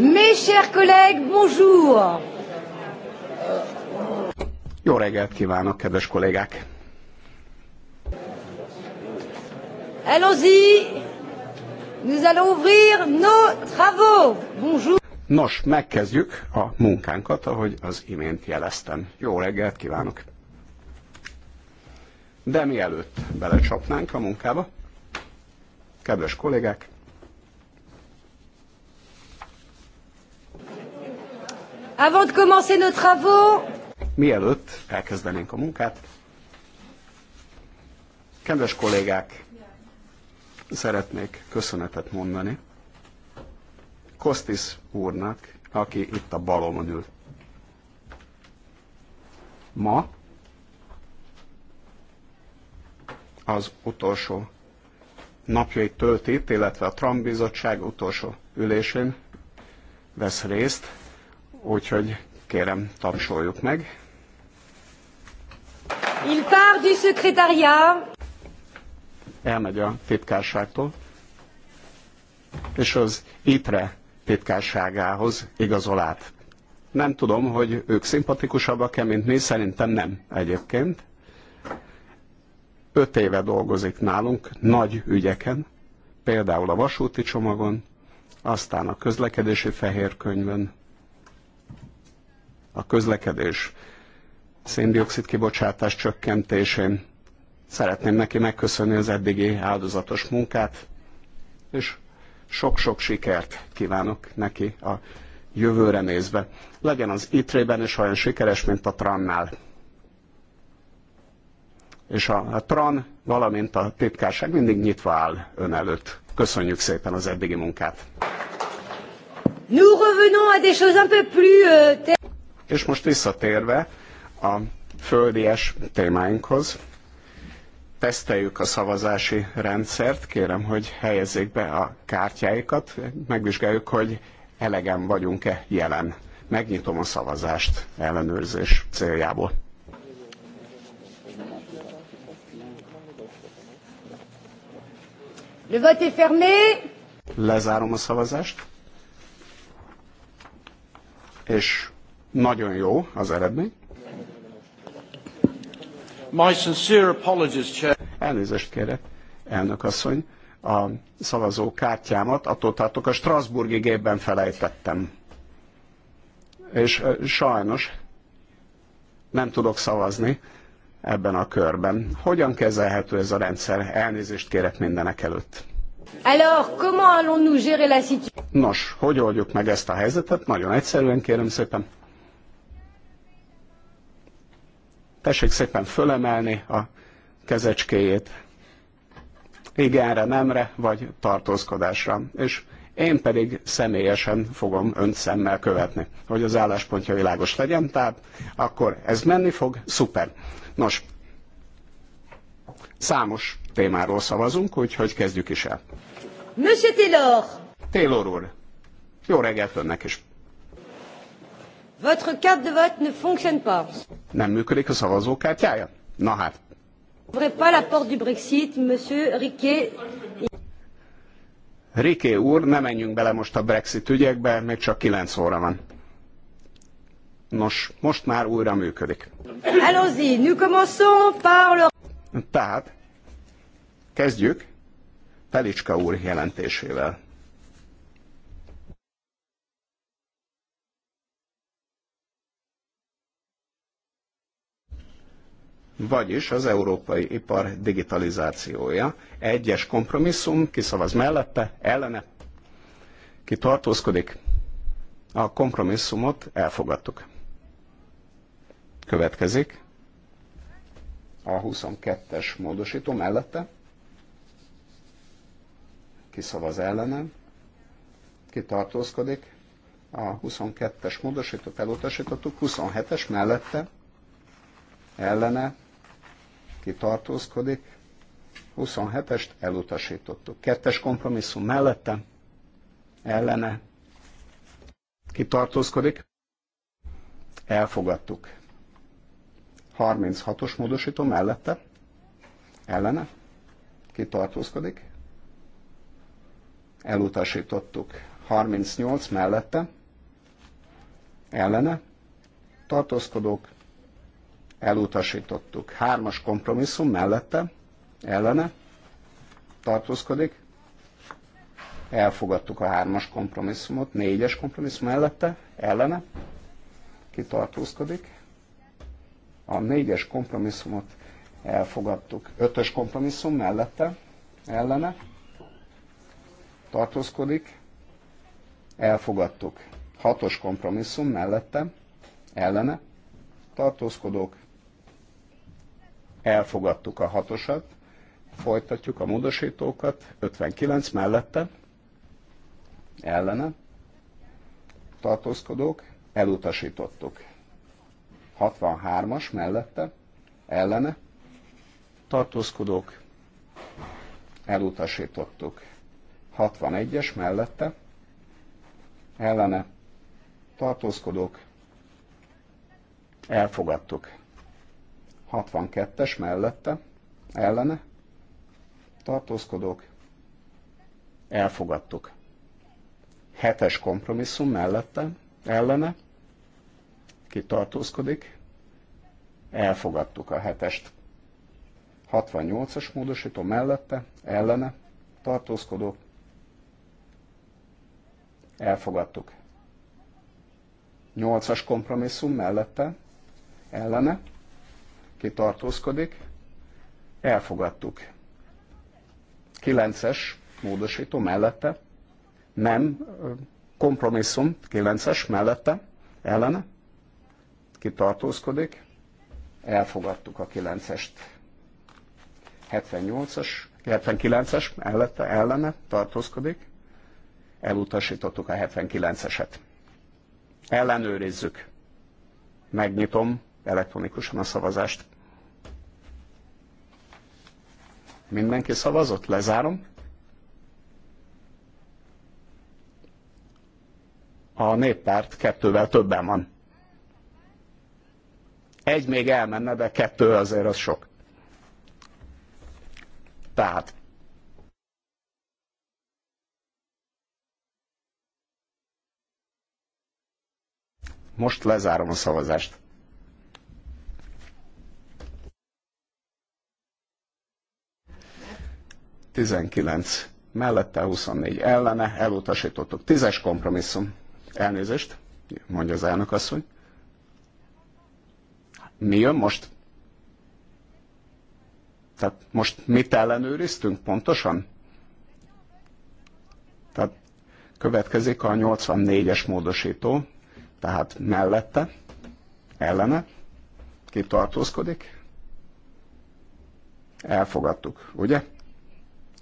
Mes chers collègues, bonjour! Jó reggelt kívánok, kedves kollégák! Allons-y! Nous allons ouvrir nos travaux. Bonjour! Nos, megkezdjük a munkánkat, ahogy az imént jeleztem. Jó reggelt kívánok! De mielőtt belecsapnánk a munkába, Kedves kollégák! Avant de commencer nos travaux, Mielőtt elkezdenénk a munkát, kedves kollégák, szeretnék köszönetet mondani Kostis úrnak, aki itt a balomon ül. Ma az utolsó napjait tölt itt, illetve a Trump bizottság utolsó ülésén vesz részt, úgyhogy kérem, tapsoljuk meg. Il part du secrétariat. Elmegy a titkárságtól, és az ITRE titkárságához igazol át. Nem tudom, hogy ők szimpatikusabbak-e, mint mi, szerintem nem egyébként öt éve dolgozik nálunk nagy ügyeken, például a vasúti csomagon, aztán a közlekedési fehérkönyvön, a közlekedés széndiokszid kibocsátás csökkentésén. Szeretném neki megköszönni az eddigi áldozatos munkát, és sok-sok sikert kívánok neki a jövőre nézve. Legyen az ITRE-ben is olyan sikeres, mint a TRAN-nál és a TRAN, valamint a titkárság mindig nyitva áll ön előtt. Köszönjük szépen az eddigi munkát. Euh, és most visszatérve a földies témáinkhoz, teszteljük a szavazási rendszert, kérem, hogy helyezzék be a kártyáikat, megvizsgáljuk, hogy elegen vagyunk-e jelen. Megnyitom a szavazást ellenőrzés céljából. Le vote est fermé. Lezárom a szavazást. És nagyon jó az eredmény. My sincere apologies, Chair. Elnézést kérek, elnök asszony. A kártyámat, attól tartok, a Strasburgi gépben felejtettem. És sajnos nem tudok szavazni ebben a körben. Hogyan kezelhető ez a rendszer? Elnézést kérek mindenek előtt. Alors, comment allons-nous gérer la situation? Nos, hogy oldjuk meg ezt a helyzetet? Nagyon egyszerűen, kérem szépen. Tessék szépen fölemelni a kezecskéjét. Igenre, nemre, vagy tartózkodásra. És én pedig személyesen fogom önt szemmel követni, hogy az álláspontja világos legyen, tehát akkor ez menni fog, szuper. Nos, számos témáról szavazunk, úgyhogy kezdjük is el. Monsieur Taylor! Taylor úr, jó reggelt önnek is! Votre carte de vote ne fonctionne pas. Nem működik a szavazókártyája? Na hát. pas la porte du Brexit, monsieur Riquet. Riquet úr, nem menjünk bele most a Brexit ügyekbe, még csak 9 óra van. Nos, most már újra működik. Allons-y, nous commençons par le... Tehát, kezdjük Pelicska úr jelentésével. vagyis az európai ipar digitalizációja. Egyes kompromisszum, kiszavaz mellette, ellene, ki tartózkodik. A kompromisszumot elfogadtuk. Következik a 22-es módosító mellette. Kiszavaz ellenem. Kitartózkodik. A 22-es módosítót elutasítottuk. 27-es mellette. Ellene. Kitartózkodik. 27-est elutasítottuk. Kettes kompromisszum mellette. Ellene. Kitartózkodik. Elfogadtuk. 36-os módosító mellette, ellene, kitartózkodik. elutasítottuk. 38 mellette, ellene, tartózkodók, elutasítottuk. 3-as kompromisszum mellette, ellene, tartózkodik, elfogadtuk a hármas kompromisszumot, négyes kompromisszum mellette, ellene, kitartózkodik, a négyes kompromisszumot elfogadtuk. Ötös kompromisszum mellette, ellene, tartózkodik, elfogadtuk. Hatos kompromisszum mellette, ellene, tartózkodók, elfogadtuk a hatosat, folytatjuk a módosítókat, 59 mellette, ellene, tartózkodók, elutasítottuk. 63-as mellette, ellene, tartózkodók, elutasítottuk. 61-es mellette, ellene, tartózkodók, elfogadtuk. 62-es mellette, ellene, tartózkodók, elfogadtuk. 7-es kompromisszum mellette, ellene, ki tartózkodik, elfogadtuk a hetest. 68-as módosító mellette, ellene, tartózkodó, elfogadtuk. 8-as kompromisszum mellette, ellene, ki tartózkodik, elfogadtuk. 9-es módosító mellette, nem, kompromisszum 9-es mellette, ellene, kitartózkodik, elfogadtuk a 9-est. 78-as, 79-es ellette, ellene tartózkodik, elutasítottuk a 79-eset. Ellenőrizzük. Megnyitom elektronikusan a szavazást. Mindenki szavazott? Lezárom. A néppárt kettővel többen van. Egy még elmenne, de kettő azért az sok. Tehát Most lezárom a szavazást. Tizenkilenc mellette, 24 ellene, elutasítottuk. Tízes kompromisszum. Elnézést, mondja az elnök asszony. Mi jön most? Tehát most mit ellenőriztünk pontosan? Tehát következik a 84-es módosító, tehát mellette, ellene, ki tartózkodik? Elfogadtuk, ugye?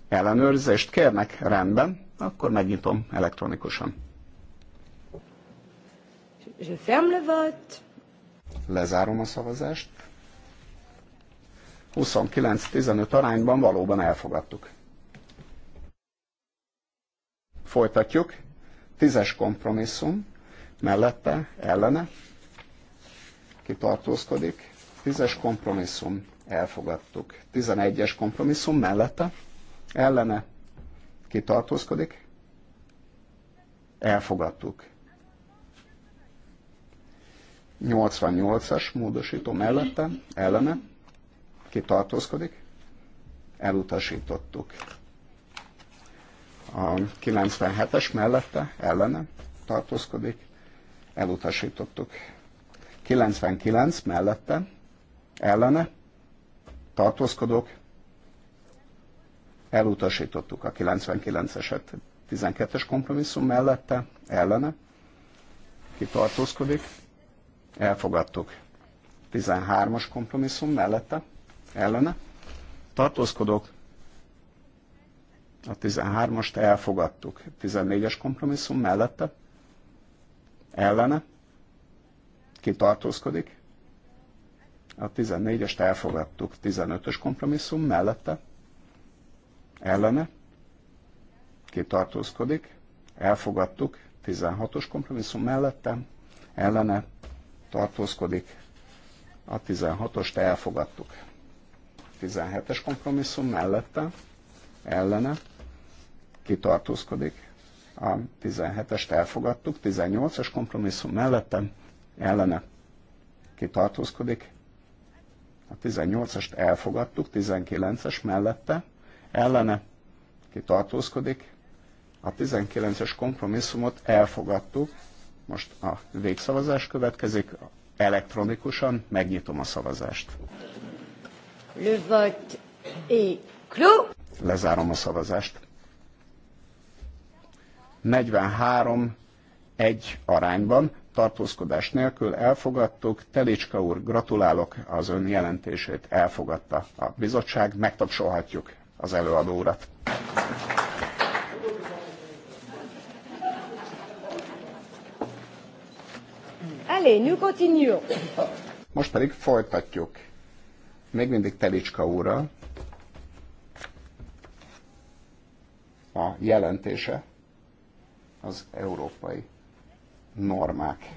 Ellenőrzést kérnek, rendben, akkor megnyitom elektronikusan. Je ferme le vote. Lezárom a szavazást. 29-15 arányban valóban elfogadtuk. Folytatjuk. Tízes kompromisszum. Mellette, ellene. Kitartózkodik. Tízes kompromisszum. Elfogadtuk. 11-es kompromisszum mellette, ellene. Kitartózkodik. Elfogadtuk. 88-as módosító mellette, ellene, ki tartózkodik, elutasítottuk. A 97-es mellette, ellene tartózkodik, elutasítottuk. 99 mellette, ellene tartózkodok, elutasítottuk a 99-eset. 12-es kompromisszum mellette, ellene, ki tartózkodik, elfogadtuk. 13-as kompromisszum mellette, ellene, Tartózkodok. a 13-ast elfogadtuk. 14-es kompromisszum mellette, ellene, ki tartózkodik, a 14-est elfogadtuk. 15-ös kompromisszum mellette, ellene, ki tartózkodik, elfogadtuk. 16-os kompromisszum mellette, ellene, tartózkodik. A 16-ost elfogadtuk. 17-es kompromisszum mellette, ellene, kitartózkodik. A 17-est elfogadtuk, 18 es kompromisszum mellette, ellene, kitartózkodik. A 18 est elfogadtuk, 19-es mellette, ellene, kitartózkodik. A 19-es kompromisszumot elfogadtuk, most a végszavazás következik, elektronikusan megnyitom a szavazást. Le vote Lezárom a szavazást. 43 egy arányban, tartózkodás nélkül elfogadtuk. Telicska úr, gratulálok az ön jelentését, elfogadta a bizottság, megtapsolhatjuk az előadó urat. Allez, nous continuons. Most pedig folytatjuk. Még mindig Telicska úrral. A jelentése az európai normák.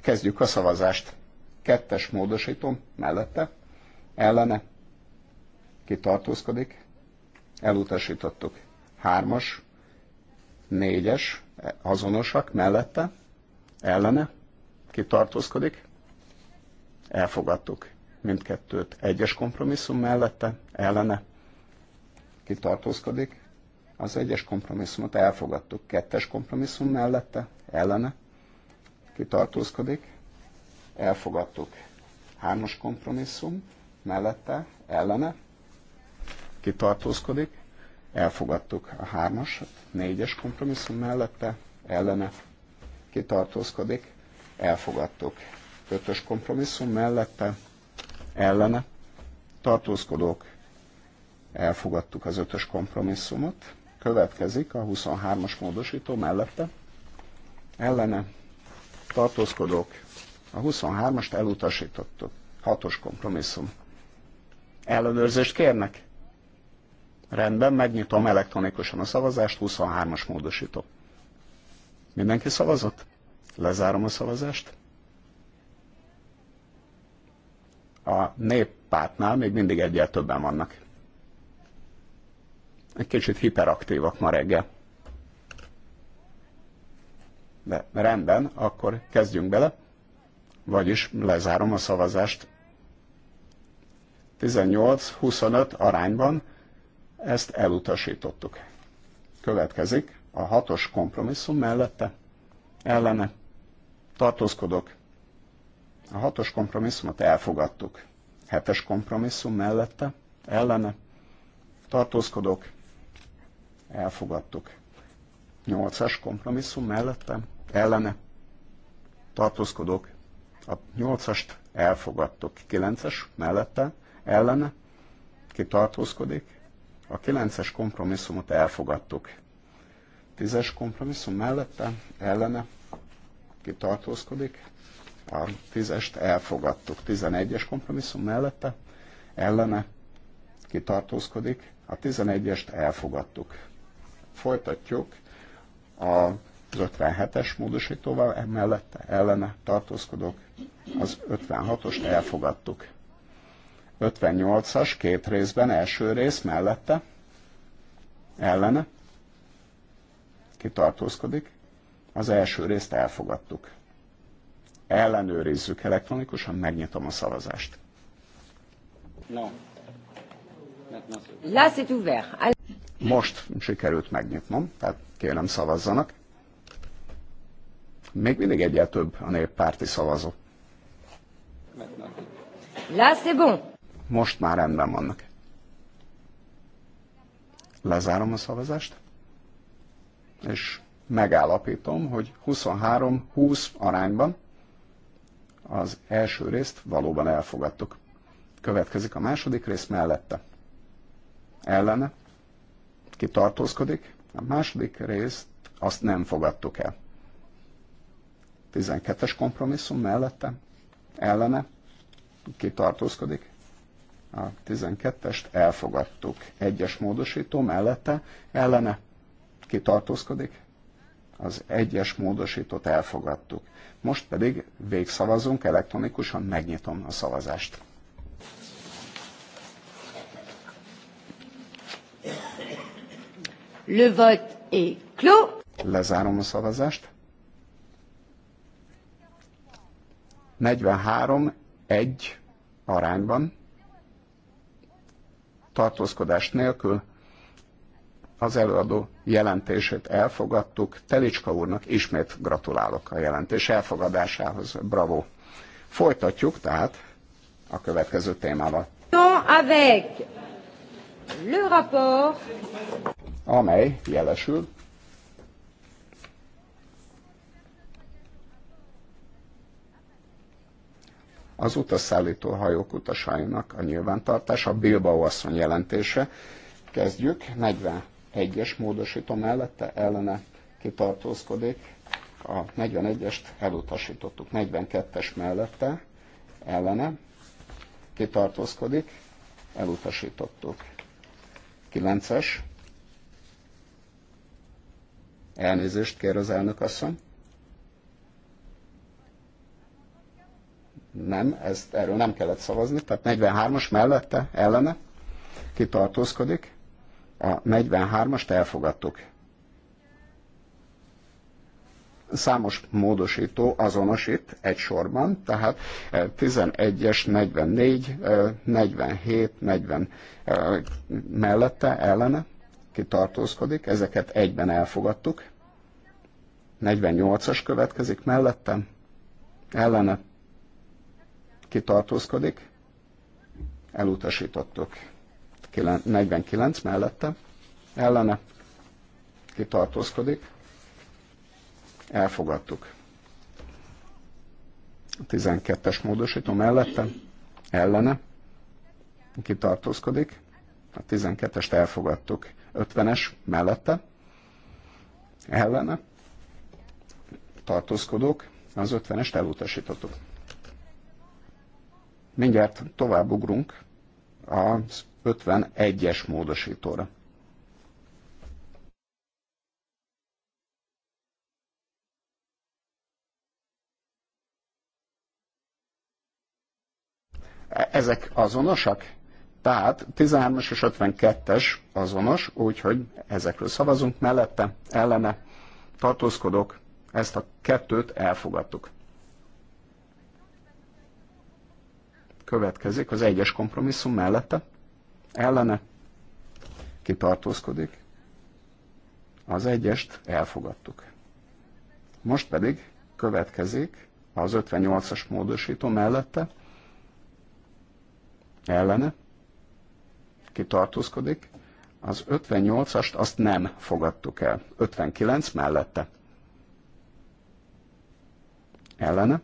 Kezdjük a szavazást. Kettes módosító mellette, ellene, ki tartózkodik, elutasítottuk. Hármas négyes azonosak mellette, ellene, ki tartózkodik, elfogadtuk mindkettőt egyes kompromisszum mellette, ellene, ki tartózkodik, az egyes kompromisszumot elfogadtuk kettes kompromisszum mellette, ellene, ki tartózkodik, elfogadtuk hármas kompromisszum mellette, ellene, ki tartózkodik, Elfogadtuk a hármas, négyes kompromisszum mellette, ellene kitartózkodik. Elfogadtuk ötös kompromisszum mellette, ellene tartózkodók. Elfogadtuk az ötös kompromisszumot. Következik a 23-as módosító mellette, ellene tartózkodók. A 23-ast elutasítottuk. Hatos kompromisszum. Ellenőrzést kérnek? Rendben, megnyitom elektronikusan a szavazást, 23-as módosító. Mindenki szavazott? Lezárom a szavazást. A néppártnál még mindig egyel többen vannak. Egy kicsit hiperaktívak ma reggel. De rendben, akkor kezdjünk bele. Vagyis lezárom a szavazást. 18-25 arányban ezt elutasítottuk. Következik a hatos kompromisszum mellette, ellene tartózkodok. A hatos kompromisszumot elfogadtuk. Hetes kompromisszum mellette, ellene tartózkodok, elfogadtuk. Nyolcas kompromisszum mellette, ellene tartózkodok. A nyolcast elfogadtuk. Kilences mellette, ellene, ki tartózkodik, a 9-es kompromisszumot elfogadtuk. 10-es kompromisszum mellette, ellene, ki tartózkodik, a 10-est elfogadtuk. 11-es kompromisszum mellette, ellene, ki tartózkodik, a 11-est elfogadtuk. Folytatjuk a az 57-es módosítóval, mellette, ellene tartózkodok, az 56-ost elfogadtuk. 58-as két részben, első rész mellette, ellene, kitartózkodik. Az első részt elfogadtuk. Ellenőrizzük elektronikusan, megnyitom a szavazást. No. Là, c'est ouvert. Most sikerült megnyitnom, tehát kérem szavazzanak. Még mindig egyet több a néppárti szavazó. Là, c'est bon. Most már rendben vannak. Lezárom a szavazást, és megállapítom, hogy 23-20 arányban az első részt valóban elfogadtuk. Következik a második rész mellette. Ellene, kitartózkodik, a második részt azt nem fogadtuk el. 12-es kompromisszum mellette, ellene, kitartózkodik, a 12-est elfogadtuk. Egyes módosító mellette ellene kitartózkodik, az egyes módosítót elfogadtuk. Most pedig végszavazunk elektronikusan, megnyitom a szavazást. Le vote est clos. Lezárom a szavazást. 43-1 arányban tartózkodás nélkül az előadó jelentését elfogadtuk. Telicska úrnak ismét gratulálok a jelentés elfogadásához. Bravo! Folytatjuk tehát a következő témával. Avec le rapport, amely jelesül az utasszállító hajók utasainak a nyilvántartása, a Bilbao asszony jelentése. Kezdjük, 41-es módosító mellette ellene kitartózkodik, a 41-est elutasítottuk, 42-es mellette ellene kitartózkodik, elutasítottuk. 9-es, elnézést kér az elnök asszony. nem, ezt, erről nem kellett szavazni, tehát 43-as mellette, ellene, kitartózkodik. a 43-ast elfogadtuk. Számos módosító azonosít egy sorban, tehát 11-es, 44, 47, 40 mellette, ellene, kitartózkodik. ezeket egyben elfogadtuk. 48-as következik mellettem, ellene, kitartózkodik, elutasítottuk. 49 mellette, ellene kitartózkodik, elfogadtuk. 12-es módosító mellette, ellene kitartózkodik, a 12-est elfogadtuk. 50-es mellette, ellene tartózkodók, az 50-est elutasítottuk. Mindjárt továbbugrunk a 51-es módosítóra. E- ezek azonosak? Tehát 13-as és 52-es azonos, úgyhogy ezekről szavazunk mellette, ellene tartózkodok, ezt a kettőt elfogadtuk. Következik az egyes kompromisszum mellette, ellene, kitartózkodik. Az egyest elfogadtuk. Most pedig következik az 58-as módosító mellette, ellene, kitartózkodik. Az 58-ast azt nem fogadtuk el. 59 mellette. Ellene.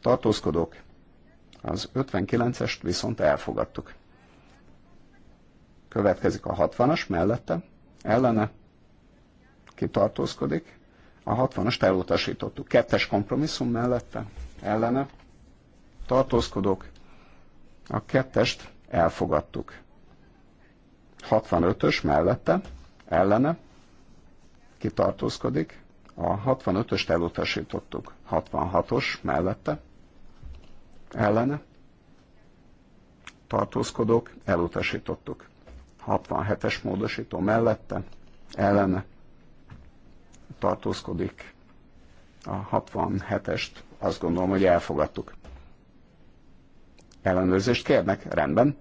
Tartózkodók. Az 59-est viszont elfogadtuk. Következik a 60-as mellette, ellene kitartózkodik. A 60-ast elutasítottuk. Kettes kompromisszum mellette, ellene tartózkodók. A kettest elfogadtuk. 65-ös mellette, ellene kitartózkodik. A 65-öst elutasítottuk. 66-os mellette, ellene tartózkodók elutasítottuk. 67-es módosító mellette ellene tartózkodik a 67-est, azt gondolom, hogy elfogadtuk. Ellenőrzést kérnek? Rendben.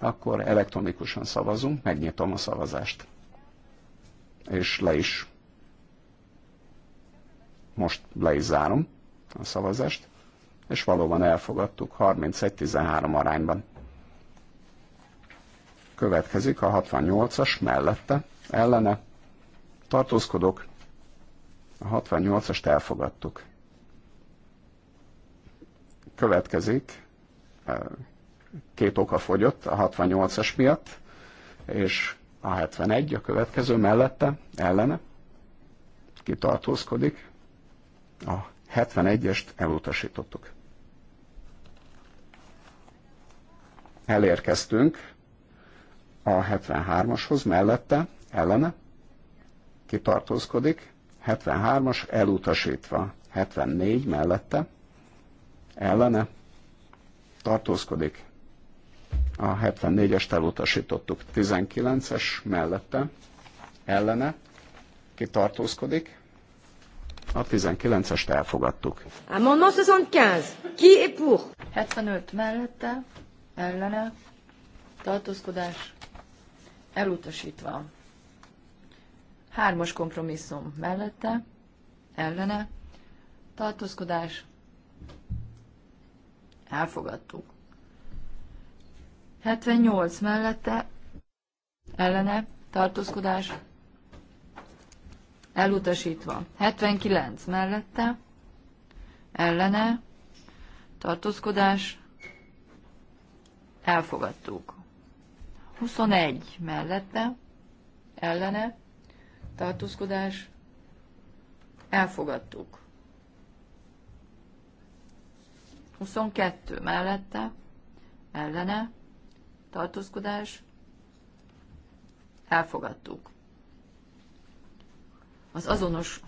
Akkor elektronikusan szavazunk, megnyitom a szavazást. És le is. Most le is zárom a szavazást és valóban elfogadtuk 31-13 arányban. Következik a 68-as mellette, ellene, tartózkodok, a 68-ast elfogadtuk. Következik, e, két oka fogyott a 68-as miatt, és a 71 a következő mellette, ellene, kitartózkodik. A 71-est elutasítottuk. elérkeztünk a 73-ashoz mellette, ellene, kitartózkodik, 73-as elutasítva, 74 mellette, ellene, tartózkodik, a 74-est elutasítottuk, 19-es mellette, ellene, kitartózkodik, a 19-est elfogadtuk. Amendment 75. Ki est pour? 75 mellette, ellene, tartózkodás elutasítva. Hármas kompromisszum mellette, ellene, tartózkodás elfogadtuk. 78 mellette, ellene, tartózkodás elutasítva. 79 mellette, ellene, tartózkodás elfogadtuk. 21 mellette, ellene, tartózkodás, elfogadtuk. 22 mellette, ellene, tartózkodás, elfogadtuk. Az azonos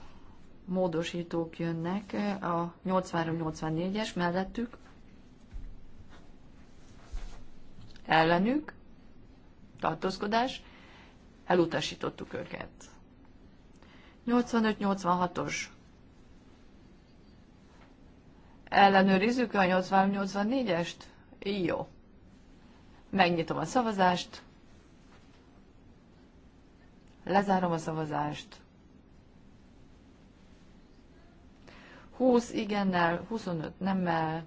módosítók jönnek, a 83-84-es mellettük, ellenük, tartózkodás, elutasítottuk őket. 85-86-os. Ellenőrizzük a 83-84-est? Jó. Megnyitom a szavazást. Lezárom a szavazást. 20 igennel, 25 nemmel,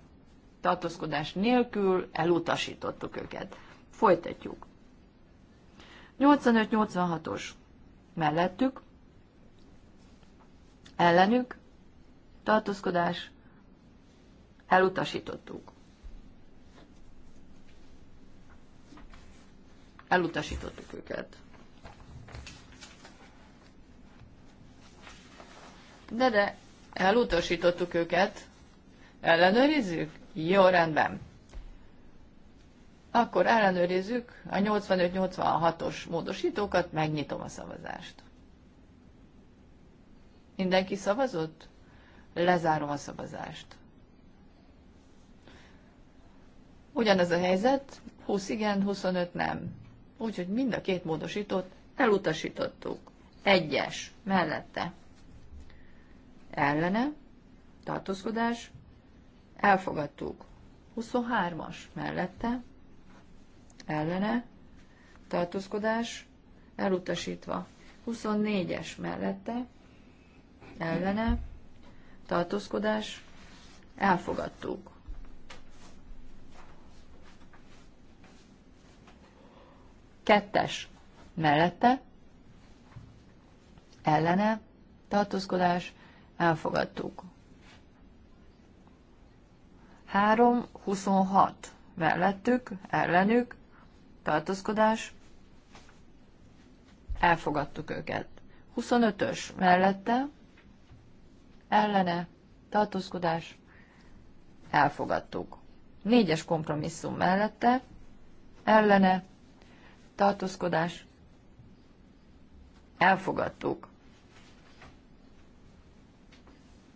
tartózkodás nélkül elutasítottuk őket. Folytatjuk. 85-86-os mellettük, ellenük, tartózkodás, elutasítottuk. Elutasítottuk őket. De de, elutasítottuk őket. Ellenőrizzük? Jó, rendben. Akkor ellenőrizzük a 85-86-os módosítókat, megnyitom a szavazást. Mindenki szavazott? Lezárom a szavazást. Ugyanez a helyzet, 20 igen, 25 nem. Úgyhogy mind a két módosítót elutasítottuk. Egyes, mellette. Ellene, tartózkodás, Elfogadtuk. 23-as mellette, ellene, tartózkodás, elutasítva. 24-es mellette, ellene, tartózkodás, elfogadtuk. Kettes mellette, ellene, tartózkodás, elfogadtuk. 3-26 mellettük, ellenük, tartózkodás, elfogadtuk őket. 25-ös mellette, ellene, tartózkodás, elfogadtuk. 4-es kompromisszum mellette, ellene, tartózkodás, elfogadtuk.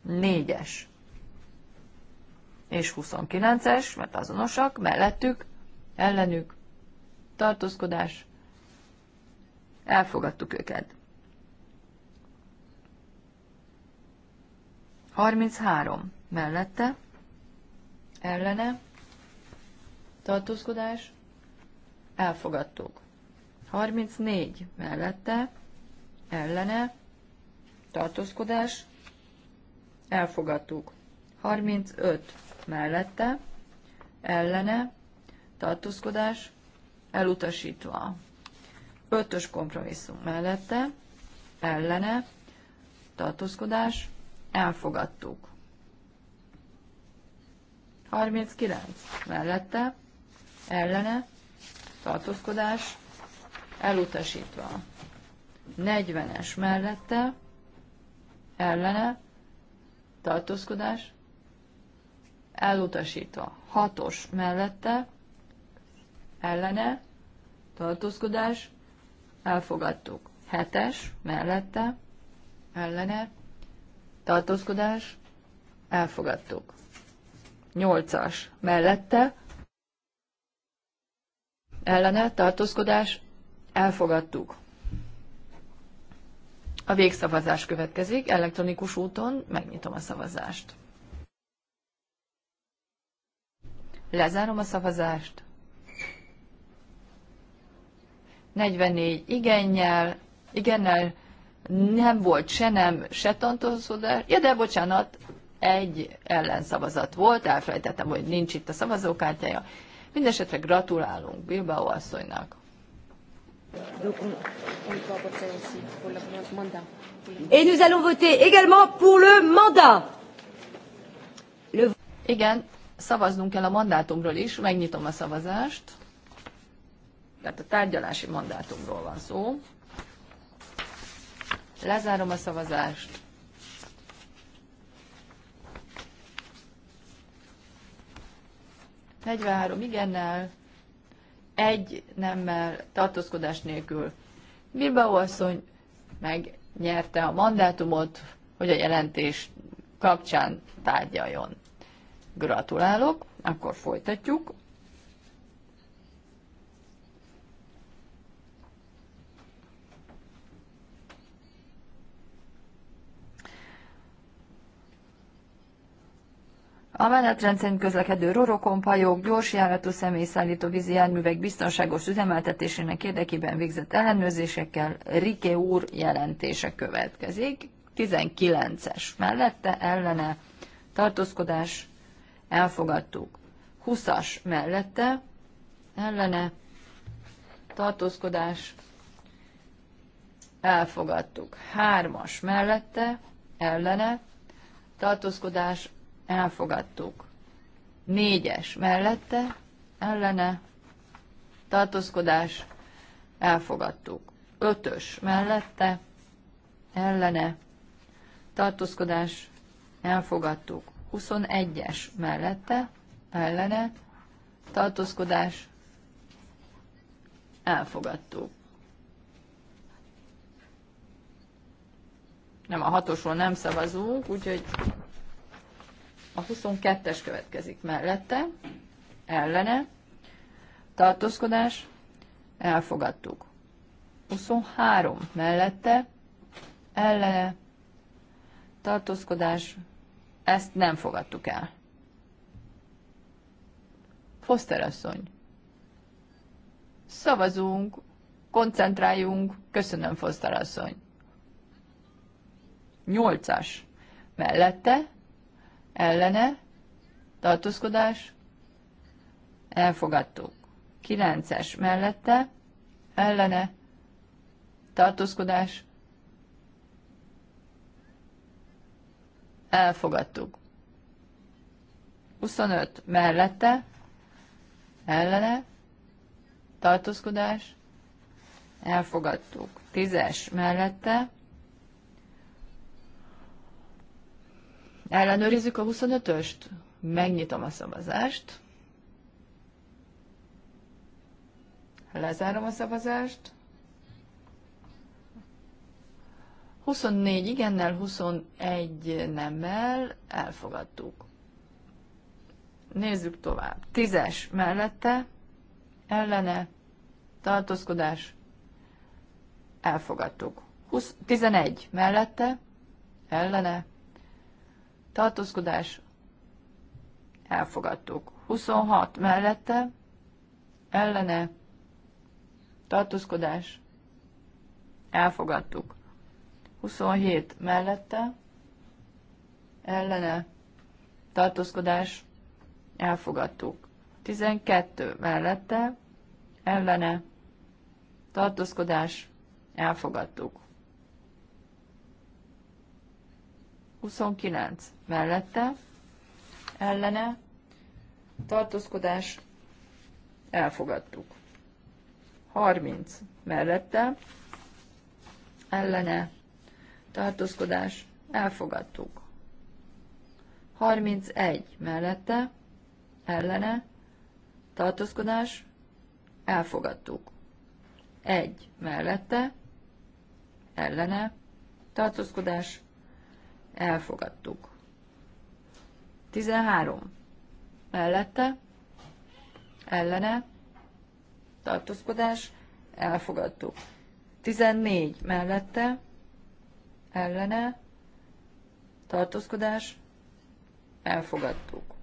4-es és 29-es, mert azonosak, mellettük, ellenük, tartózkodás, elfogadtuk őket. 33 mellette, ellene, tartózkodás, elfogadtuk. 34 mellette, ellene, tartózkodás, elfogadtuk. 35 mellette, ellene, tartózkodás, elutasítva. Ötös kompromisszum mellette, ellene, tartózkodás, elfogadtuk. 39 mellette, ellene, tartózkodás, elutasítva. 40-es mellette, ellene, tartózkodás, elutasítva. Hatos mellette, ellene, tartózkodás, elfogadtuk. Hetes mellette, ellene, tartózkodás, elfogadtuk. Nyolcas mellette, ellene, tartózkodás, elfogadtuk. A végszavazás következik, elektronikus úton megnyitom a szavazást. Lezárom a szavazást. 44 igennyel, igennel nem volt se nem, se tantozódás. Ja, de bocsánat, egy ellenszavazat volt, elfelejtettem, hogy nincs itt a szavazókártyája. Mindenesetre gratulálunk Bilbao asszonynak. Et nous allons voter également pour le mandat. Le... Igen, szavaznunk kell a mandátumról is, megnyitom a szavazást, tehát a tárgyalási mandátumról van szó. Lezárom a szavazást. Negyvenhárom igennel, egy nemmel, tartózkodás nélkül. Bilbao asszony megnyerte a mandátumot, hogy a jelentés kapcsán tárgyaljon. Gratulálok, akkor folytatjuk. A menetrendszerint közlekedő rorokompajok, járatú személyszállító vízi járművek biztonságos üzemeltetésének érdekében végzett ellenőrzésekkel Rike úr jelentése következik. 19-es mellette ellene tartózkodás elfogadtuk. 20-as mellette, ellene, tartózkodás, elfogadtuk. 3-as mellette, ellene, tartózkodás, elfogadtuk. 4-es mellette, ellene, tartózkodás, elfogadtuk. 5-ös mellette, ellene, tartózkodás, elfogadtuk. 21-es mellette, ellene, tartózkodás, elfogadtó. Nem, a hatosról nem szavazunk, úgyhogy a 22-es következik mellette, ellene, tartózkodás, elfogadtuk. 23 mellette, ellene, tartózkodás, ezt nem fogadtuk el. Foster asszony. Szavazunk, koncentráljunk, köszönöm, Foster asszony. Nyolcas. Mellette, ellene, tartózkodás, elfogadtuk. Kilences mellette, ellene, tartózkodás, elfogadtuk. 25 mellette, ellene, tartózkodás, elfogadtuk. 10-es mellette, ellenőrizzük a 25-öst, megnyitom a szavazást, lezárom a szavazást, 24 igennel, 21 nemmel elfogadtuk. Nézzük tovább. Tízes mellette, ellene, tartózkodás, elfogadtuk. 20, 11 mellette, ellene, tartózkodás, elfogadtuk. 26 mellette, ellene, tartózkodás, elfogadtuk. 27 mellette, ellene, tartózkodás, elfogadtuk. 12 mellette, ellene, tartózkodás, elfogadtuk. 29 mellette, ellene, tartózkodás, elfogadtuk. 30 mellette, ellene, tartózkodás, elfogadtuk. 31 mellette, ellene, tartózkodás, elfogadtuk. 1 mellette, ellene, tartózkodás, elfogadtuk. 13 mellette, ellene, tartózkodás, elfogadtuk. 14 mellette, ellene, tartózkodás, elfogadtuk.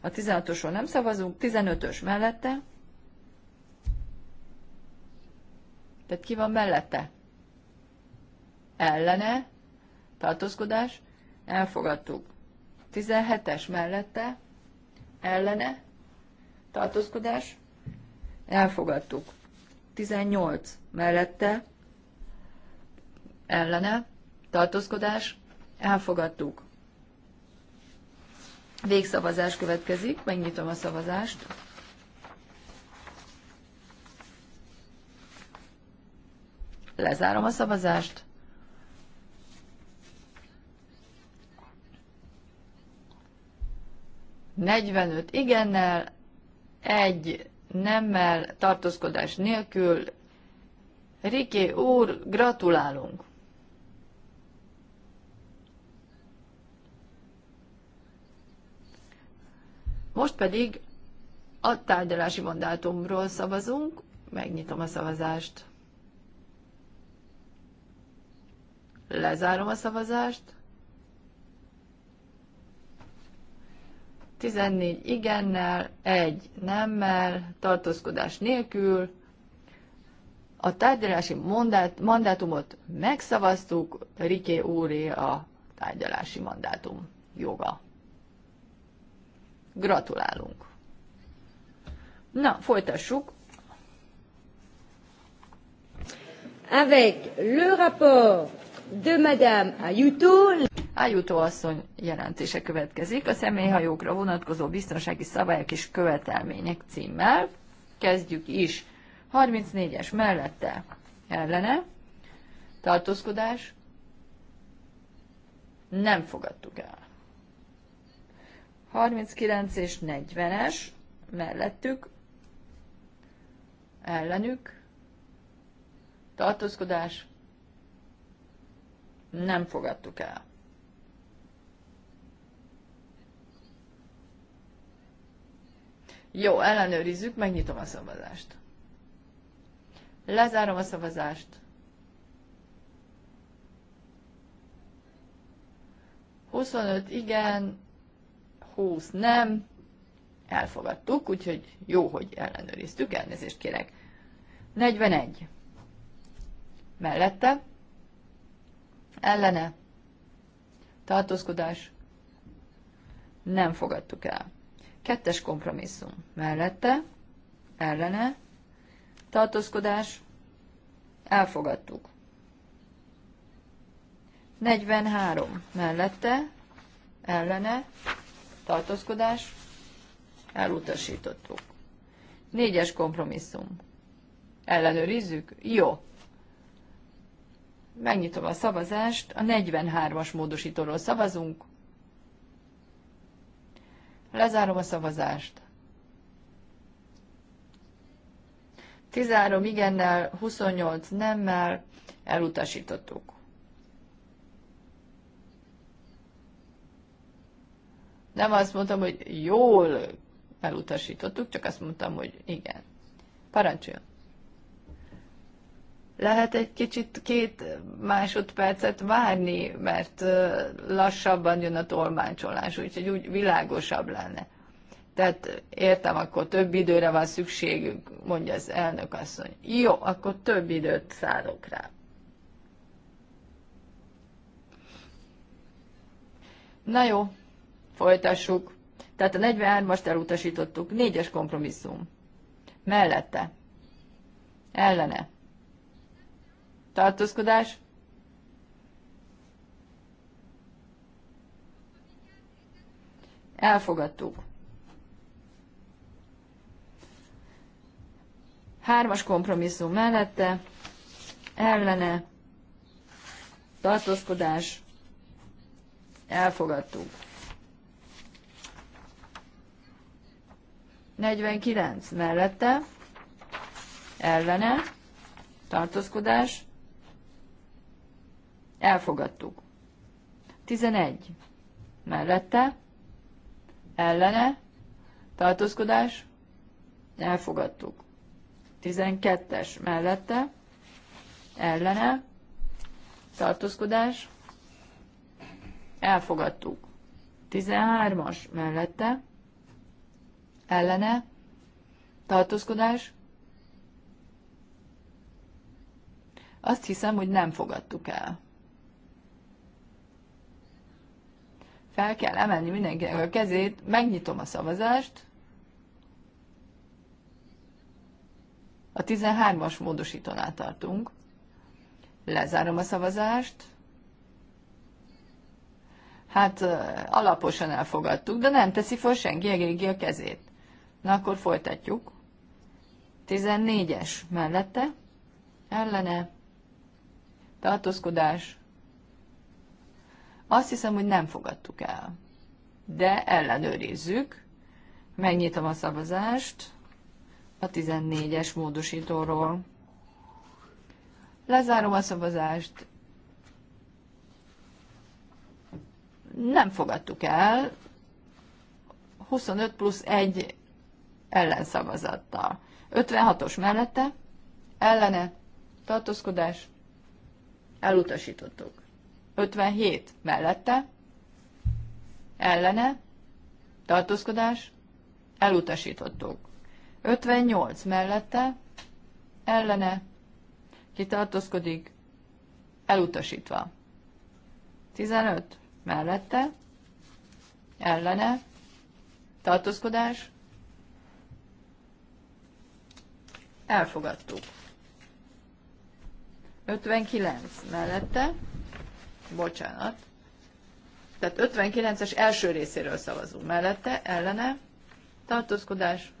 A 16-osról nem szavazunk, 15-ös mellette. Tehát ki van mellette? Ellene, tartózkodás, elfogadtuk. 17-es mellette, ellene, tartózkodás, elfogadtuk. 18 mellette ellene tartózkodás elfogadtuk. Végszavazás következik, megnyitom a szavazást. Lezárom a szavazást. Negyvenöt igennel, egy nemmel, tartózkodás nélkül. Riké úr, gratulálunk! Most pedig a tárgyalási mandátumról szavazunk, megnyitom a szavazást. Lezárom a szavazást. 14 igennel, 1 nemmel, tartózkodás nélkül. A tárgyalási mandát, mandátumot megszavaztuk, Riké úré a tárgyalási mandátum joga. Gratulálunk! Na, folytassuk. Avec le rapport de Madame Ayuto. Ayuto asszony jelentése következik a személyhajókra vonatkozó biztonsági szabályok és követelmények címmel. Kezdjük is. 34-es mellette ellene. Tartózkodás. Nem fogadtuk el. 39 és 40-es mellettük, ellenük, tartózkodás, nem fogadtuk el. Jó, ellenőrizzük, megnyitom a szavazást. Lezárom a szavazást. Huszonöt igen, 20 nem, elfogadtuk, úgyhogy jó, hogy ellenőriztük, elnézést kérek. 41. Mellette ellene, tartózkodás, nem fogadtuk el. Kettes kompromisszum mellette, ellene, tartózkodás, elfogadtuk. 43 mellette, ellene, tartózkodás, elutasítottuk. Négyes kompromisszum. Ellenőrizzük? Jó megnyitom a szavazást, a 43-as módosítóról szavazunk. Lezárom a szavazást. 13 igennel, 28 nemmel elutasítottuk. Nem azt mondtam, hogy jól elutasítottuk, csak azt mondtam, hogy igen. Parancsoljon! lehet egy kicsit két másodpercet várni, mert lassabban jön a tolmácsolás, úgyhogy úgy világosabb lenne. Tehát értem, akkor több időre van szükségünk, mondja az elnök asszony. Jó, akkor több időt szállok rá. Na jó, folytassuk. Tehát a 43-ast elutasítottuk, négyes kompromisszum. Mellette. Ellene tartózkodás. Elfogadtuk. Hármas kompromisszum mellette, ellene, tartózkodás, elfogadtuk. 49 mellette, ellene, tartózkodás, Elfogadtuk. 11. Mellette, ellene, tartózkodás, elfogadtuk. 12-es mellette, ellene, tartózkodás, elfogadtuk. 13-as mellette, ellene, tartózkodás, azt hiszem, hogy nem fogadtuk el. fel kell emelni mindenkinek a kezét, megnyitom a szavazást. A 13-as módosítónál tartunk. Lezárom a szavazást. Hát alaposan elfogadtuk, de nem teszi fel senki egégi a kezét. Na akkor folytatjuk. 14-es mellette, ellene, tartózkodás, azt hiszem, hogy nem fogadtuk el. De ellenőrizzük. Megnyitom a szavazást a 14-es módosítóról. Lezárom a szavazást. Nem fogadtuk el 25 plusz 1 ellenszavazattal. 56-os mellette ellene tartózkodás elutasítottuk. 57 mellette, ellene, tartózkodás, elutasítottuk. 58 mellette, ellene, kitartózkodik, elutasítva. 15 mellette, ellene, tartózkodás, elfogadtuk. 59 mellette, bocsánat. Tehát 59-es első részéről szavazunk. Mellette, ellene, tartózkodás.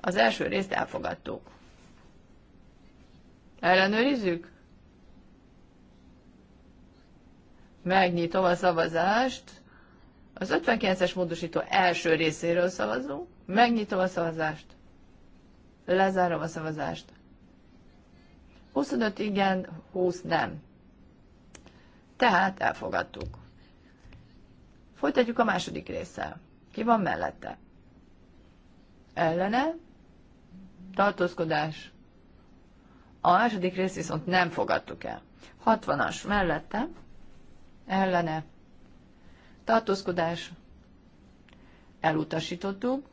Az első részt elfogadtuk. Ellenőrizzük? Megnyitom a szavazást. Az 59-es módosító első részéről szavazunk. Megnyitom a szavazást. Lezárom a szavazást. 25 igen, 20 nem. Tehát elfogadtuk. Folytatjuk a második résszel. Ki van mellette? Ellene, tartózkodás. A második rész viszont nem fogadtuk el. 60-as mellette, ellene, tartózkodás, elutasítottuk.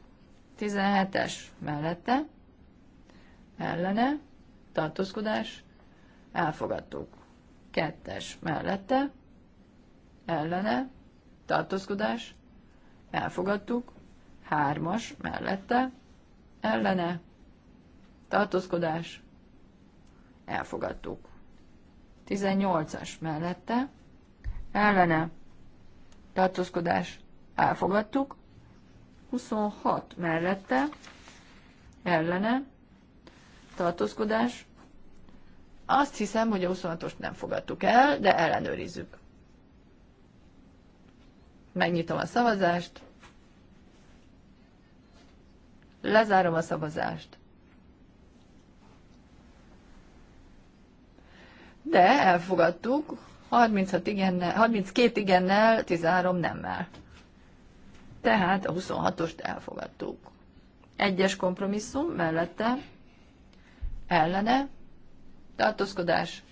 17-es mellette, ellene, tartózkodás, elfogadtuk kettes mellette, ellene, tartózkodás, elfogadtuk, hármas mellette, ellene, tartózkodás, elfogadtuk. 18-as mellette, ellene, tartózkodás, elfogadtuk, 26 mellette, ellene, tartózkodás, azt hiszem, hogy a 26-ost nem fogadtuk el, de ellenőrizzük. Megnyitom a szavazást. Lezárom a szavazást. De elfogadtuk 36 igennel, 32 igennel, 13 nemmel. Tehát a 26-ost elfogadtuk. Egyes kompromisszum mellette, ellene, tartózkodás,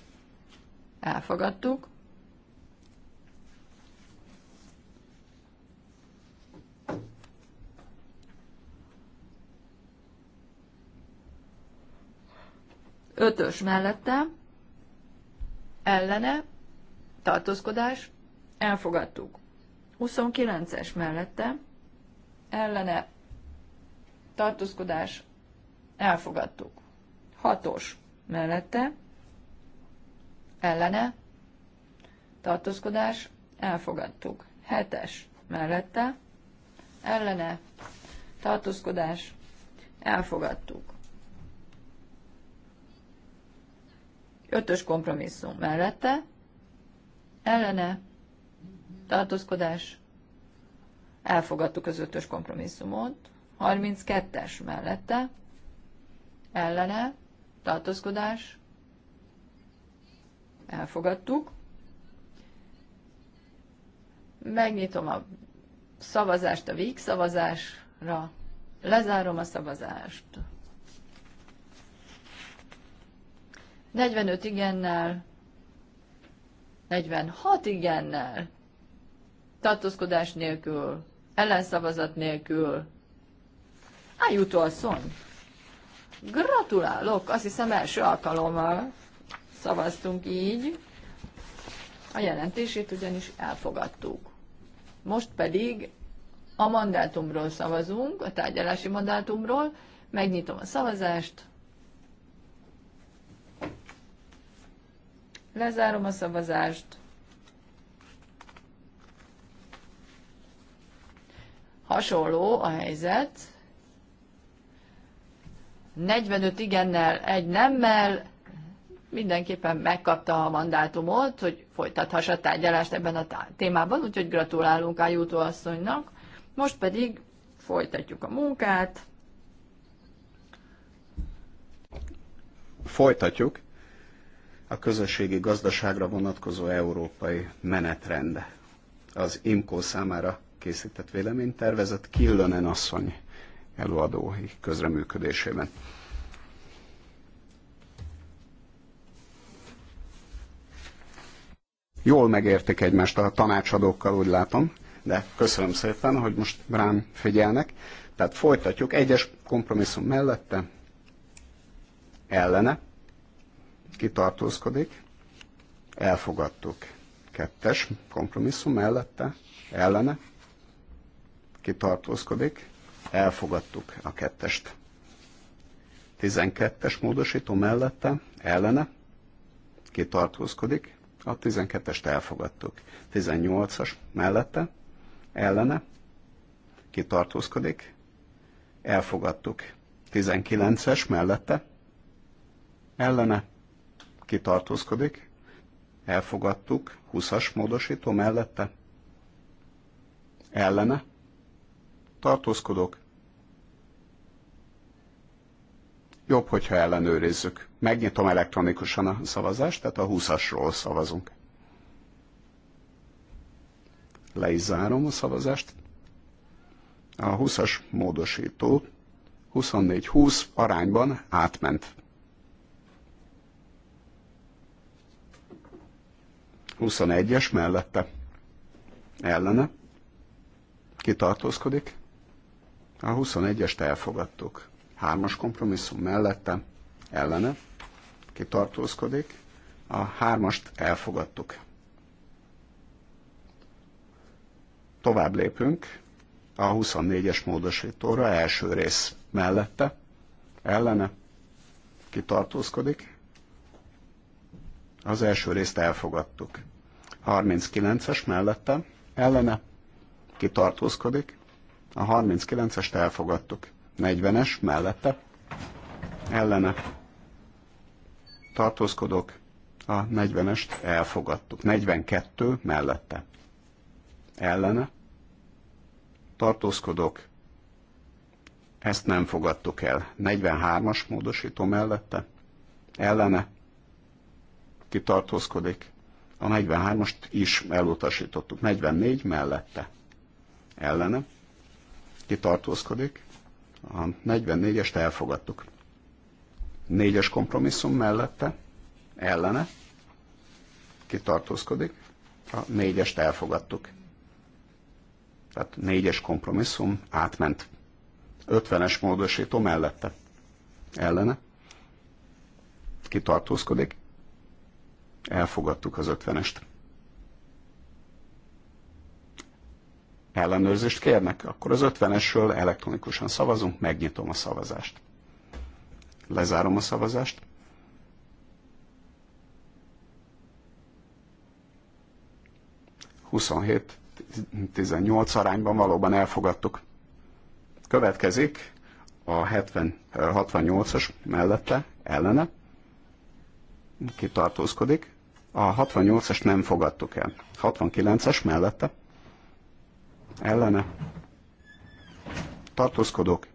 elfogadtuk. Ötös mellette, ellene, tartózkodás, elfogadtuk. 29-es mellette, ellene, tartózkodás, elfogadtuk. 6-os mellette, ellene, tartózkodás, elfogadtuk. Hetes mellette, ellene, tartózkodás, elfogadtuk. Ötös kompromisszum mellette, ellene, tartózkodás, elfogadtuk az ötös kompromisszumot. 32-es mellette, ellene, tartózkodás, elfogadtuk. Megnyitom a szavazást a végszavazásra, lezárom a szavazást. 45 igennel, 46 igennel, tartózkodás nélkül, ellenszavazat nélkül. Ájutó asszony! Gratulálok! Azt hiszem első alkalommal szavaztunk így. A jelentését ugyanis elfogadtuk. Most pedig a mandátumról szavazunk, a tárgyalási mandátumról. Megnyitom a szavazást. Lezárom a szavazást. Hasonló a helyzet, 45 igennel, egy nemmel mindenképpen megkapta a mandátumot, hogy folytathassa a tárgyalást ebben a témában, úgyhogy gratulálunk Ájútó asszonynak. Most pedig folytatjuk a munkát. Folytatjuk a közösségi gazdaságra vonatkozó európai menetrend. Az IMCO számára készített véleménytervezet Killönen asszony előadói közreműködésében. Jól megértik egymást a tanácsadókkal, úgy látom, de köszönöm szépen, hogy most rám figyelnek. Tehát folytatjuk egyes kompromisszum mellette, ellene, kitartózkodik, elfogadtuk. Kettes kompromisszum mellette, ellene, kitartózkodik, Elfogadtuk a kettest. 12-es módosító mellette, ellene, ki tartózkodik, a 12-est elfogadtuk. 18-as mellette, ellene, ki tartózkodik, elfogadtuk. 19-es mellette, ellene, ki tartózkodik, elfogadtuk. 20-as módosító mellette, ellene, tartózkodok, jobb, hogyha ellenőrizzük. Megnyitom elektronikusan a szavazást, tehát a 20-asról szavazunk. Le is zárom a szavazást. A 20-as módosító 24-20 arányban átment. 21-es mellette. Ellene. Kitartózkodik. A 21-est elfogadtuk. Hármas kompromisszum mellette ellene kitartózkodik. A hármast elfogadtuk. Tovább lépünk a 24-es módosítóra első rész mellette ellene kitartózkodik. Az első részt elfogadtuk. 39-es mellette ellene kitartózkodik. A 39-est elfogadtuk. 40-es mellette ellene tartózkodok, a 40-est elfogadtuk. 42 mellette ellene tartózkodok, ezt nem fogadtuk el. 43-as módosító mellette ellene kitartózkodik. A 43-ast is elutasítottuk. 44 mellette ellene kitartózkodik. A 44-est elfogadtuk. Négyes kompromisszum mellette, ellene, kitartózkodik. A négyest elfogadtuk. Tehát négyes kompromisszum átment. 50-es módosító mellette, ellene, kitartózkodik. Elfogadtuk az 50-est. ellenőrzést kérnek, akkor az 50-esről elektronikusan szavazunk, megnyitom a szavazást. Lezárom a szavazást. Huszonhét 18 arányban valóban elfogadtuk. Következik a 68-as eh, mellette, ellene, kitartózkodik. A 68-as nem fogadtuk el. 69-es mellette, ellene tartózkodók,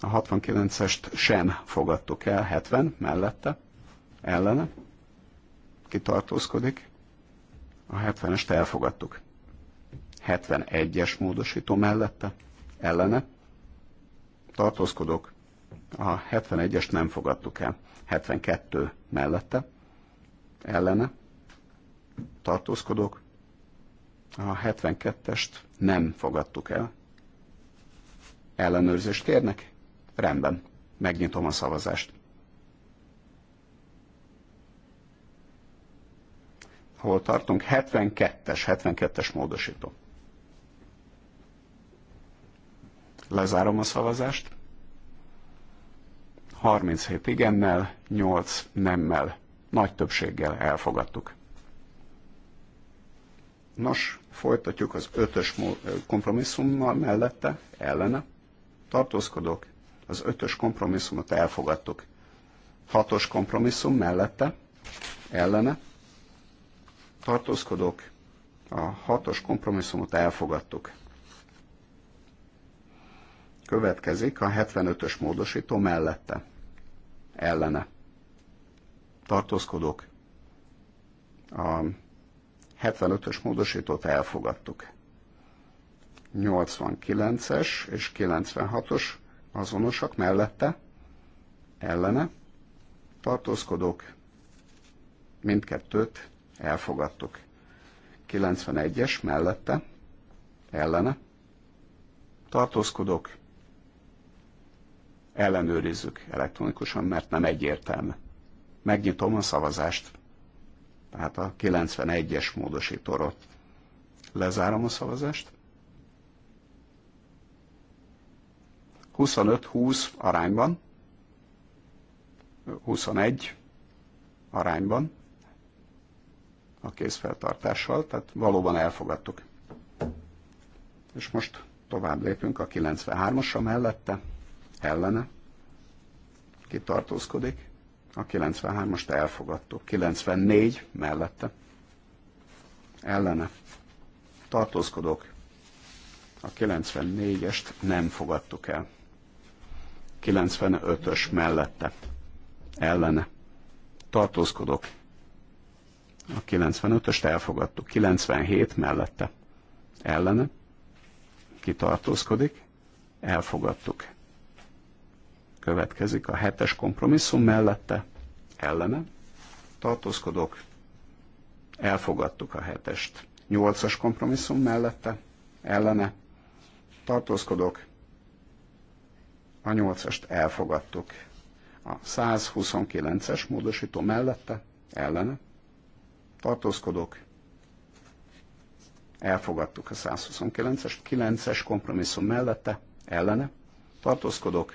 a 69-est sem fogadtuk el, 70 mellette, ellene, Ki tartózkodik. a 70-est elfogadtuk. 71-es módosító mellette, ellene, tartózkodok, a 71-est nem fogadtuk el. 72 mellette, ellene, tartózkodok, a 72-est nem fogadtuk el. Ellenőrzést kérnek? Rendben. Megnyitom a szavazást. Hol tartunk? 72-es, 72-es módosító. Lezárom a szavazást. 37 igennel, 8 nemmel, nagy többséggel elfogadtuk. Nos, folytatjuk az ötös kompromisszummal mellette, ellene. Tartózkodok. az ötös kompromisszumot elfogadtuk. Hatos kompromisszum mellette, ellene. Tartózkodok. a hatos kompromisszumot elfogadtuk. Következik a 75-ös módosító mellette, ellene. Tartózkodok. a 75-ös módosítót elfogadtuk. 89-es és 96-os azonosak mellette, ellene, tartózkodók, mindkettőt elfogadtuk. 91-es mellette, ellene, tartózkodók, ellenőrizzük elektronikusan, mert nem egyértelmű. Megnyitom a szavazást tehát a 91-es módosítóról. Lezárom a szavazást. 25-20 arányban, 21 arányban a kézfeltartással, tehát valóban elfogadtuk. És most tovább lépünk a 93-asra mellette, ellene, kitartózkodik, a 93-ast elfogadtuk. 94 mellette. Ellene. Tartózkodok. A 94-est nem fogadtuk el. 95-ös mellette. Ellene. Tartózkodok. A 95-öst elfogadtuk. 97 mellette. Ellene. Kitartózkodik. Elfogadtuk. Következik a hetes kompromisszum mellette, ellene, tartózkodok, elfogadtuk a hetest. Nyolcas kompromisszum mellette, ellene, tartózkodok, a nyolcast elfogadtuk. A 129-es módosító mellette, ellene, tartózkodok, elfogadtuk a 129-es, 9-es kompromisszum mellette, ellene, tartózkodok,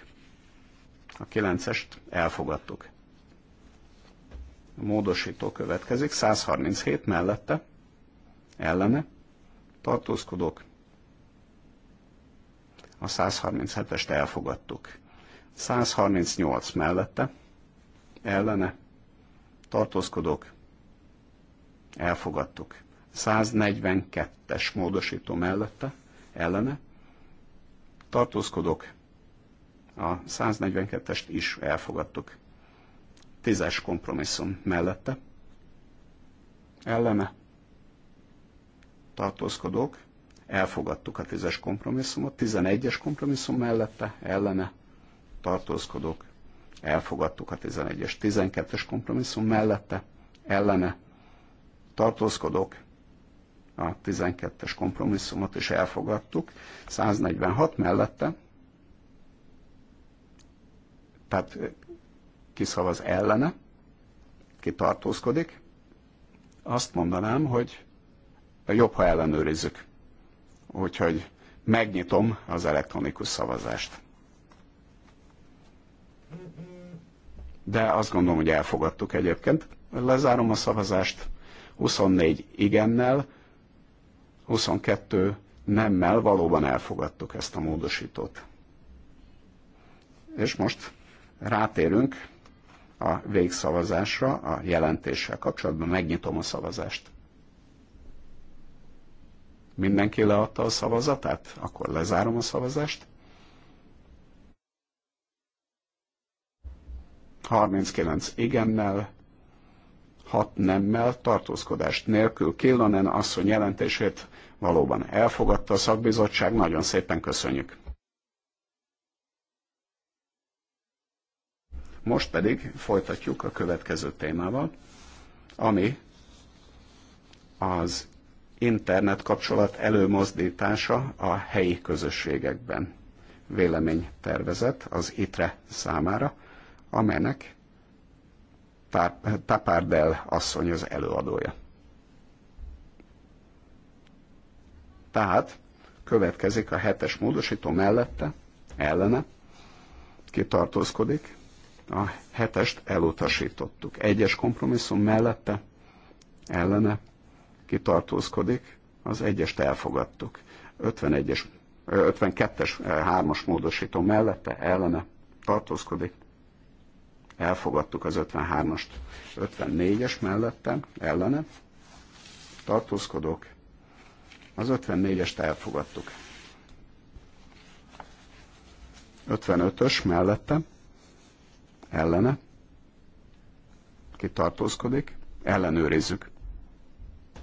a 9-est elfogadtuk. A módosító következik, 137 mellette, ellene, tartózkodók. A 137-est elfogadtuk. 138 mellette, ellene, tartózkodók, elfogadtuk. 142-es módosító mellette, ellene, tartózkodók, a 142-est is elfogadtuk. Tízes kompromisszum mellette. Ellene tartózkodók, elfogadtuk a tízes kompromisszumot, 11-es kompromisszum mellette, ellene tartózkodók, elfogadtuk a 11-es, 12-es kompromisszum mellette, ellene tartózkodók, a 12-es kompromisszumot is elfogadtuk, 146 mellette, tehát kiszavaz ellene, ki tartózkodik, azt mondanám, hogy jobb, ha ellenőrizzük. Úgyhogy megnyitom az elektronikus szavazást. De azt gondolom, hogy elfogadtuk egyébként. Lezárom a szavazást 24 igennel, 22 nemmel valóban elfogadtuk ezt a módosítót. És most rátérünk a végszavazásra, a jelentéssel kapcsolatban megnyitom a szavazást. Mindenki leadta a szavazatát? Akkor lezárom a szavazást. 39 igennel, 6 nemmel, tartózkodást nélkül Killonen asszony jelentését valóban elfogadta a szakbizottság. Nagyon szépen köszönjük! Most pedig folytatjuk a következő témával, ami az internet kapcsolat előmozdítása a helyi közösségekben véleménytervezet az ITRE számára, amelynek Tapárdel asszony az előadója. Tehát következik a hetes módosító mellette, ellene, kitartózkodik, a hetest elutasítottuk. Egyes kompromisszum mellette, ellene kitartózkodik, az egyest elfogadtuk. 51-es, 52-es, 3-as módosító mellette, ellene tartózkodik, elfogadtuk az 53-ast, 54-es mellette, ellene, tartózkodok, az 54-est elfogadtuk. 55-ös mellette, ellene, ki tartózkodik, ellenőrizzük.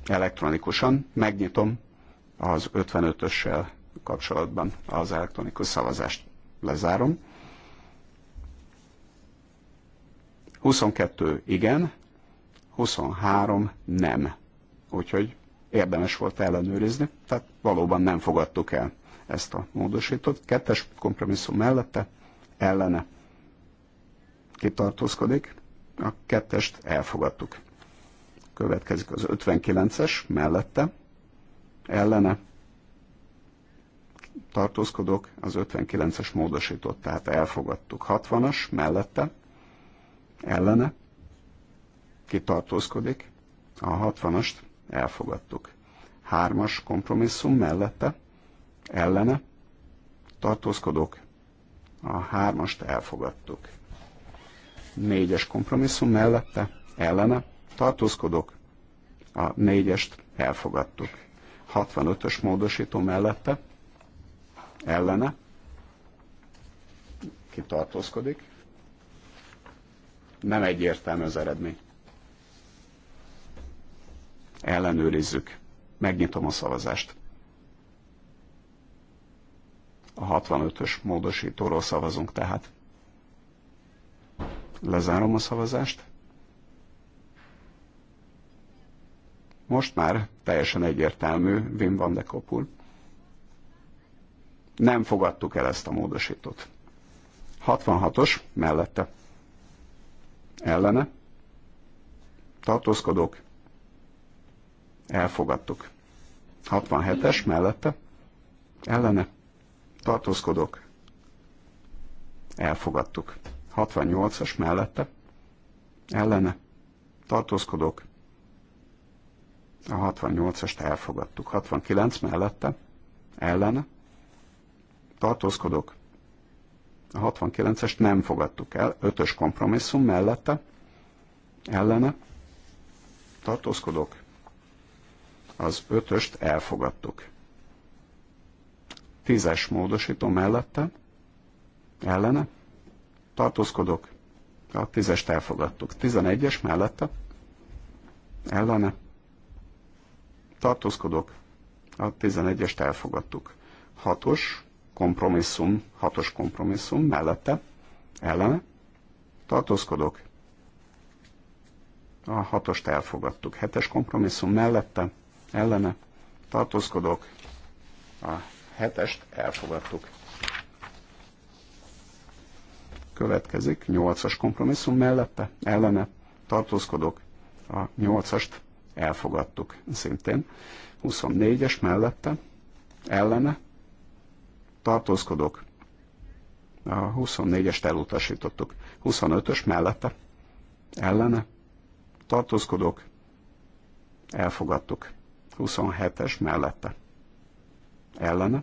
Elektronikusan megnyitom az 55-össel kapcsolatban az elektronikus szavazást. Lezárom. 22 igen, 23 nem. Úgyhogy érdemes volt ellenőrizni, tehát valóban nem fogadtuk el ezt a módosítót. Kettes kompromisszum mellette, ellene kitartózkodik, a kettest elfogadtuk. Következik az 59-es mellette, ellene tartózkodok, az 59-es módosított, tehát elfogadtuk. 60-as mellette, ellene kitartózkodik, a 60-ast elfogadtuk. 3-as kompromisszum mellette, ellene tartózkodok, a 3-ast elfogadtuk négyes kompromisszum mellette, ellene, tartózkodok, a négyest elfogadtuk. 65-ös módosító mellette, ellene, kitartózkodik. Nem egyértelmű az eredmény. Ellenőrizzük. Megnyitom a szavazást. A 65-ös módosítóról szavazunk tehát. Lezárom a szavazást. Most már teljesen egyértelmű Wim van de Kopul. Nem fogadtuk el ezt a módosítót. 66-os mellette. Ellene. Tartózkodók. Elfogadtuk. 67-es mellette. Ellene. Tartózkodók. Elfogadtuk. 68-as mellette, ellene, tartózkodók, a 68-ast elfogadtuk. 69 mellette, ellene, tartózkodók, a 69-est nem fogadtuk el, 5-ös kompromisszum mellette, ellene, tartózkodók, az 5-öst elfogadtuk. 10-es módosító mellette, ellene, tartózkodok. a tízest elfogadtuk. Tizenegyes mellette, ellene, Tartózkodok. a tizenegyest elfogadtuk. Hatos kompromisszum, hatos kompromisszum mellette, ellene, Tartózkodok. a hatost elfogadtuk. Hetes kompromisszum mellette, ellene, Tartózkodok. a hetest elfogadtuk következik, 8-as kompromisszum mellette, ellene tartózkodok, a 8-ast elfogadtuk szintén, 24-es mellette, ellene tartózkodok, a 24-est elutasítottuk, 25-ös mellette, ellene tartózkodok, elfogadtuk, 27-es mellette, ellene,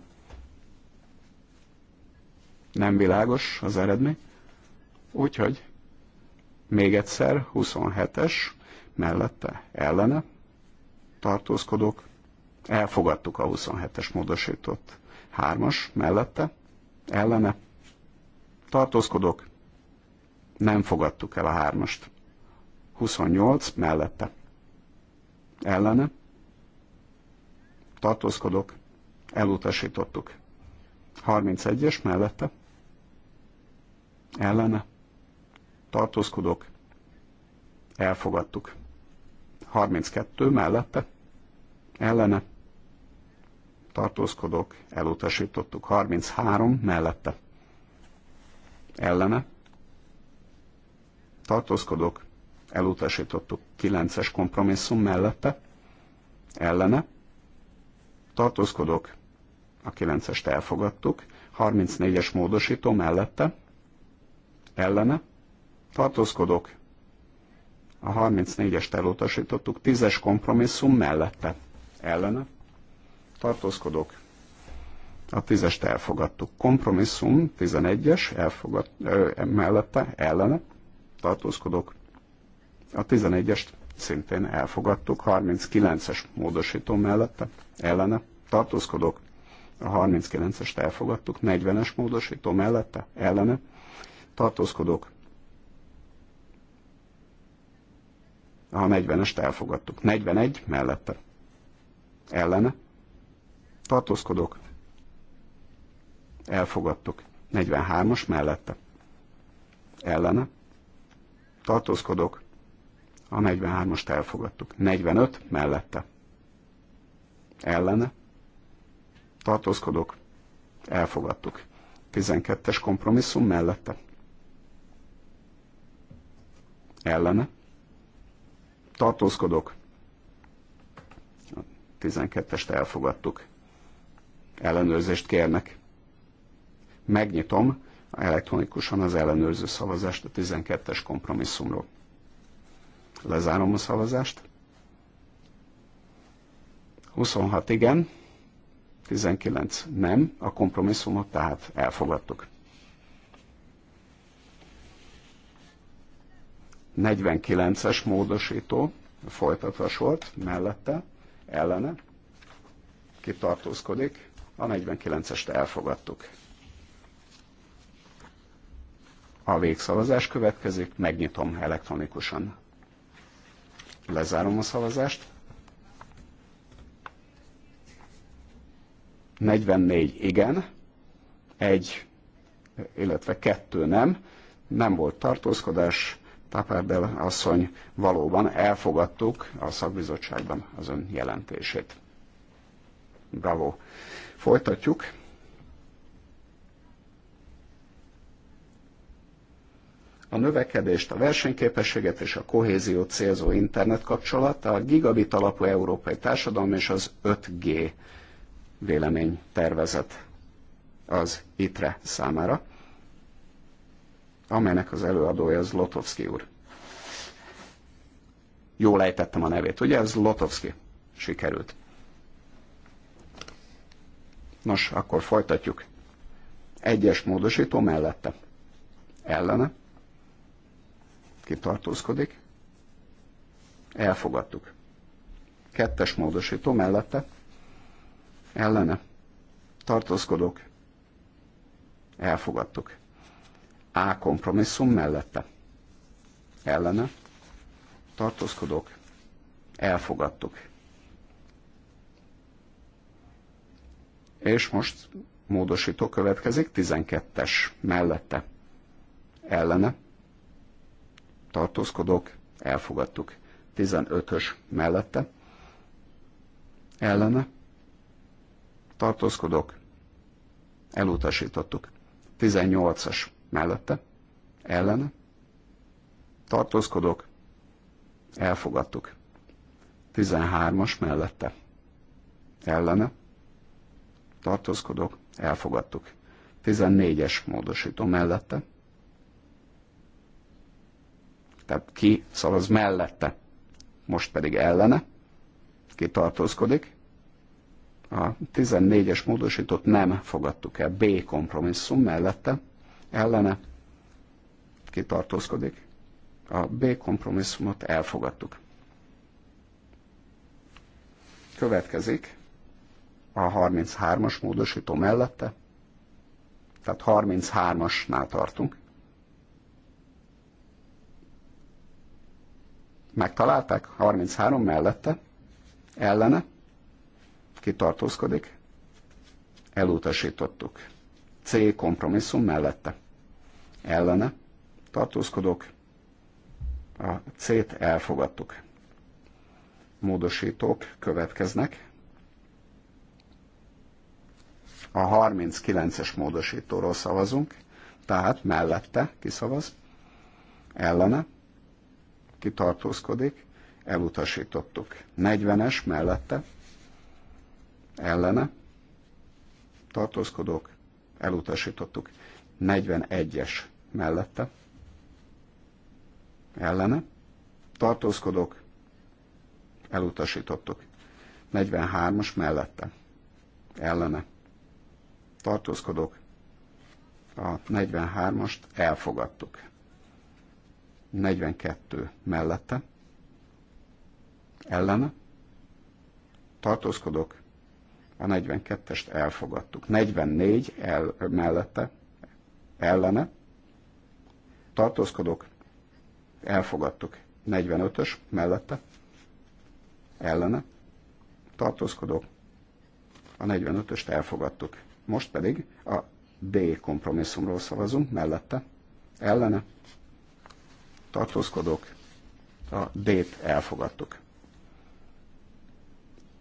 nem világos az eredmény, Úgyhogy még egyszer 27-es mellette ellene tartózkodók. Elfogadtuk a 27-es módosított 3-as mellette ellene tartózkodók. Nem fogadtuk el a 3-ast. 28 mellette ellene tartózkodók. Elutasítottuk. 31-es mellette ellene tartózkodok, elfogadtuk. 32 mellette, ellene, tartózkodok, elutasítottuk. 33 mellette, ellene, tartózkodok, elutasítottuk. 9-es kompromisszum mellette, ellene, tartózkodok, a 9-est elfogadtuk. 34-es módosító mellette, ellene, tartózkodok. a 34-est elutasítottuk, 10-es kompromisszum mellette, ellene, tartózkodok. a 10-est elfogadtuk, kompromisszum 11-es mellette, ellene, tartózkodok. a 11-est szintén elfogadtuk, 39-es módosító mellette, ellene, tartózkodok. a 39-est elfogadtuk, 40-es módosító mellette, ellene, tartózkodok. A 40-est elfogadtuk. 41 mellette. Ellene. Tartózkodok. Elfogadtuk. 43-as mellette. Ellene. Tartózkodok. A 43-ast elfogadtuk. 45 mellette. Ellene. Tartózkodok. Elfogadtuk. 12-es kompromisszum mellette. Ellene tartózkodok. A 12-est elfogadtuk. Ellenőrzést kérnek. Megnyitom elektronikusan az ellenőrző szavazást a 12-es kompromisszumról. Lezárom a szavazást. 26 igen, 19 nem, a kompromisszumot tehát elfogadtuk. 49-es módosító, folytatva volt sort, mellette, ellene, kitartózkodik, a 49-est elfogadtuk. A végszavazás következik, megnyitom elektronikusan. Lezárom a szavazást. 44 igen, egy, illetve kettő nem, nem volt tartózkodás, Tapárdel asszony, valóban elfogadtuk a szakbizottságban az ön jelentését. Bravo. Folytatjuk. a növekedést, a versenyképességet és a kohéziót célzó internetkapcsolat, a gigabit alapú európai társadalom és az 5G vélemény tervezet az ITRE számára amelynek az előadója az Zlotowski úr. Jól ejtettem a nevét, ugye? Ez Zlotowski. Sikerült. Nos, akkor folytatjuk. Egyes módosító mellette. Ellene. Kitartózkodik. Elfogadtuk. Kettes módosító mellette. Ellene. Tartózkodok. Elfogadtuk a kompromisszum mellette. Ellene. Tartózkodok. Elfogadtuk. És most módosító következik, 12-es mellette. Ellene. Tartózkodok. Elfogadtuk. 15-ös mellette. Ellene. Tartózkodok. Elutasítottuk. 18-as mellette, ellene, tartózkodok, elfogadtuk. 13-as mellette, ellene, tartózkodok, elfogadtuk. 14-es módosító mellette, tehát ki szavaz mellette, most pedig ellene, ki tartózkodik. A 14-es módosítót nem fogadtuk el, B kompromisszum mellette, ellene kitartózkodik. A B kompromisszumot elfogadtuk. Következik a 33-as módosító mellette, tehát 33-asnál tartunk. Megtalálták? 33 mellette, ellene, kitartózkodik, elutasítottuk. C kompromisszum mellette. Ellene tartózkodok. A C-t elfogadtuk. Módosítók következnek. A 39-es módosítóról szavazunk, tehát mellette kiszavaz, ellene, kitartózkodik, elutasítottuk. 40-es mellette, ellene, tartózkodók, elutasítottuk. 41-es mellette, ellene, tartózkodók, elutasítottuk. 43-as mellette, ellene, tartózkodók, a 43-ast elfogadtuk. 42 mellette, ellene, tartózkodók, a 42-est elfogadtuk. 44 el, mellette, ellene, tartózkodók, elfogadtuk. 45-ös mellette, ellene, tartózkodók, a 45-öst elfogadtuk. Most pedig a D kompromisszumról szavazunk, mellette, ellene, tartózkodók, a D-t elfogadtuk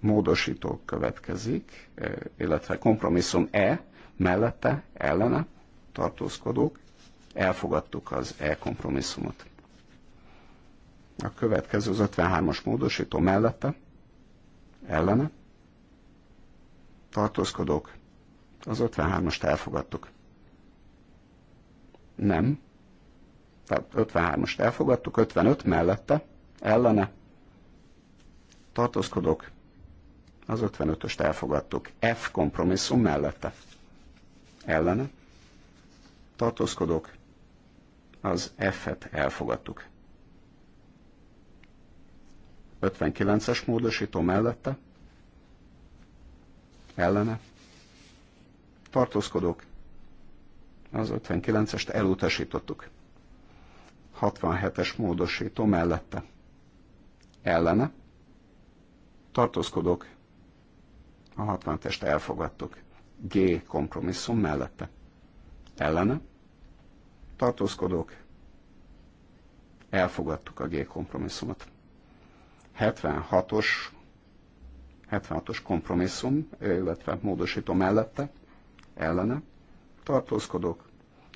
módosító következik, e, illetve kompromisszum E mellette, ellene tartózkodók, elfogadtuk az E kompromisszumot. A következő az 53-as módosító mellette, ellene tartózkodók, az 53-ast elfogadtuk. Nem. Tehát 53-ast elfogadtuk, 55 mellette, ellene tartózkodók, az 55-öst elfogadtuk. F kompromisszum mellette. Ellene. Tartózkodok. Az F-et elfogadtuk. 59-es módosító mellette. Ellene. Tartózkodok. Az 59-est elutasítottuk. 67-es módosító mellette. Ellene. Tartózkodok. A 65-est elfogadtuk. G kompromisszum mellette. Ellene. Tartózkodók. Elfogadtuk a G kompromisszumot. 76-os 76-os kompromisszum, illetve módosító mellette, ellene tartózkodók.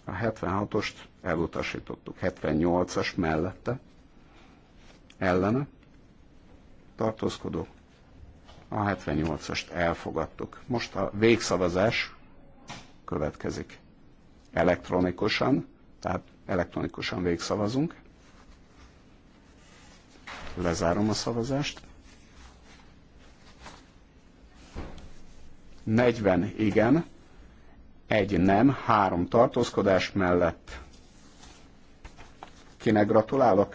A 76-ost elutasítottuk, 78-as mellette, ellene tartózkodók a 78-ast elfogadtuk. Most a végszavazás következik elektronikusan, tehát elektronikusan végszavazunk. Lezárom a szavazást. 40 igen, egy nem, három tartózkodás mellett. Kinek gratulálok?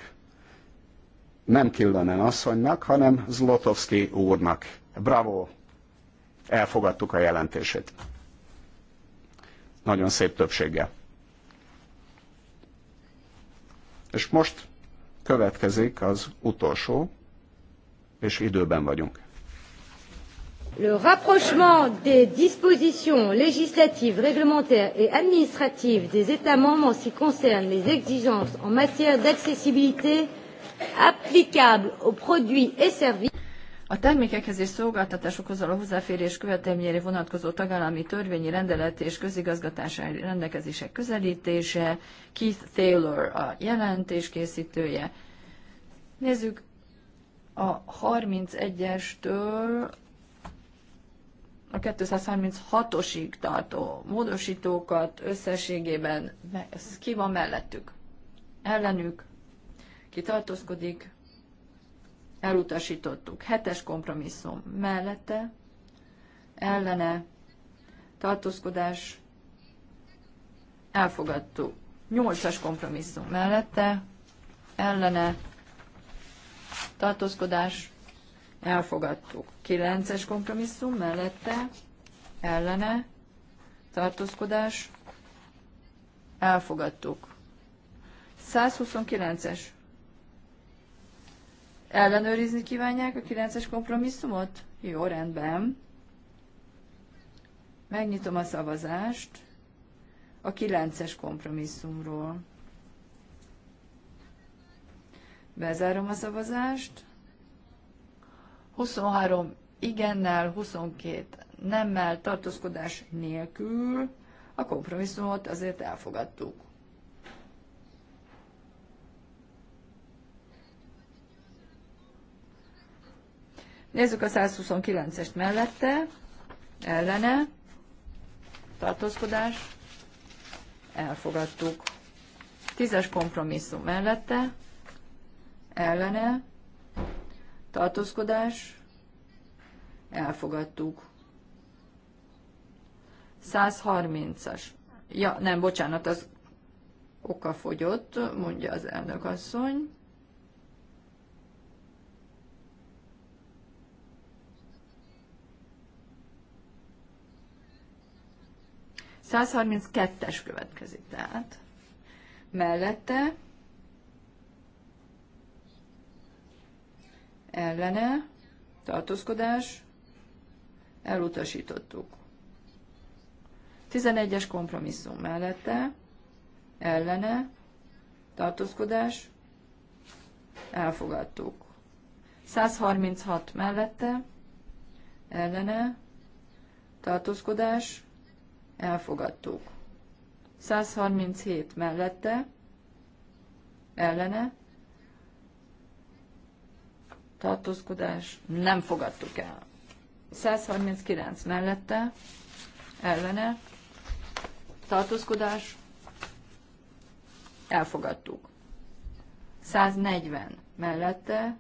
Nem Killenen asszonynak, hanem Zlotowski úrnak. Bravo! Elfogadtuk a jelentését. Nagyon szép többséggel. És most következik az utolsó, és időben vagyunk. Le rapprochement des dispositions législatives, réglementaires et administratives des États membres en ce qui concerne les exigences en matière d'accessibilité applicables aux produits et services. A termékekhez és szolgáltatásokhoz a hozzáférés követelményére vonatkozó tagállami törvényi rendelet és közigazgatási rendelkezések közelítése, Keith Taylor a jelentés készítője. Nézzük a 31-estől a 236-osig tartó módosítókat összességében ki van mellettük? Ellenük, ki tartózkodik, elutasítottuk. Hetes kompromisszum mellette, ellene, tartózkodás, elfogadtuk. Nyolcas kompromisszum mellette, ellene, tartózkodás, elfogadtuk. Kilences kompromisszum mellette, ellene, tartózkodás, elfogadtuk. 129-es Ellenőrizni kívánják a 9-es kompromisszumot? Jó, rendben. Megnyitom a szavazást a 9-es kompromisszumról. Bezárom a szavazást. 23 igennel, 22 nemmel, tartózkodás nélkül a kompromisszumot azért elfogadtuk. Nézzük a 129-est mellette, ellene, tartózkodás, elfogadtuk. 10-es kompromisszum mellette, ellene, tartózkodás, elfogadtuk. 130-as. Ja, nem, bocsánat, az oka fogyott, mondja az elnök asszony. 132-es következik tehát. Mellette ellene tartózkodás elutasítottuk. 11-es kompromisszum mellette ellene tartózkodás elfogadtuk. 136 mellette ellene tartózkodás elfogadtuk. 137 mellette, ellene, tartózkodás, nem fogadtuk el. 139 mellette, ellene, tartózkodás, elfogadtuk. 140 mellette,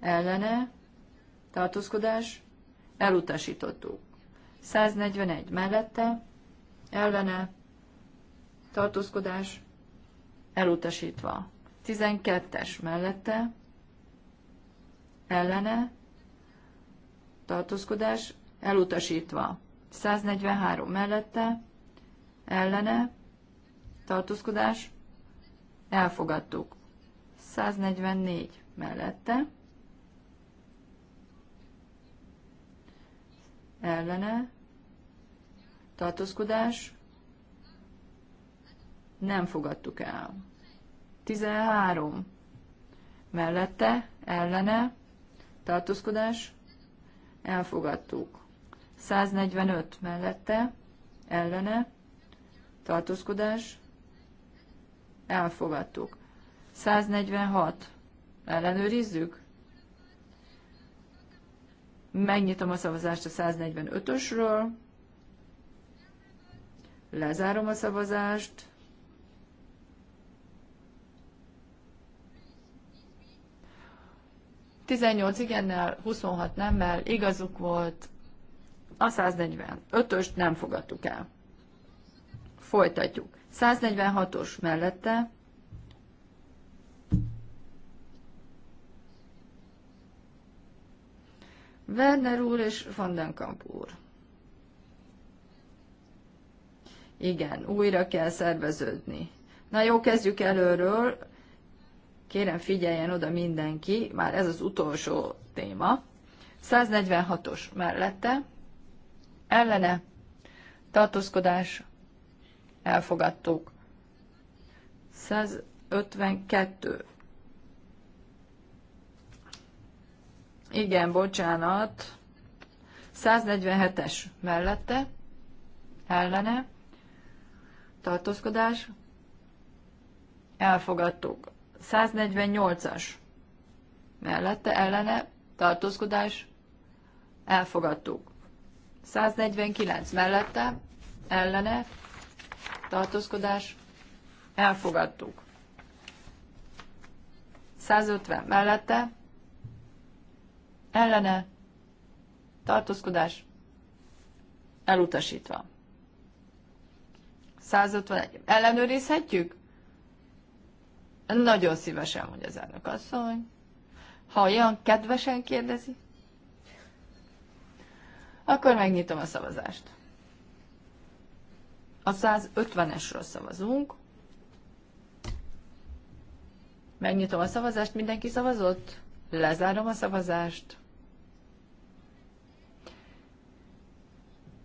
ellene, tartózkodás, elutasítottuk. 141 mellette, ellene, tartózkodás, elutasítva. 12-es mellette, ellene, tartózkodás, elutasítva. 143 mellette, ellene, tartózkodás, elfogadtuk. 144 mellette, ellene, tartózkodás, nem fogadtuk el. 13. Mellette, ellene, tartózkodás, elfogadtuk. 145 mellette, ellene, tartózkodás, elfogadtuk. 146. Ellenőrizzük? Megnyitom a szavazást a 145-ösről. Lezárom a szavazást. Tizennyolc igennel, 26 nemmel, igazuk volt, a 145-öst nem fogadtuk el. Folytatjuk. 146-os mellette, Werner úr és Vandenkamp úr. Igen, újra kell szerveződni. Na jó, kezdjük előről. Kérem figyeljen oda mindenki, már ez az utolsó téma. 146-os mellette, ellene, tartózkodás, elfogadtuk. 152 Igen, bocsánat. 147-es mellette, ellene, tartózkodás, elfogadtuk. 148-as mellette, ellene, tartózkodás, elfogadtuk. 149 mellette, ellene, tartózkodás, elfogadtuk. 150 mellette, ellene, tartózkodás, elutasítva. 151. Ellenőrizhetjük? Nagyon szívesen, hogy az elnök asszony. Ha olyan kedvesen kérdezi, akkor megnyitom a szavazást. A 150-esről szavazunk. Megnyitom a szavazást, mindenki szavazott? Lezárom a szavazást.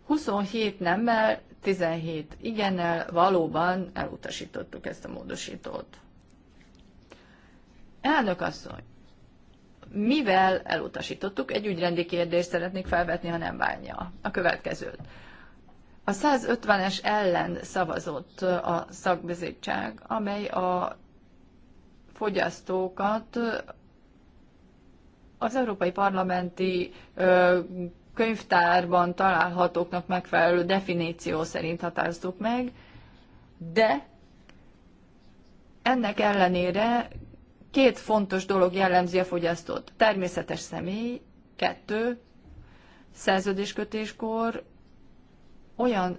27 nemmel, 17 igennel valóban elutasítottuk ezt a módosítót. Elnök asszony, mivel elutasítottuk, egy ügyrendi kérdést szeretnék felvetni, ha nem bánja. A következőt. A 150-es ellen szavazott a szakbizottság, amely a fogyasztókat az európai parlamenti könyvtárban találhatóknak megfelelő definíció szerint határoztuk meg, de ennek ellenére két fontos dolog jellemzi a fogyasztót. Természetes személy, kettő, szerződéskötéskor olyan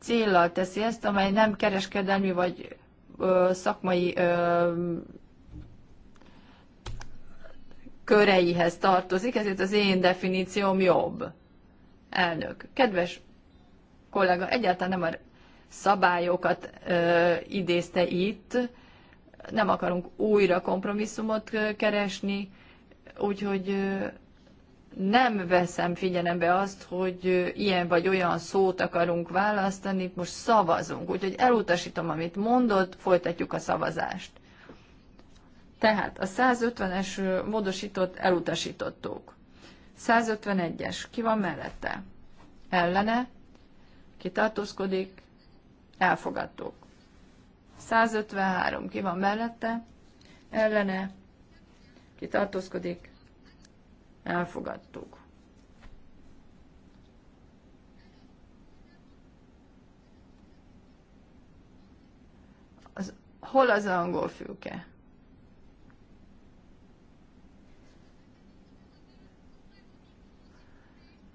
céllal teszi ezt, amely nem kereskedelmi vagy ö, szakmai ö, köreihez tartozik, ezért az én definícióm jobb. Elnök, kedves kollega, egyáltalán nem a szabályokat ö, idézte itt, nem akarunk újra kompromisszumot keresni, úgyhogy nem veszem figyelembe azt, hogy ilyen vagy olyan szót akarunk választani, most szavazunk. Úgyhogy elutasítom, amit mondott, folytatjuk a szavazást. Tehát a 150-es módosított elutasítottuk. 151-es, ki van mellette? Ellene, ki tartózkodik, elfogadtuk. 153, ki van mellette? Ellene, ki tartózkodik, elfogadtuk. Az, hol az angol fülke?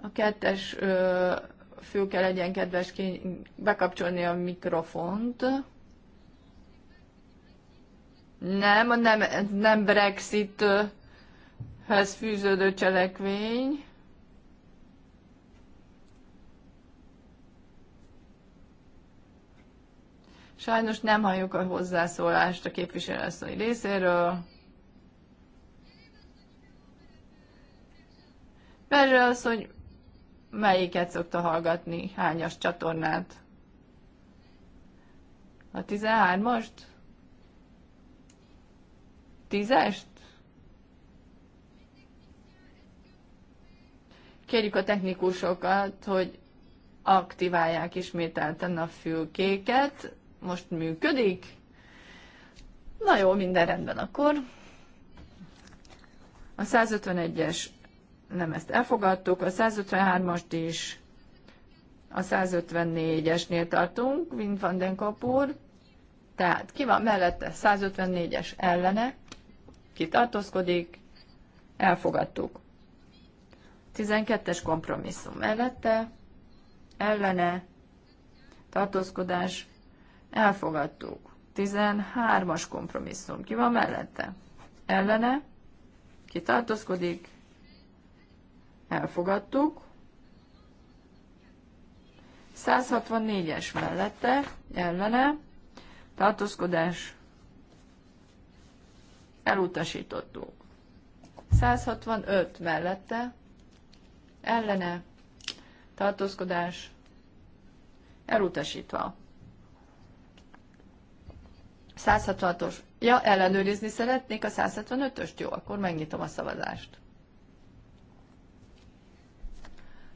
A kettes fül kell legyen kedves bekapcsolni a mikrofont. Nem, a nem, nem Brexithez fűződő cselekvény. Sajnos nem halljuk a hozzászólást a képviselőasszony részéről. az, hogy melyiket szokta hallgatni, hányas csatornát? A 13-ast? Tízest? Kérjük a technikusokat, hogy aktiválják ismételten a fülkéket. Most működik? Na jó, minden rendben akkor. A 151-es nem ezt elfogadtuk, a 153-ast is, a 154-esnél tartunk, Wim van den Kapur, tehát ki van mellette 154-es ellene, ki tartózkodik, elfogadtuk. 12-es kompromisszum mellette, ellene, tartózkodás, elfogadtuk. 13-as kompromisszum, ki van mellette? Ellene, ki tartózkodik, elfogadtuk. 164-es mellette, ellene, tartózkodás, elutasítottuk. 165 mellette, ellene, tartózkodás, elutasítva. 166-os. Ja, ellenőrizni szeretnék a 165-öst? Jó, akkor megnyitom a szavazást.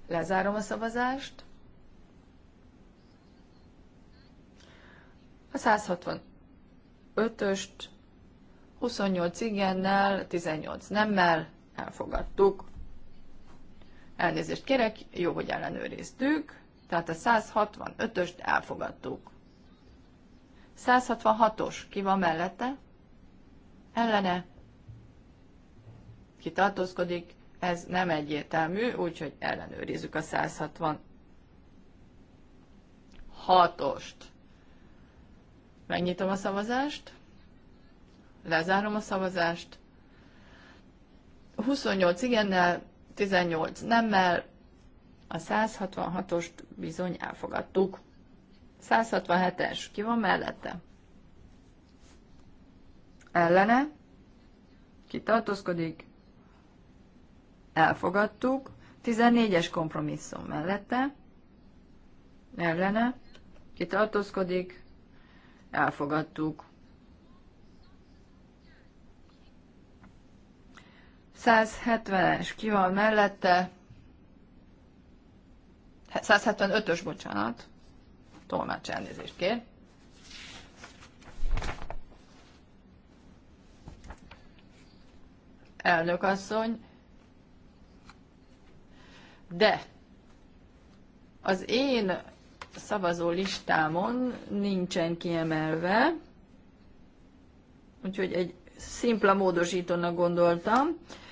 Lezárom a szavazást. A 165-öst 28 igennel, 18 nemmel elfogadtuk. Elnézést kérek, jó, hogy ellenőriztük, tehát a 165-öst elfogadtuk. 166-os, ki van mellette? Ellene? Ki tartózkodik? ez nem egyértelmű, úgyhogy ellenőrizzük a 166-ost. Megnyitom a szavazást, lezárom a szavazást. 28 igennel, 18 nemmel, a 166-ost bizony elfogadtuk. 167-es, ki van mellette? Ellene, ki tartózkodik, elfogadtuk, 14-es kompromisszum mellette, ellene, kitartózkodik, elfogadtuk. 170-es ki van mellette, 175-ös, bocsánat, tolmács elnézést kér. Elnök asszony, de az én szavazó listámon nincsen kiemelve, úgyhogy egy szimpla módosítónak gondoltam,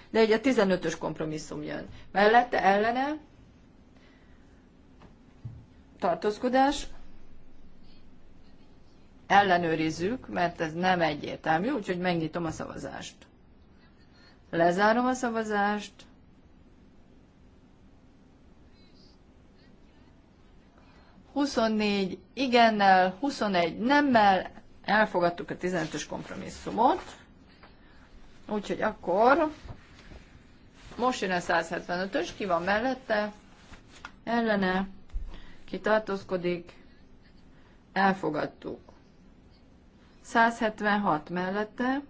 de egy a 15-ös kompromisszum jön. Mellette, ellene, tartózkodás, ellenőrizzük, mert ez nem egyértelmű, úgyhogy megnyitom a szavazást. Lezárom a szavazást, 24 igennel, 21 nemmel elfogadtuk a 15-ös kompromisszumot. Úgyhogy akkor most jön a 175-ös, ki van mellette, ellene, ki tartózkodik, elfogadtuk. 176 mellette,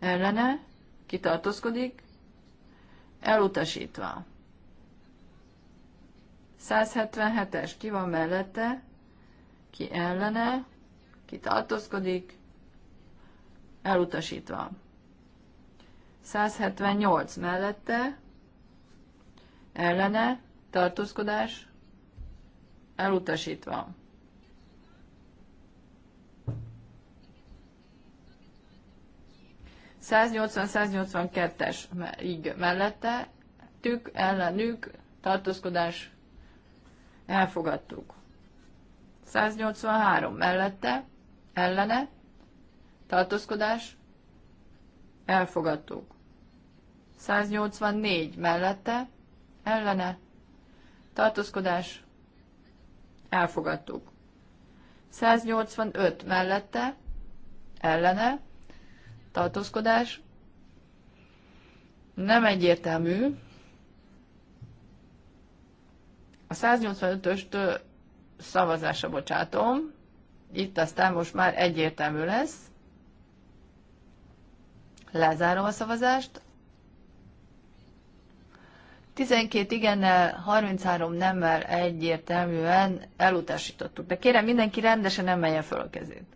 ellene, ki tartózkodik, elutasítva. 177-es ki van mellette, ki ellene, ki tartózkodik, elutasítva. 178 mellette, ellene, tartózkodás, elutasítva. 180-182-es így mellette, tük, ellenük, tartózkodás, Elfogadtuk. 183 mellette, ellene, tartózkodás, elfogadtuk. 184 mellette, ellene, tartózkodás, elfogadtuk. 185 mellette, ellene, tartózkodás, nem egyértelmű, a 185-öst szavazásra bocsátom, itt aztán most már egyértelmű lesz. Lezárom a szavazást. 12 igennel, 33 nemmel egyértelműen elutasítottuk. De kérem, mindenki rendesen emelje fel a kezét.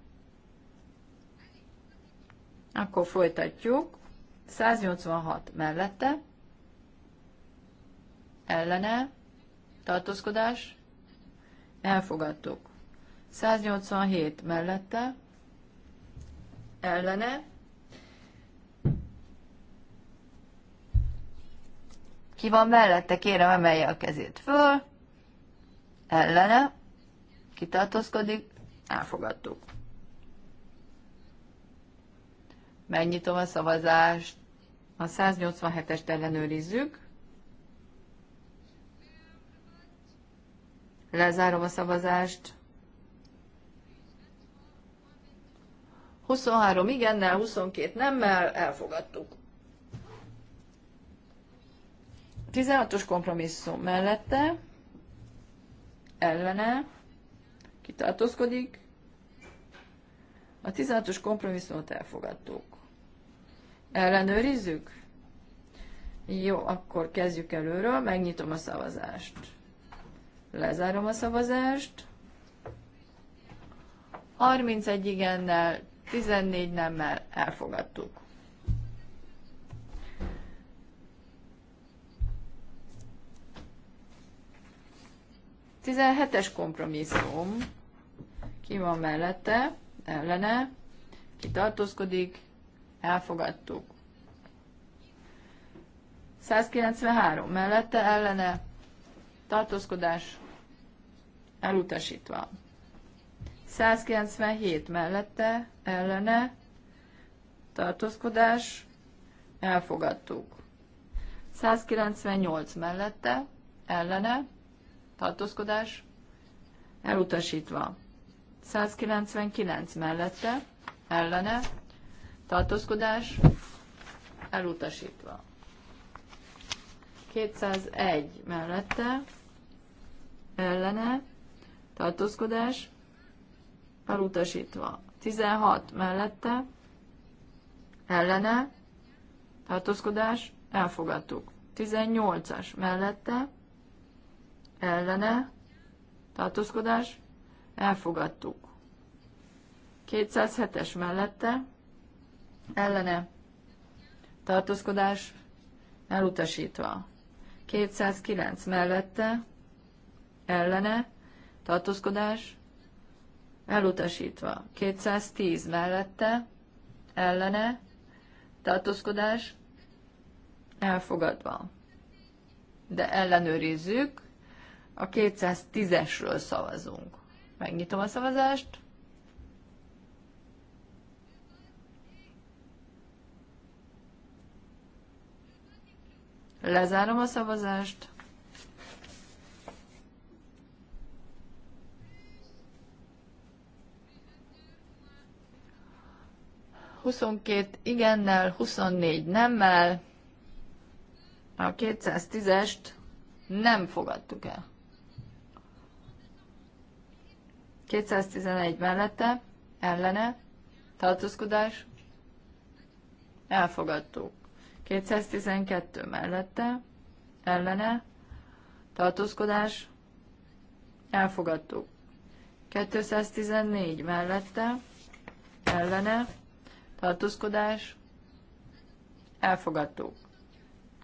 Akkor folytatjuk. 186 mellette, ellene, tartózkodás, elfogadtuk. 187 mellette, ellene, ki van mellette, kérem emelje a kezét föl, ellene, kitartózkodik, elfogadtuk. Megnyitom a szavazást, a 187-est ellenőrizzük, Lezárom a szavazást. 23 igennel, 22 nemmel elfogadtuk. 16-os kompromisszum mellette, ellene, kitartózkodik. A 16-os kompromisszumot elfogadtuk. Ellenőrizzük? Jó, akkor kezdjük előről, megnyitom a szavazást. Lezárom a szavazást. 31 igennel, 14 nemmel elfogadtuk. Tizenhetes kompromisszum. Ki van mellette? Ellene. Ki tartózkodik? Elfogadtuk. 193 mellette ellene tartózkodás elutasítva. 197 mellette, ellene, tartózkodás, elfogadtuk. 198 mellette, ellene, tartózkodás, elutasítva. 199 mellette, ellene, tartózkodás, elutasítva. 201 mellette, ellene, tartózkodás, elutasítva. 16 mellette, ellene, tartózkodás, elfogadtuk. 18-as mellette, ellene, tartózkodás, elfogadtuk. 207-es mellette, ellene, tartózkodás, elutasítva. 209 mellette, ellene, tartózkodás elutasítva. 210 mellette, ellene, tartózkodás elfogadva. De ellenőrizzük, a 210-esről szavazunk. Megnyitom a szavazást. Lezárom a szavazást. 22 igennel, 24 nemmel a 210-est nem fogadtuk el. 211 mellette, ellene, tartózkodás, elfogadtuk. 212 mellette, ellene, tartózkodás, elfogadtuk. 214 mellette, ellene, tartózkodás, elfogadtuk.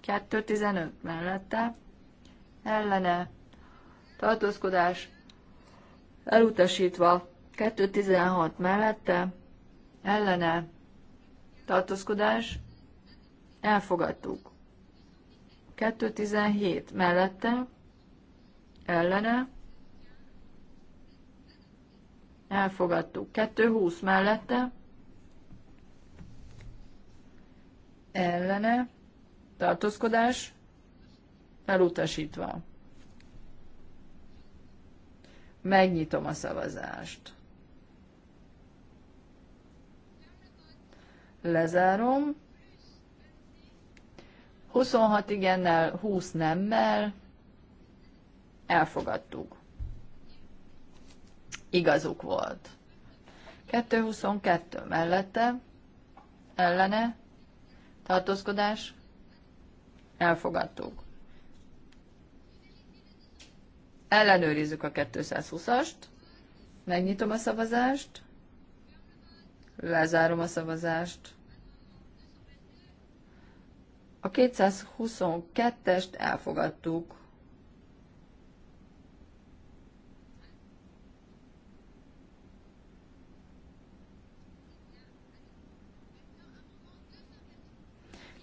2.15 mellette, ellene, tartózkodás, elutasítva, 2.16 mellette, ellene, tartózkodás, elfogadtuk. 2.17 mellette, ellene, elfogadtuk. 2.20 mellette, ellene, tartózkodás, elutasítva. Megnyitom a szavazást. Lezárom. 26 igennel, 20 nemmel elfogadtuk. Igazuk volt. 222 mellette, ellene, tartózkodás, elfogadtuk. Ellenőrizzük a 220-ast, megnyitom a szavazást, lezárom a szavazást. A 222-est elfogadtuk.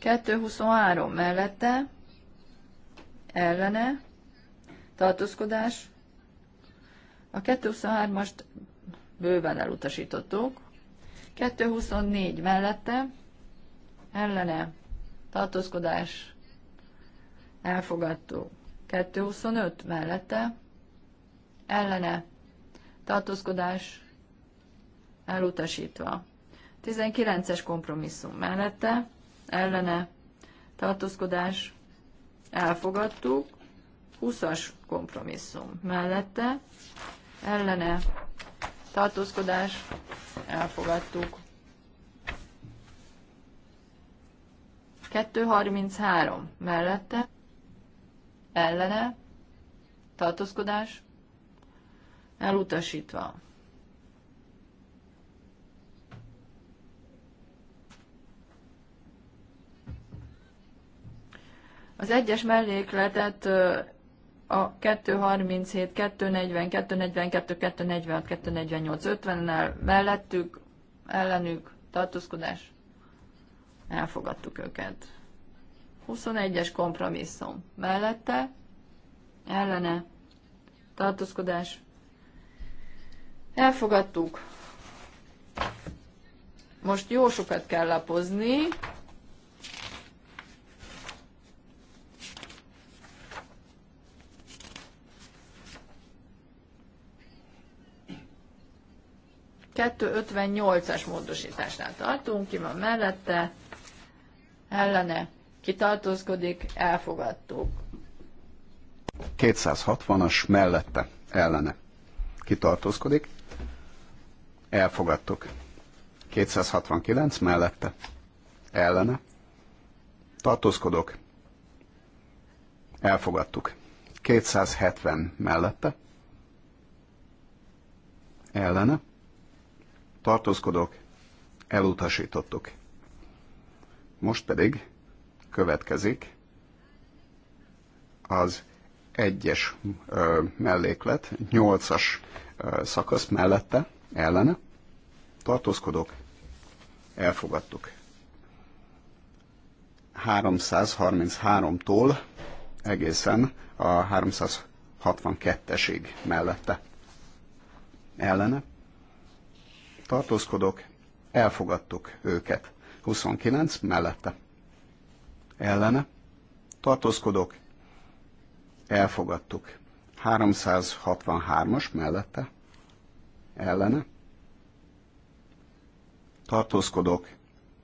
223 mellette, ellene, tartózkodás. A 223-ast bőven elutasítottuk. 224 mellette, ellene, tartózkodás, elfogadtuk. 225 mellette, ellene, tartózkodás, elutasítva. 19-es kompromisszum mellette, ellene tartózkodás elfogadtuk, 20-as kompromisszum mellette, ellene tartózkodás elfogadtuk. 233 mellette, ellene tartózkodás elutasítva. Az egyes mellékletet a 237, 240, 242, 246, 248, 50-nel mellettük, ellenük tartózkodás, elfogadtuk őket. 21-es kompromisszum mellette, ellene, tartózkodás, elfogadtuk. Most jó sokat kell lapozni, 258-as módosításnál tartunk, ki van mellette, ellene, kitartózkodik, elfogadtuk. 260-as mellette, ellene, kitartózkodik, elfogadtuk. 269 mellette, ellene, tartózkodok, elfogadtuk. 270 mellette, ellene, tartózkodok, elutasítottuk. Most pedig következik az egyes ö, melléklet, nyolcas ö, szakasz mellette, ellene, tartózkodok, elfogadtuk. 333-tól egészen a 362-esig mellette. Ellene, tartózkodok, elfogadtuk őket. 29 mellette. Ellene, Tartózkodok, elfogadtuk. 363-as mellette, ellene, Tartózkodok,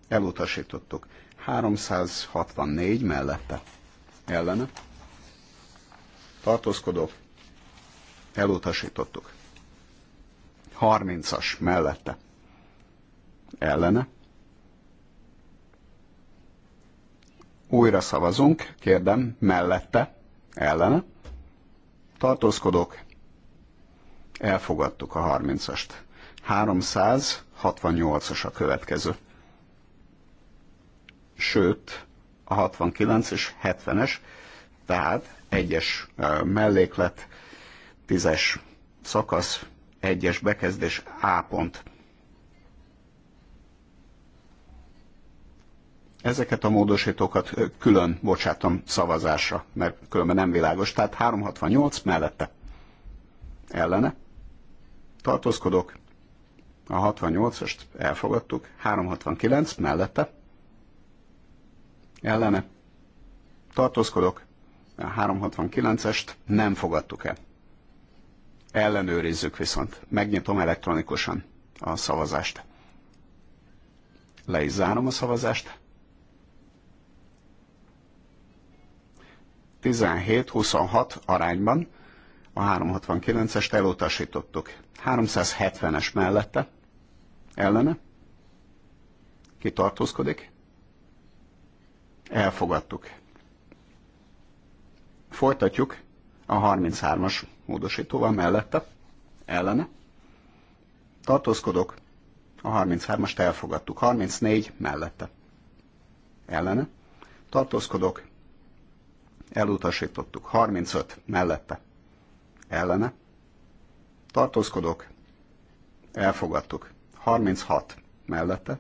elutasítottuk. 364 mellette, ellene, Tartózkodok, elutasítottuk. 30-as mellette. Ellene. Újra szavazunk, kérdem, mellette, ellene. Tartózkodok. Elfogadtuk a 30-ast. 368-as a következő. Sőt, a 69 és 70-es, tehát egyes melléklet, tízes szakasz egyes bekezdés A pont. Ezeket a módosítókat külön bocsátom szavazásra, mert különben nem világos. Tehát 368 mellette. Ellene. Tartózkodok. A 68-ast elfogadtuk. 369 mellette. Ellene. Tartózkodok. A 369-est nem fogadtuk el. Ellenőrizzük viszont. Megnyitom elektronikusan a szavazást. Le is zárom a szavazást. 17-26 arányban a 369-est elutasítottuk. 370-es mellette, ellene, kitartózkodik. elfogadtuk. Folytatjuk a 33-as módosítóval mellette, ellene. Tartózkodok, a 33-ast elfogadtuk, 34 mellette, ellene. Tartózkodok, elutasítottuk, 35 mellette, ellene. Tartózkodok, elfogadtuk, 36 mellette,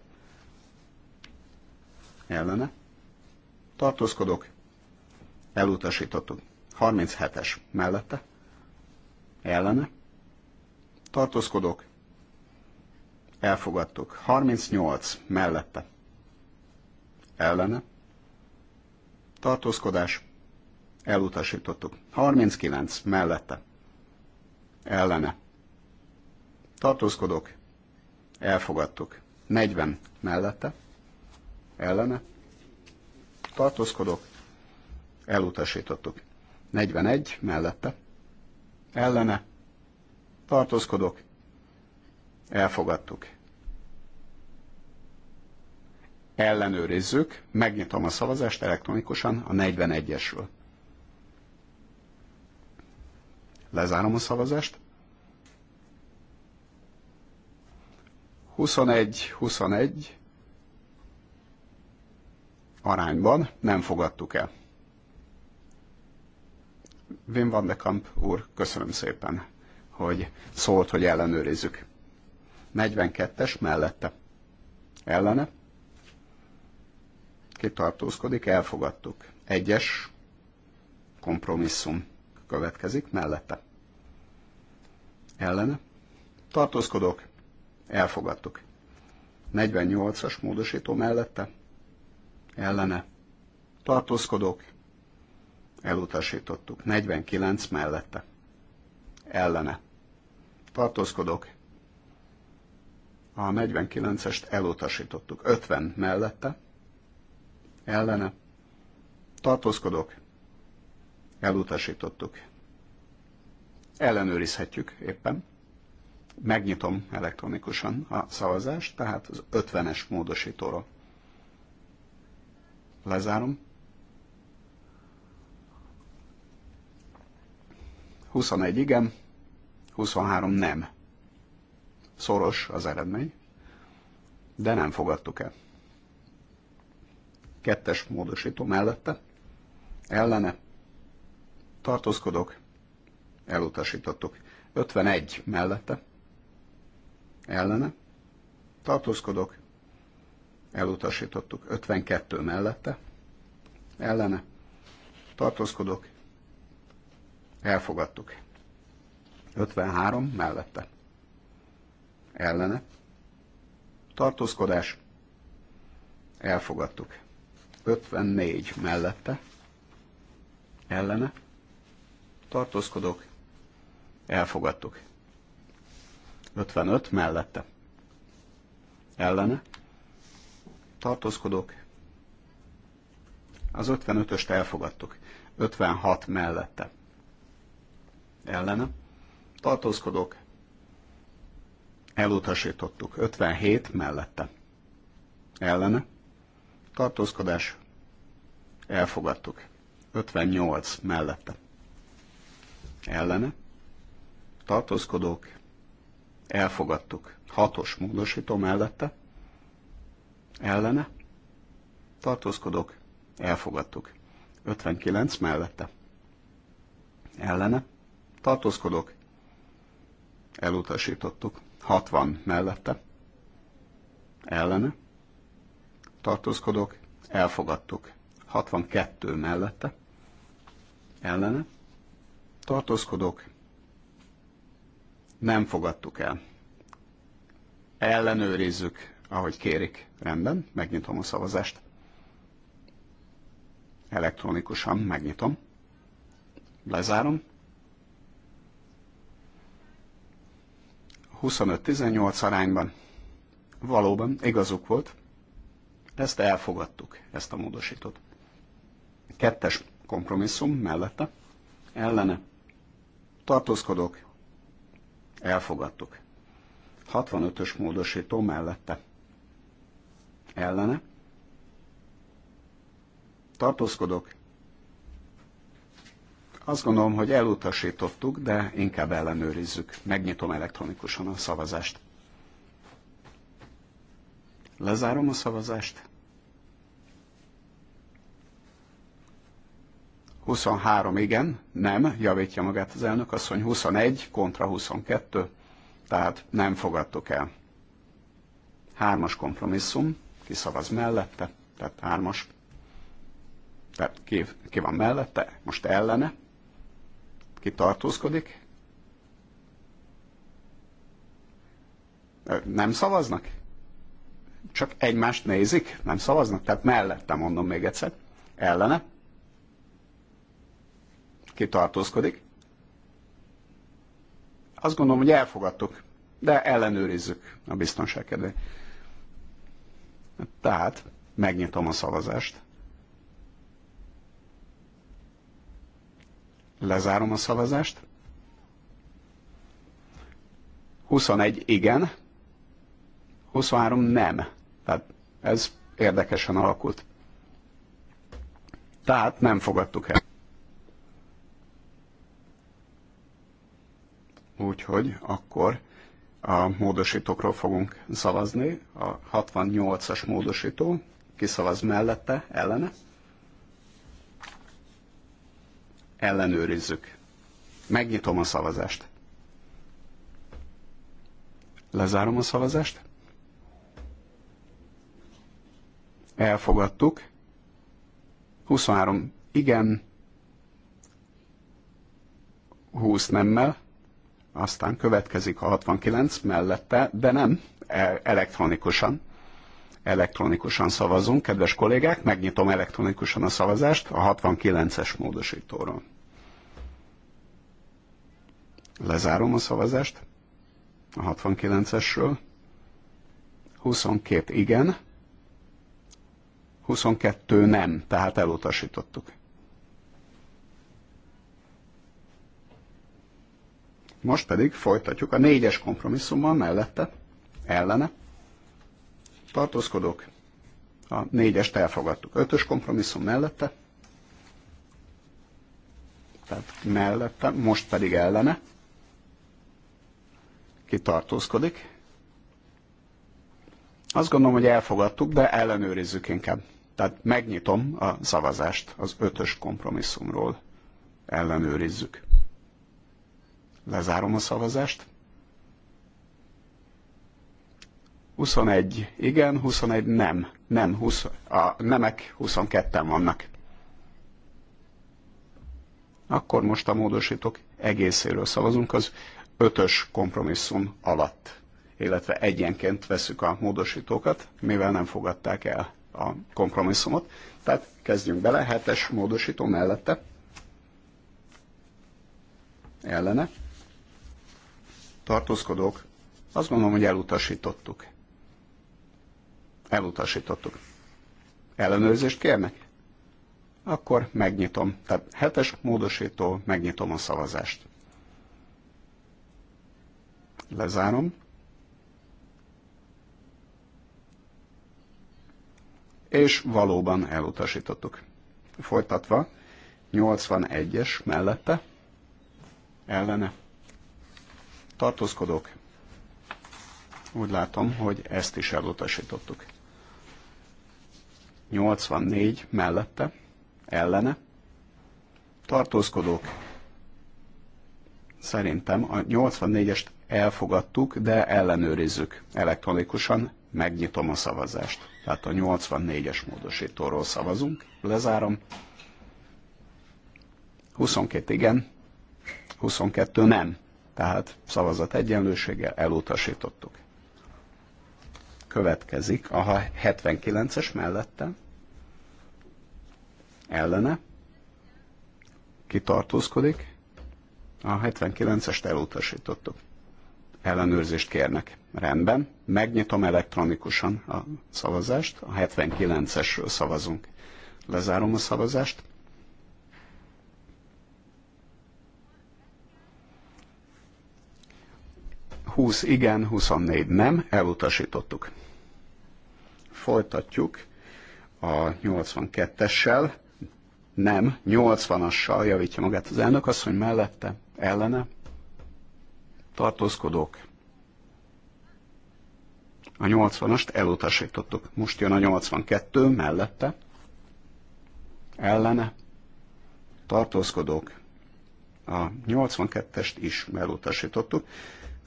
ellene. Tartózkodok, elutasítottuk, 37-es mellette, ellene, Tartózkodok. elfogadtuk. 38 mellette, ellene, tartózkodás, elutasítottuk. 39 mellette, ellene, Tartózkodok. elfogadtuk. 40 mellette, ellene, Tartózkodok. elutasítottuk. 41 mellette. Ellene. Tartózkodok. Elfogadtuk. Ellenőrizzük. Megnyitom a szavazást elektronikusan a 41-esről. Lezárom a szavazást. 21-21 arányban nem fogadtuk el. Wim van de Kamp úr, köszönöm szépen, hogy szólt, hogy ellenőrizzük. 42-es mellette. Ellene? Kitartózkodik, elfogadtuk. Egyes kompromisszum következik mellette. Ellene? Tartózkodok, elfogadtuk. 48-as módosító mellette? Ellene? Tartózkodok, elutasítottuk. 49 mellette, ellene. Tartózkodok. A 49-est elutasítottuk. 50 mellette, ellene. Tartózkodok. Elutasítottuk. Ellenőrizhetjük éppen. Megnyitom elektronikusan a szavazást, tehát az 50-es módosítóról. Lezárom. 21 igen, 23 nem. Szoros az eredmény, de nem fogadtuk el. Kettes módosító mellette, ellene, tartózkodok, elutasítottuk. 51 mellette, ellene, tartózkodok, elutasítottuk. 52 mellette, ellene, tartózkodok, Elfogadtuk. 53 mellette. Ellene. Tartózkodás. Elfogadtuk. 54 mellette. Ellene. Tartózkodók. Elfogadtuk. 55 mellette. Ellene. Tartózkodók. Az 55-öst elfogadtuk. 56 mellette ellene Tartózkodok. elutasítottuk 57 mellette ellene tartózkodás elfogadtuk 58 mellette ellene tartózkodók elfogadtuk 6-os módosító mellette ellene tartózkodók elfogadtuk 59 mellette ellene Tartózkodok. elutasítottuk. 60 mellette, ellene, Tartózkodok. elfogadtuk. 62 mellette, ellene, Tartózkodok. nem fogadtuk el. Ellenőrizzük, ahogy kérik. Rendben, megnyitom a szavazást. Elektronikusan megnyitom. Lezárom. 25-18 arányban. Valóban igazuk volt, ezt elfogadtuk, ezt a módosítót. Kettes kompromisszum mellette, ellene, tartózkodok, elfogadtuk. 65-ös módosító mellette, ellene, tartózkodok, azt gondolom, hogy elutasítottuk, de inkább ellenőrizzük. Megnyitom elektronikusan a szavazást. Lezárom a szavazást. 23 igen, nem, javítja magát az elnök asszony, 21 kontra 22, tehát nem fogadtuk el. Hármas kompromisszum, ki szavaz mellette, tehát hármas, tehát ki, ki van mellette, most ellene, ki tartózkodik? Nem szavaznak? Csak egymást nézik? Nem szavaznak? Tehát mellette mondom még egyszer. Ellene? Ki tartózkodik? Azt gondolom, hogy elfogadtuk, de ellenőrizzük a biztonság kedvé. Tehát megnyitom a szavazást. Lezárom a szavazást. 21 igen, 23 nem. Tehát ez érdekesen alakult. Tehát nem fogadtuk el. Úgyhogy akkor a módosítókról fogunk szavazni. A 68-as módosító kiszavaz mellette, ellene. ellenőrizzük. Megnyitom a szavazást. Lezárom a szavazást. Elfogadtuk. 23 igen, 20 nemmel, aztán következik a 69 mellette, de nem e- elektronikusan elektronikusan szavazunk. Kedves kollégák, megnyitom elektronikusan a szavazást a 69-es módosítóról. Lezárom a szavazást a 69-esről. 22 igen, 22 nem, tehát elutasítottuk. Most pedig folytatjuk a négyes kompromisszummal mellette, ellene tartózkodók, a négyest elfogadtuk. Ötös kompromisszum mellette, tehát mellette, most pedig ellene, ki tartózkodik. Azt gondolom, hogy elfogadtuk, de ellenőrizzük inkább. Tehát megnyitom a szavazást az ötös kompromisszumról. Ellenőrizzük. Lezárom a szavazást. 21 igen, 21 nem. Nem, 20, a nemek 22-en vannak. Akkor most a módosítók egészéről szavazunk az ötös kompromisszum alatt, illetve egyenként veszük a módosítókat, mivel nem fogadták el a kompromisszumot. Tehát kezdjünk bele, hetes módosító mellette. Ellene. Tartózkodók. Azt gondolom, hogy elutasítottuk. Elutasítottuk. Ellenőrzést kérnek? Akkor megnyitom. Tehát hetes módosító, megnyitom a szavazást. Lezárom. És valóban elutasítottuk. Folytatva, 81-es mellette, ellene tartózkodók. Úgy látom, hogy ezt is elutasítottuk. 84 mellette, ellene, tartózkodók, szerintem a 84-est elfogadtuk, de ellenőrizzük elektronikusan, megnyitom a szavazást. Tehát a 84-es módosítóról szavazunk, lezárom. 22 igen, 22 nem. Tehát szavazat egyenlőséggel elutasítottuk következik a 79-es mellette, ellene, kitartózkodik, a 79-est elutasítottuk. Ellenőrzést kérnek. Rendben, megnyitom elektronikusan a szavazást, a 79-esről szavazunk. Lezárom a szavazást. 20 igen, 24 nem, elutasítottuk. Folytatjuk a 82-essel, nem, 80-assal javítja magát az elnök hogy mellette, ellene, tartózkodók. A 80-ast elutasítottuk. Most jön a 82 mellette, ellene, tartózkodók. A 82-est is elutasítottuk.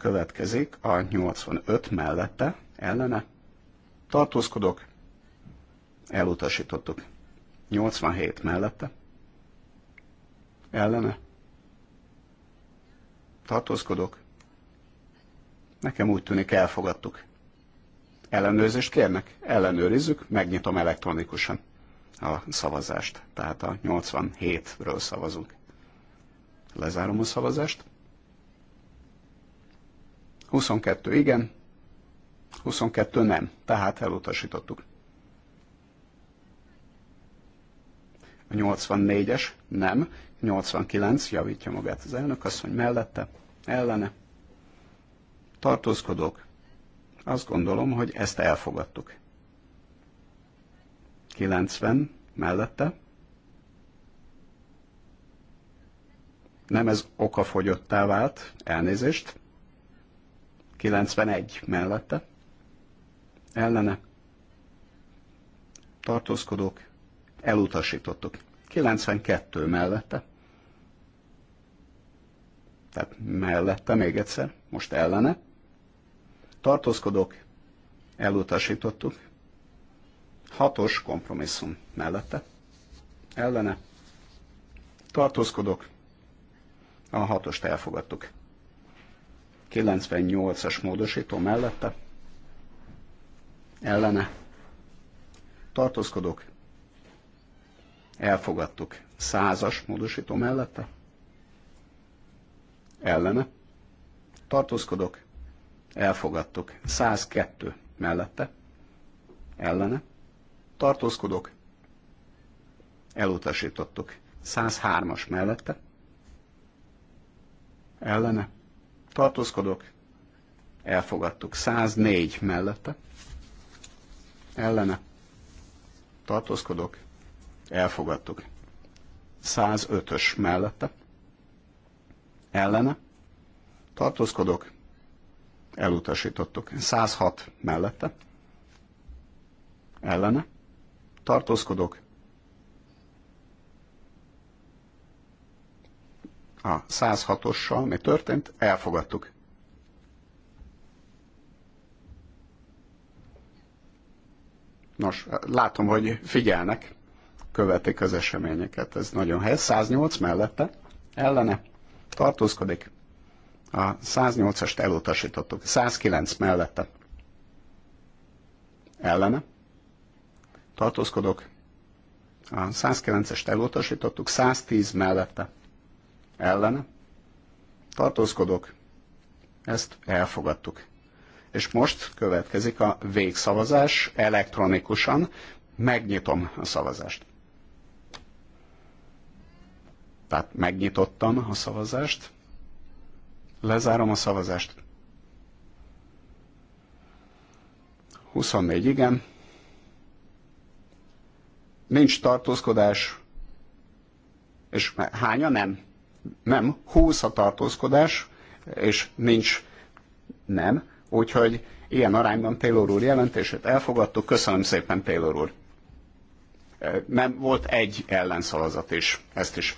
Következik a 85 mellette, ellene, tartózkodok, elutasítottuk. 87 mellette, ellene, tartózkodok, nekem úgy tűnik elfogadtuk. Ellenőrzést kérnek? Ellenőrizzük, megnyitom elektronikusan a szavazást. Tehát a 87-ről szavazunk. Lezárom a szavazást. 22 igen, 22 nem, tehát elutasítottuk. A 84-es nem, 89 javítja magát az elnök, azt mondja mellette, ellene. Tartózkodók. Azt gondolom, hogy ezt elfogadtuk. 90 mellette. Nem ez okafogyottá vált, elnézést, 91 mellette, ellene tartózkodók elutasítottuk. 92 mellette, tehát mellette még egyszer, most ellene, tartózkodók elutasítottuk, hatos kompromisszum mellette, ellene, tartózkodók, a hatost elfogadtuk. 98-as módosító mellette ellene tartózkodók elfogadtuk. 100-as módosító mellette ellene tartózkodók elfogadtuk. 102 mellette ellene tartózkodók elutasítottuk. 103-as mellette ellene tartózkodok, elfogadtuk. 104 mellette, ellene, tartózkodok, elfogadtuk. 105-ös mellette, ellene, tartózkodok, elutasítottuk. 106 mellette, ellene, tartózkodok, a 106-ossal mi történt, elfogadtuk. Nos, látom, hogy figyelnek, követik az eseményeket, ez nagyon helyes. 108 mellette, ellene, tartózkodik. A 108-ast elutasítottuk, 109 mellette, ellene, tartózkodok. A 109-est elutasítottuk, 110 mellette, ellene, tartózkodok, ezt elfogadtuk. És most következik a végszavazás elektronikusan, megnyitom a szavazást. Tehát megnyitottam a szavazást, lezárom a szavazást. 24 igen. Nincs tartózkodás, és hánya nem? Nem, húz a tartózkodás, és nincs nem, úgyhogy ilyen arányban Taylor úr jelentését elfogadtuk. Köszönöm szépen, Taylor úr. Nem, volt egy ellenszavazat is, ezt is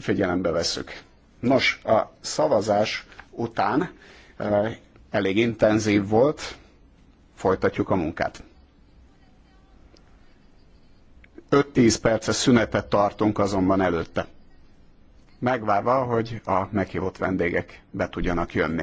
figyelembe veszük. Nos, a szavazás után elég intenzív volt, folytatjuk a munkát. 5-10 perces szünetet tartunk azonban előtte megvárva, hogy a meghívott vendégek be tudjanak jönni.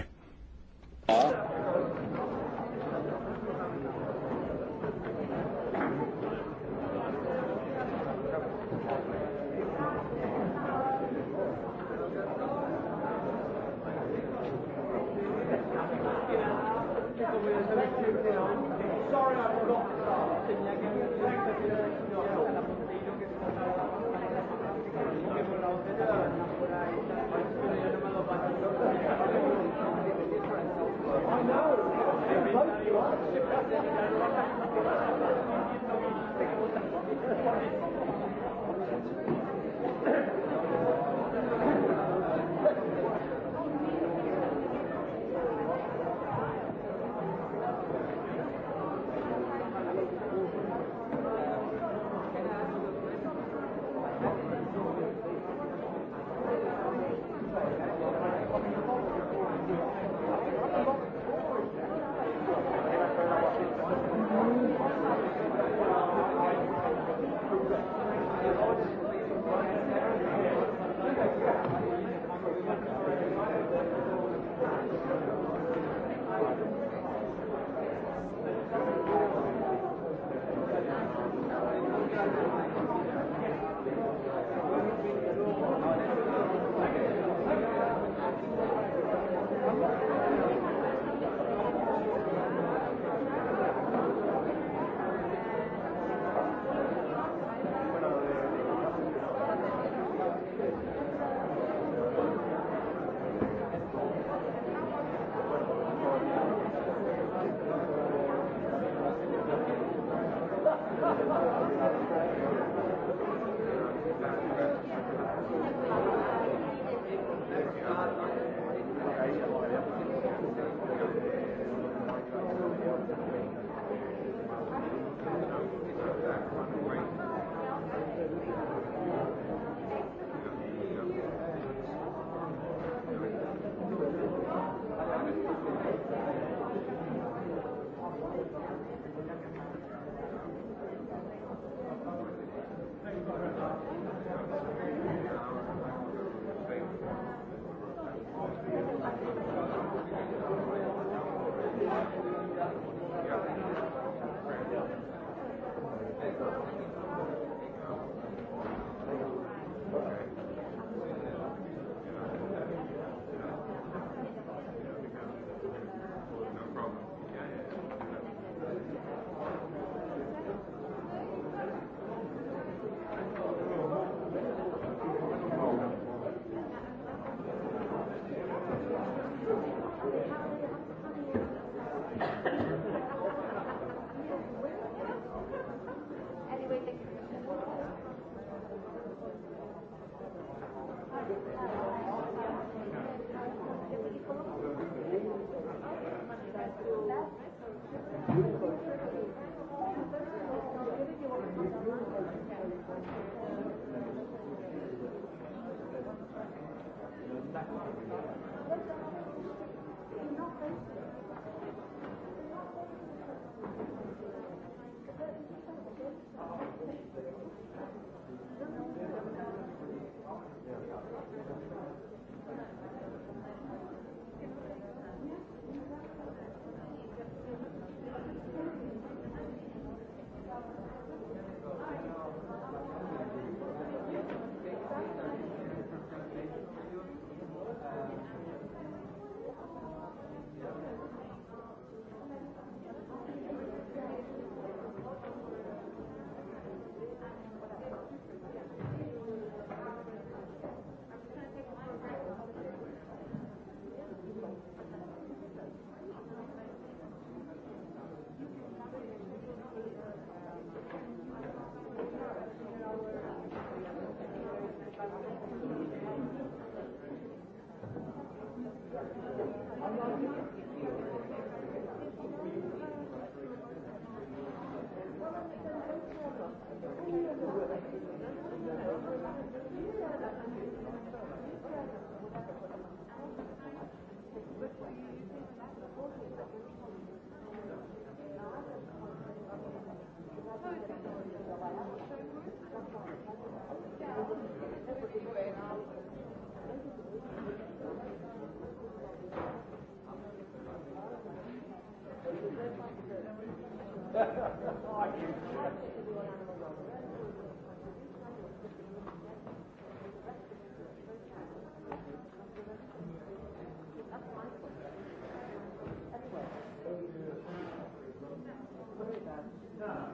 Thank you. Yeah.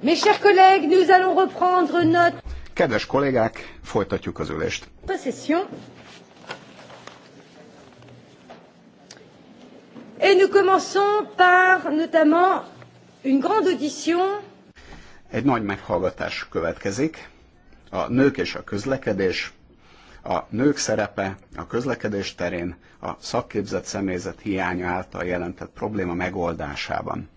Mes chers collègues, nous allons reprendre notre... Kedves kollégák, folytatjuk az ülést. Possession. Et nous commençons par notamment une grande audition. Egy nagy meghallgatás következik. A nők és a közlekedés, a nők szerepe a közlekedés terén, a szakképzett személyzet hiánya által jelentett probléma megoldásában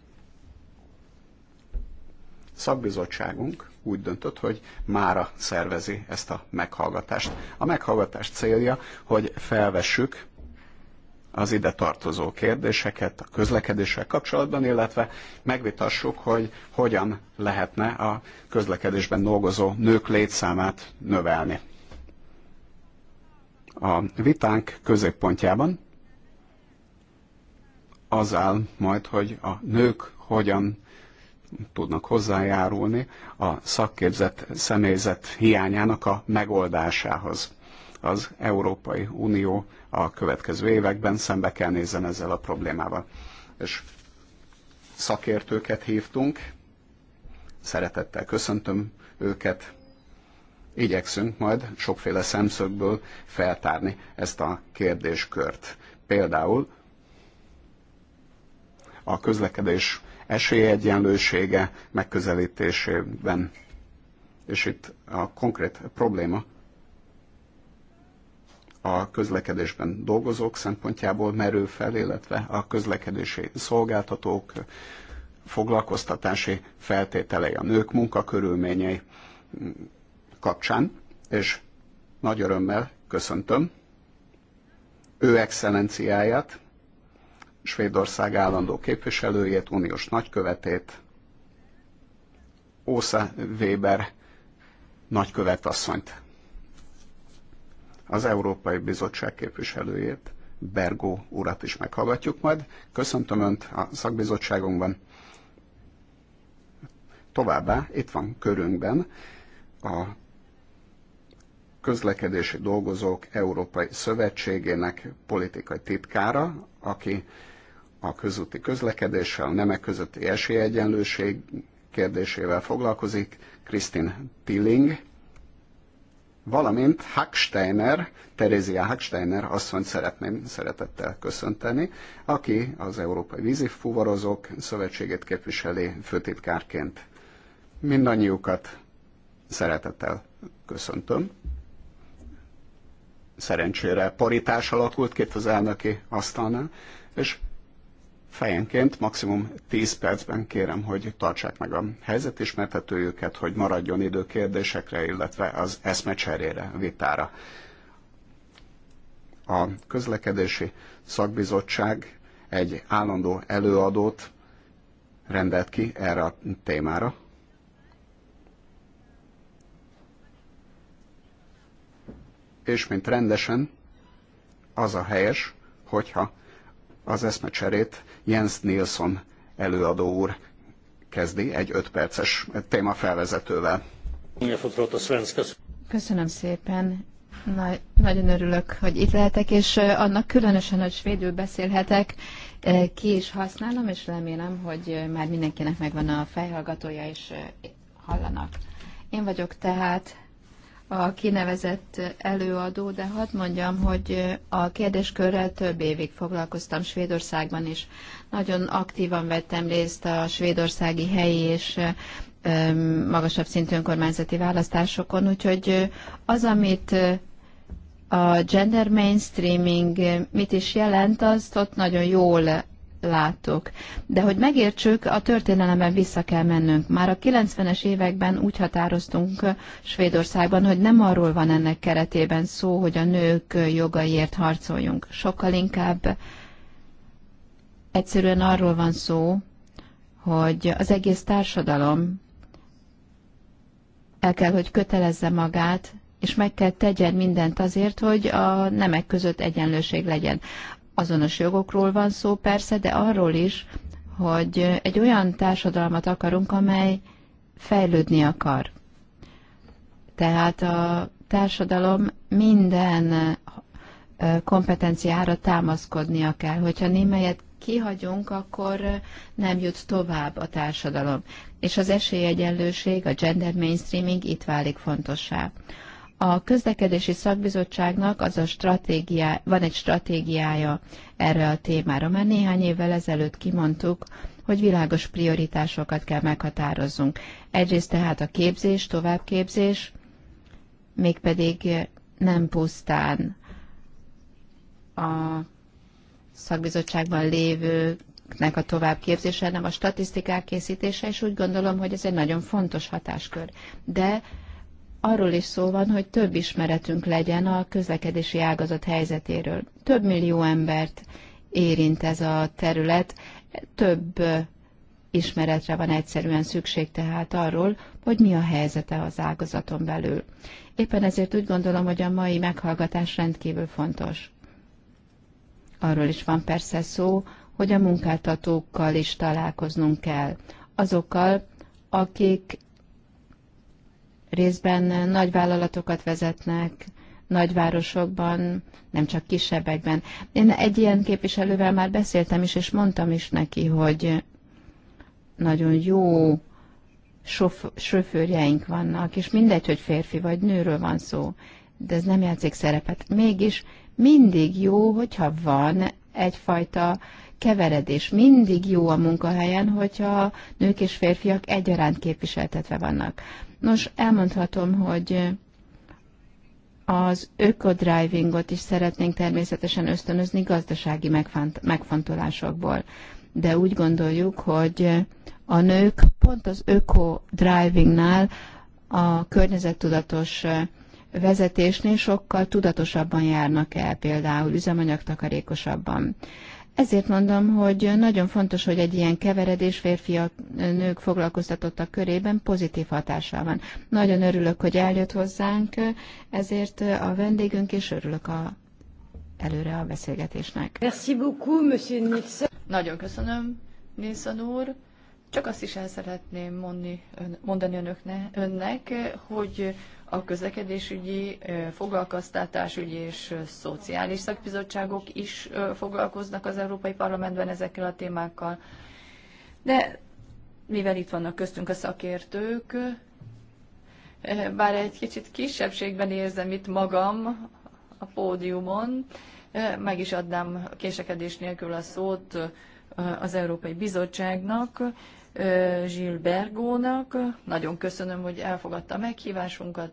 szakbizottságunk úgy döntött, hogy mára szervezi ezt a meghallgatást. A meghallgatás célja, hogy felvessük az ide tartozó kérdéseket a közlekedéssel kapcsolatban, illetve megvitassuk, hogy hogyan lehetne a közlekedésben dolgozó nők létszámát növelni. A vitánk középpontjában az áll majd, hogy a nők hogyan tudnak hozzájárulni a szakképzett személyzet hiányának a megoldásához. Az Európai Unió a következő években szembe kell nézzen ezzel a problémával. És szakértőket hívtunk, szeretettel köszöntöm őket, igyekszünk majd sokféle szemszögből feltárni ezt a kérdéskört. Például a közlekedés esélyegyenlősége megközelítésében. És itt a konkrét probléma a közlekedésben dolgozók szempontjából merül fel, illetve a közlekedési szolgáltatók foglalkoztatási feltételei, a nők munkakörülményei kapcsán, és nagy örömmel köszöntöm ő excellenciáját, Svédország állandó képviselőjét, uniós nagykövetét, Ósza Weber nagykövetasszonyt, az Európai Bizottság képviselőjét, Bergó urat is meghallgatjuk majd. Köszöntöm Önt a szakbizottságunkban. Továbbá itt van körünkben a közlekedési dolgozók Európai Szövetségének politikai titkára, aki a közúti közlekedéssel, a nemek közötti esélyegyenlőség kérdésével foglalkozik, Kristin Tilling, valamint Hacksteiner, Terézia Hacksteiner asszonyt szeretném szeretettel köszönteni, aki az Európai Fuvarozók Szövetségét képviseli főtitkárként. Mindannyiukat szeretettel köszöntöm. Szerencsére paritás alakult ki az elnöki asztalnál, és fejenként maximum 10 percben kérem, hogy tartsák meg a helyzetismertetőjüket, hogy maradjon idő kérdésekre, illetve az eszmecserére, vitára. A közlekedési szakbizottság egy állandó előadót rendelt ki erre a témára. És mint rendesen, az a helyes, hogyha az eszmecserét Jens Nilsson előadó úr kezdi egy ötperces perces témafelvezetővel. Köszönöm szépen. nagyon örülök, hogy itt lehetek, és annak különösen, hogy svédül beszélhetek, ki is használom, és remélem, hogy már mindenkinek megvan a fejhallgatója, és hallanak. Én vagyok tehát a kinevezett előadó, de hadd mondjam, hogy a kérdéskörrel több évig foglalkoztam Svédországban is. Nagyon aktívan vettem részt a svédországi helyi és magasabb szintű önkormányzati választásokon, úgyhogy az, amit a gender mainstreaming mit is jelent, azt ott nagyon jól látok. De hogy megértsük, a történelemben vissza kell mennünk. Már a 90-es években úgy határoztunk Svédországban, hogy nem arról van ennek keretében szó, hogy a nők jogaiért harcoljunk. Sokkal inkább egyszerűen arról van szó, hogy az egész társadalom el kell, hogy kötelezze magát, és meg kell tegyen mindent azért, hogy a nemek között egyenlőség legyen. Azonos jogokról van szó persze, de arról is, hogy egy olyan társadalmat akarunk, amely fejlődni akar. Tehát a társadalom minden kompetenciára támaszkodnia kell. Hogyha némelyet kihagyunk, akkor nem jut tovább a társadalom. És az esélyegyenlőség, a gender mainstreaming itt válik fontossá. A közlekedési szakbizottságnak az a stratégiá, van egy stratégiája erre a témára. Már néhány évvel ezelőtt kimondtuk, hogy világos prioritásokat kell meghatározzunk. Egyrészt tehát a képzés, továbbképzés, mégpedig nem pusztán a szakbizottságban lévőknek a továbbképzése, hanem a statisztikák készítése, és úgy gondolom, hogy ez egy nagyon fontos hatáskör. De arról is szó van, hogy több ismeretünk legyen a közlekedési ágazat helyzetéről. Több millió embert érint ez a terület, több ismeretre van egyszerűen szükség tehát arról, hogy mi a helyzete az ágazaton belül. Éppen ezért úgy gondolom, hogy a mai meghallgatás rendkívül fontos. Arról is van persze szó, hogy a munkáltatókkal is találkoznunk kell. Azokkal, akik részben nagy vállalatokat vezetnek nagyvárosokban, nem csak kisebbekben. Én egy ilyen képviselővel már beszéltem is, és mondtam is neki, hogy nagyon jó sof- sofőrjeink vannak, és mindegy, hogy férfi vagy nőről van szó, de ez nem játszik szerepet. Mégis mindig jó, hogyha van egyfajta keveredés. Mindig jó a munkahelyen, hogyha nők és férfiak egyaránt képviseltetve vannak. Nos, elmondhatom, hogy az ökodrivingot is szeretnénk természetesen ösztönözni gazdasági megfant- megfontolásokból. De úgy gondoljuk, hogy a nők pont az ökodrivingnál a környezettudatos vezetésnél sokkal tudatosabban járnak el, például üzemanyagtakarékosabban. takarékosabban ezért mondom, hogy nagyon fontos, hogy egy ilyen keveredés férfiak, nők foglalkoztatottak körében pozitív hatással van. Nagyon örülök, hogy eljött hozzánk, ezért a vendégünk, is örülök a, előre a beszélgetésnek. Merci beaucoup, Monsieur Nixon. Nagyon köszönöm, Nixon úr. Csak azt is el szeretném mondani, mondani önöknek, önnek, hogy a közlekedésügyi, foglalkoztatásügyi és szociális szakbizottságok is foglalkoznak az Európai Parlamentben ezekkel a témákkal. De mivel itt vannak köztünk a szakértők, bár egy kicsit kisebbségben érzem itt magam a pódiumon, meg is adnám késekedés nélkül a szót az Európai Bizottságnak, Zsil Bergónak. Nagyon köszönöm, hogy elfogadta a meghívásunkat.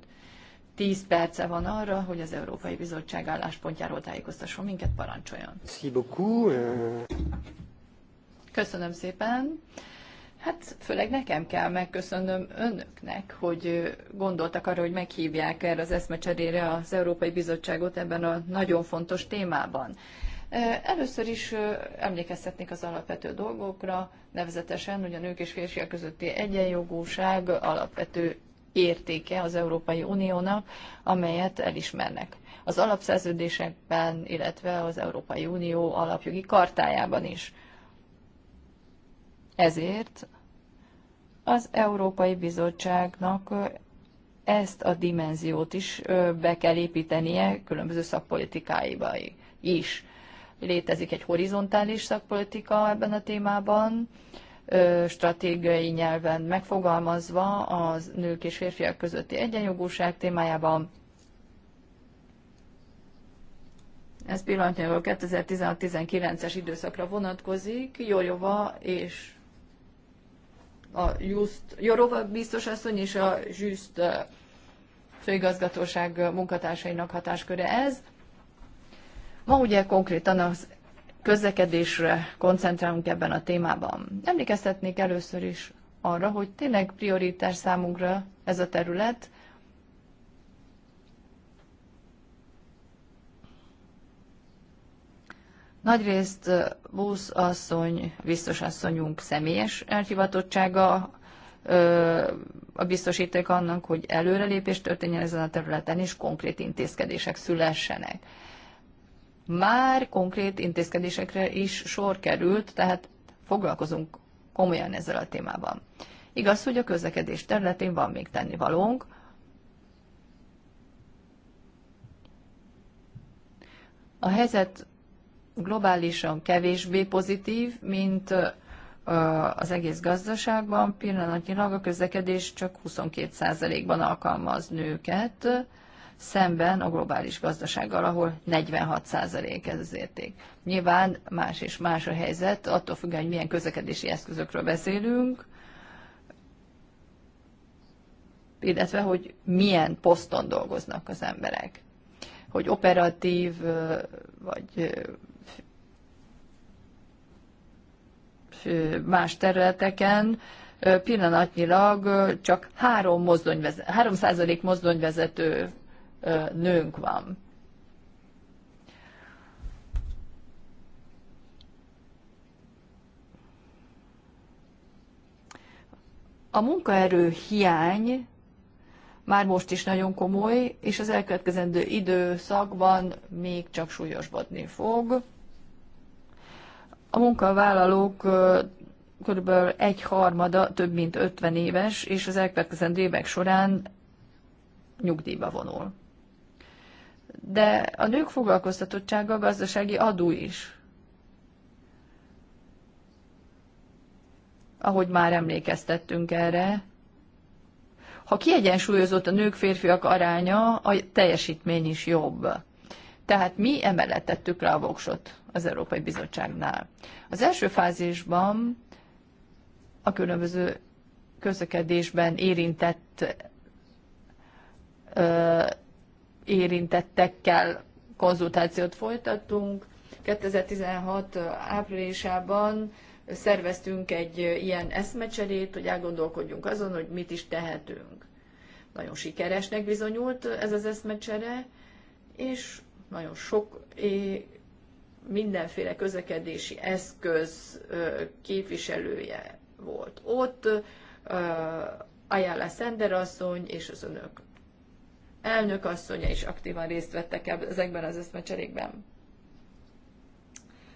Tíz perce van arra, hogy az Európai Bizottság álláspontjáról tájékoztasson minket, parancsoljon. Euh. Köszönöm szépen. Hát főleg nekem kell megköszönnöm önöknek, hogy gondoltak arra, hogy meghívják erre az eszmecserére az Európai Bizottságot ebben a nagyon fontos témában. Először is emlékeztetnék az alapvető dolgokra, nevezetesen, hogy a nők és férfiak közötti egyenjogúság alapvető értéke az Európai Uniónak, amelyet elismernek. Az alapszerződésekben, illetve az Európai Unió alapjogi kartájában is. Ezért az Európai Bizottságnak ezt a dimenziót is be kell építenie különböző szakpolitikáiba is létezik egy horizontális szakpolitika ebben a témában, stratégiai nyelven megfogalmazva az nők és férfiak közötti egyenjogúság témájában. Ez pillanatnyilag 2016-19-es időszakra vonatkozik. Jorjova és a Just, Jorova biztos asszony és a Just főigazgatóság munkatársainak hatásköre ez. Ma ugye konkrétan az közlekedésre koncentrálunk ebben a témában. Emlékeztetnék először is arra, hogy tényleg prioritás számunkra ez a terület, Nagyrészt Busz asszony, biztos asszonyunk személyes elhivatottsága a biztosíték annak, hogy előrelépés történjen ezen a területen, és konkrét intézkedések szülessenek már konkrét intézkedésekre is sor került, tehát foglalkozunk komolyan ezzel a témában. Igaz, hogy a közlekedés területén van még tennivalónk, A helyzet globálisan kevésbé pozitív, mint az egész gazdaságban. Pillanatnyilag a közlekedés csak 22%-ban alkalmaz nőket, szemben a globális gazdasággal, ahol 46% ez az érték. Nyilván más és más a helyzet, attól függően, hogy milyen közlekedési eszközökről beszélünk, illetve hogy milyen poszton dolgoznak az emberek. Hogy operatív, vagy más területeken, pillanatnyilag csak három mozdonyvezető, százalék mozdonyvezető nőnk van. A munkaerő hiány már most is nagyon komoly, és az elkövetkezendő időszakban még csak súlyosbodni fog. A munkavállalók kb. egy harmada több mint 50 éves, és az elkövetkezendő évek során nyugdíjba vonul de a nők foglalkoztatottsága gazdasági adó is. Ahogy már emlékeztettünk erre, ha kiegyensúlyozott a nők-férfiak aránya, a teljesítmény is jobb. Tehát mi emellett tettük rá a voksot az Európai Bizottságnál. Az első fázisban a különböző közlekedésben érintett érintettekkel konzultációt folytattunk. 2016 áprilisában szerveztünk egy ilyen eszmecserét, hogy elgondolkodjunk azon, hogy mit is tehetünk. Nagyon sikeresnek bizonyult ez az eszmecsere, és nagyon sok mindenféle közlekedési eszköz képviselője volt ott, Ayala Szender asszony és az önök elnök asszonya is aktívan részt vettek ezekben az eszmecserékben.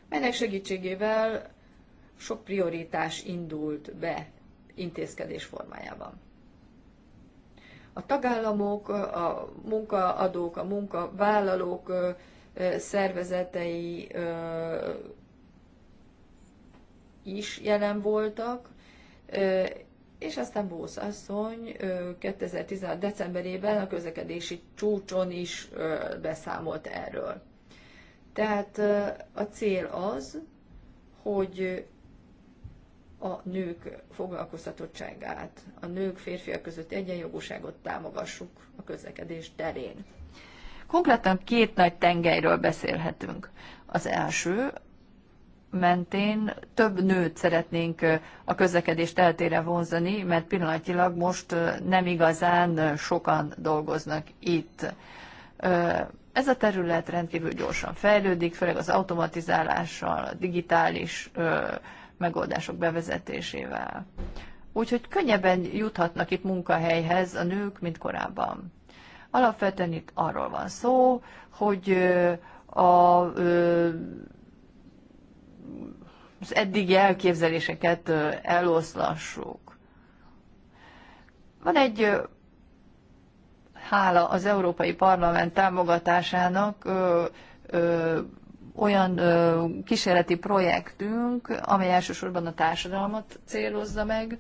Ennek segítségével sok prioritás indult be intézkedés formájában. A tagállamok, a munkaadók, a munkavállalók szervezetei is jelen voltak, és aztán Bósz asszony 2016. decemberében a közlekedési csúcson is beszámolt erről. Tehát a cél az, hogy a nők foglalkoztatottságát, a nők férfiak közötti egyenjogúságot támogassuk a közlekedés terén. Konkrétan két nagy tengelyről beszélhetünk. Az első mentén több nőt szeretnénk a közlekedés teltére vonzani, mert pillanatilag most nem igazán sokan dolgoznak itt. Ez a terület rendkívül gyorsan fejlődik, főleg az automatizálással, a digitális megoldások bevezetésével. Úgyhogy könnyebben juthatnak itt munkahelyhez a nők, mint korábban. Alapvetően itt arról van szó, hogy a az eddigi elképzeléseket eloszlassuk. Van egy hála az Európai Parlament támogatásának olyan kísérleti projektünk, amely elsősorban a társadalmat célozza meg,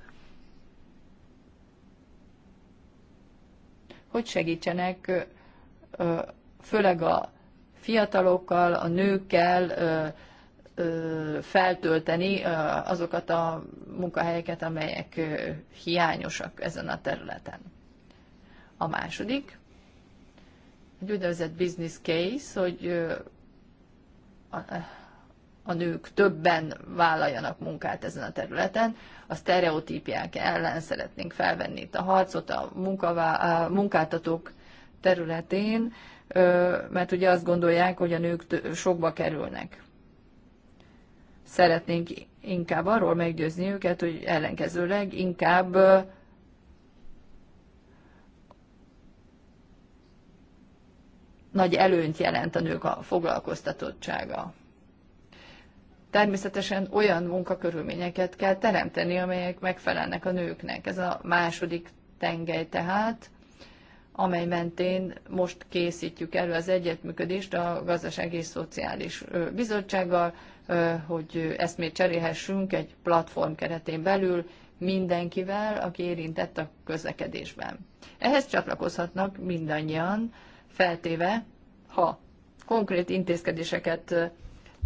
hogy segítsenek főleg a fiatalokkal, a nőkkel, ö, feltölteni azokat a munkahelyeket, amelyek hiányosak ezen a területen. A második, egy úgynevezett business case, hogy a, a nők többen vállaljanak munkát ezen a területen. A sztereotípiák ellen szeretnénk felvenni itt a harcot a, munkavá, a munkáltatók területén, mert ugye azt gondolják, hogy a nők sokba kerülnek. Szeretnénk inkább arról meggyőzni őket, hogy ellenkezőleg inkább nagy előnyt jelent a nők a foglalkoztatottsága. Természetesen olyan munkakörülményeket kell teremteni, amelyek megfelelnek a nőknek. Ez a második tengely tehát amely mentén most készítjük elő az egyetműködést a Gazdasági és Szociális Bizottsággal, hogy ezt még cserélhessünk egy platform keretén belül mindenkivel, aki érintett a közlekedésben. Ehhez csatlakozhatnak mindannyian, feltéve, ha konkrét intézkedéseket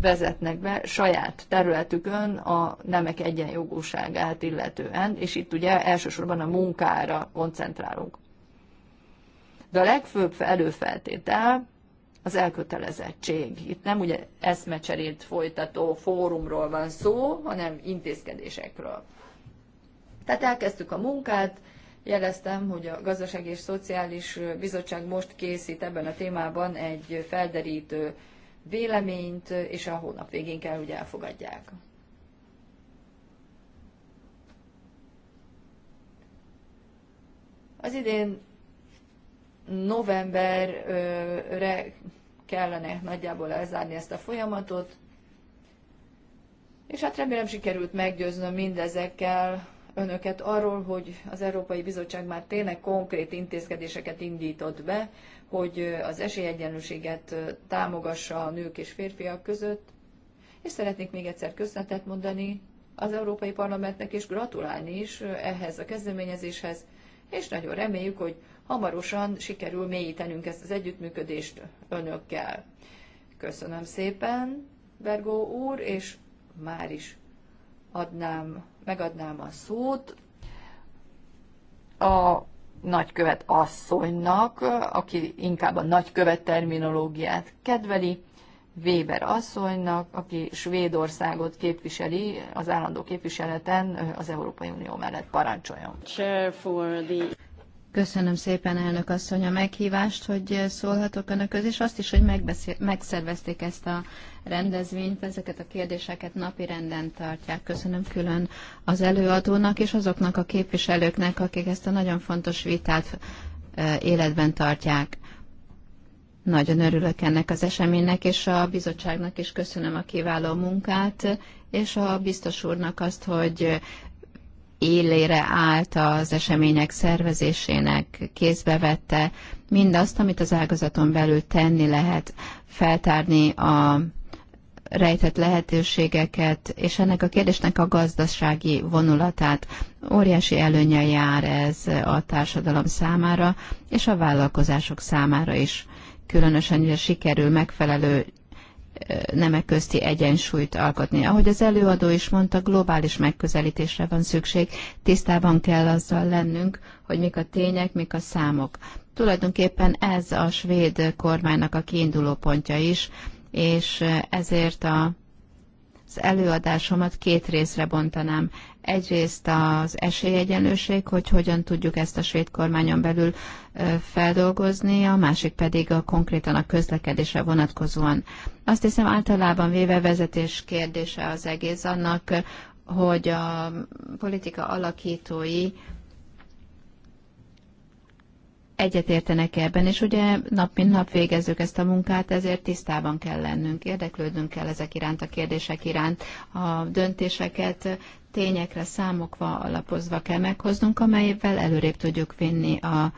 vezetnek be saját területükön a nemek egyenjogúságát illetően, és itt ugye elsősorban a munkára koncentrálunk. De a legfőbb előfeltétel az elkötelezettség. Itt nem ugye eszmecserét folytató fórumról van szó, hanem intézkedésekről. Tehát elkezdtük a munkát, jeleztem, hogy a Gazdasági és Szociális Bizottság most készít ebben a témában egy felderítő véleményt, és a hónap végén kell, hogy elfogadják. Az idén novemberre kellene nagyjából elzárni ezt a folyamatot, és hát remélem sikerült meggyőznöm mindezekkel önöket arról, hogy az Európai Bizottság már tényleg konkrét intézkedéseket indított be, hogy az esélyegyenlőséget támogassa a nők és férfiak között. És szeretnék még egyszer köszönetet mondani az Európai Parlamentnek, és gratulálni is ehhez a kezdeményezéshez, és nagyon reméljük, hogy hamarosan sikerül mélyítenünk ezt az együttműködést önökkel. Köszönöm szépen, Bergó úr, és már is adnám, megadnám a szót a nagykövet asszonynak, aki inkább a nagykövet terminológiát kedveli, Weber asszonynak, aki Svédországot képviseli az állandó képviseleten az Európai Unió mellett parancsoljon. Köszönöm szépen, elnök asszony, a meghívást, hogy szólhatok önökhöz, és azt is, hogy megszervezték ezt a rendezvényt, ezeket a kérdéseket napi renden tartják. Köszönöm külön az előadónak és azoknak a képviselőknek, akik ezt a nagyon fontos vitát életben tartják. Nagyon örülök ennek az eseménynek, és a bizottságnak is köszönöm a kiváló munkát, és a biztos úrnak azt, hogy élére állt az események szervezésének, kézbe vette mindazt, amit az ágazaton belül tenni lehet, feltárni a rejtett lehetőségeket, és ennek a kérdésnek a gazdasági vonulatát. Óriási előnye jár ez a társadalom számára, és a vállalkozások számára is. Különösen, hogy sikerül megfelelő nemek közti egyensúlyt alkotni. Ahogy az előadó is mondta, globális megközelítésre van szükség. Tisztában kell azzal lennünk, hogy mik a tények, mik a számok. Tulajdonképpen ez a svéd kormánynak a kiinduló pontja is, és ezért a, az előadásomat két részre bontanám. Egyrészt az esélyegyenlőség, hogy hogyan tudjuk ezt a svéd kormányon belül feldolgozni, a másik pedig a konkrétan a közlekedésre vonatkozóan. Azt hiszem általában véve vezetés kérdése az egész annak, hogy a politika alakítói egyetértenek ebben, és ugye nap mint nap végezzük ezt a munkát, ezért tisztában kell lennünk, érdeklődnünk kell ezek iránt, a kérdések iránt, a döntéseket tényekre, számokra alapozva kell meghoznunk, amelyvel előrébb tudjuk vinni a,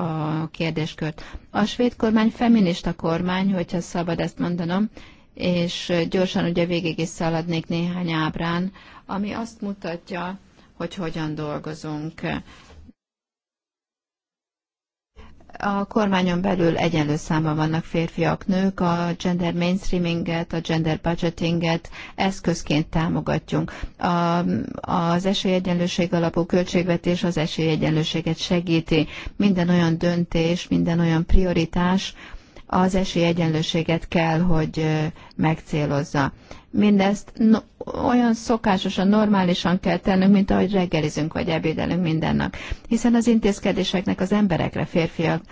a kérdéskört. A svéd kormány feminista kormány, hogyha szabad ezt mondanom, és gyorsan ugye végig is szaladnék néhány ábrán, ami azt mutatja, hogy hogyan dolgozunk a kormányon belül egyenlő számban vannak férfiak, nők, a gender mainstreaminget, a gender budgetinget eszközként támogatjunk. A, az esélyegyenlőség alapú költségvetés az esélyegyenlőséget segíti. Minden olyan döntés, minden olyan prioritás az esélyegyenlőséget kell, hogy megcélozza mindezt no, olyan szokásosan, normálisan kell tennünk, mint ahogy reggelizünk vagy ebédelünk mindennak. Hiszen az intézkedéseknek az emberekre, férfiak,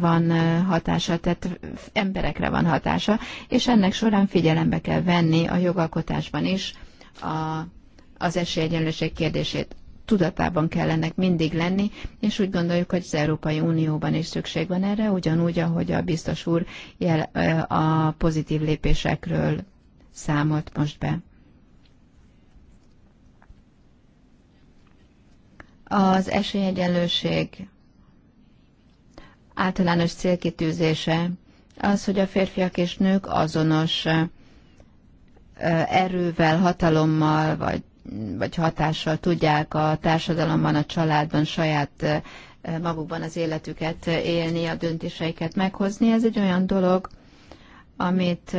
van hatása, tehát emberekre van hatása, és ennek során figyelembe kell venni a jogalkotásban is a, az esélyegyenlőség kérdését. Tudatában kell ennek mindig lenni, és úgy gondoljuk, hogy az Európai Unióban is szükség van erre, ugyanúgy, ahogy a biztos úr jel, a pozitív lépésekről számolt most be. Az esélyegyenlőség általános célkitűzése az, hogy a férfiak és nők azonos erővel, hatalommal vagy, vagy hatással tudják a társadalomban, a családban saját magukban az életüket élni, a döntéseiket meghozni. Ez egy olyan dolog, amit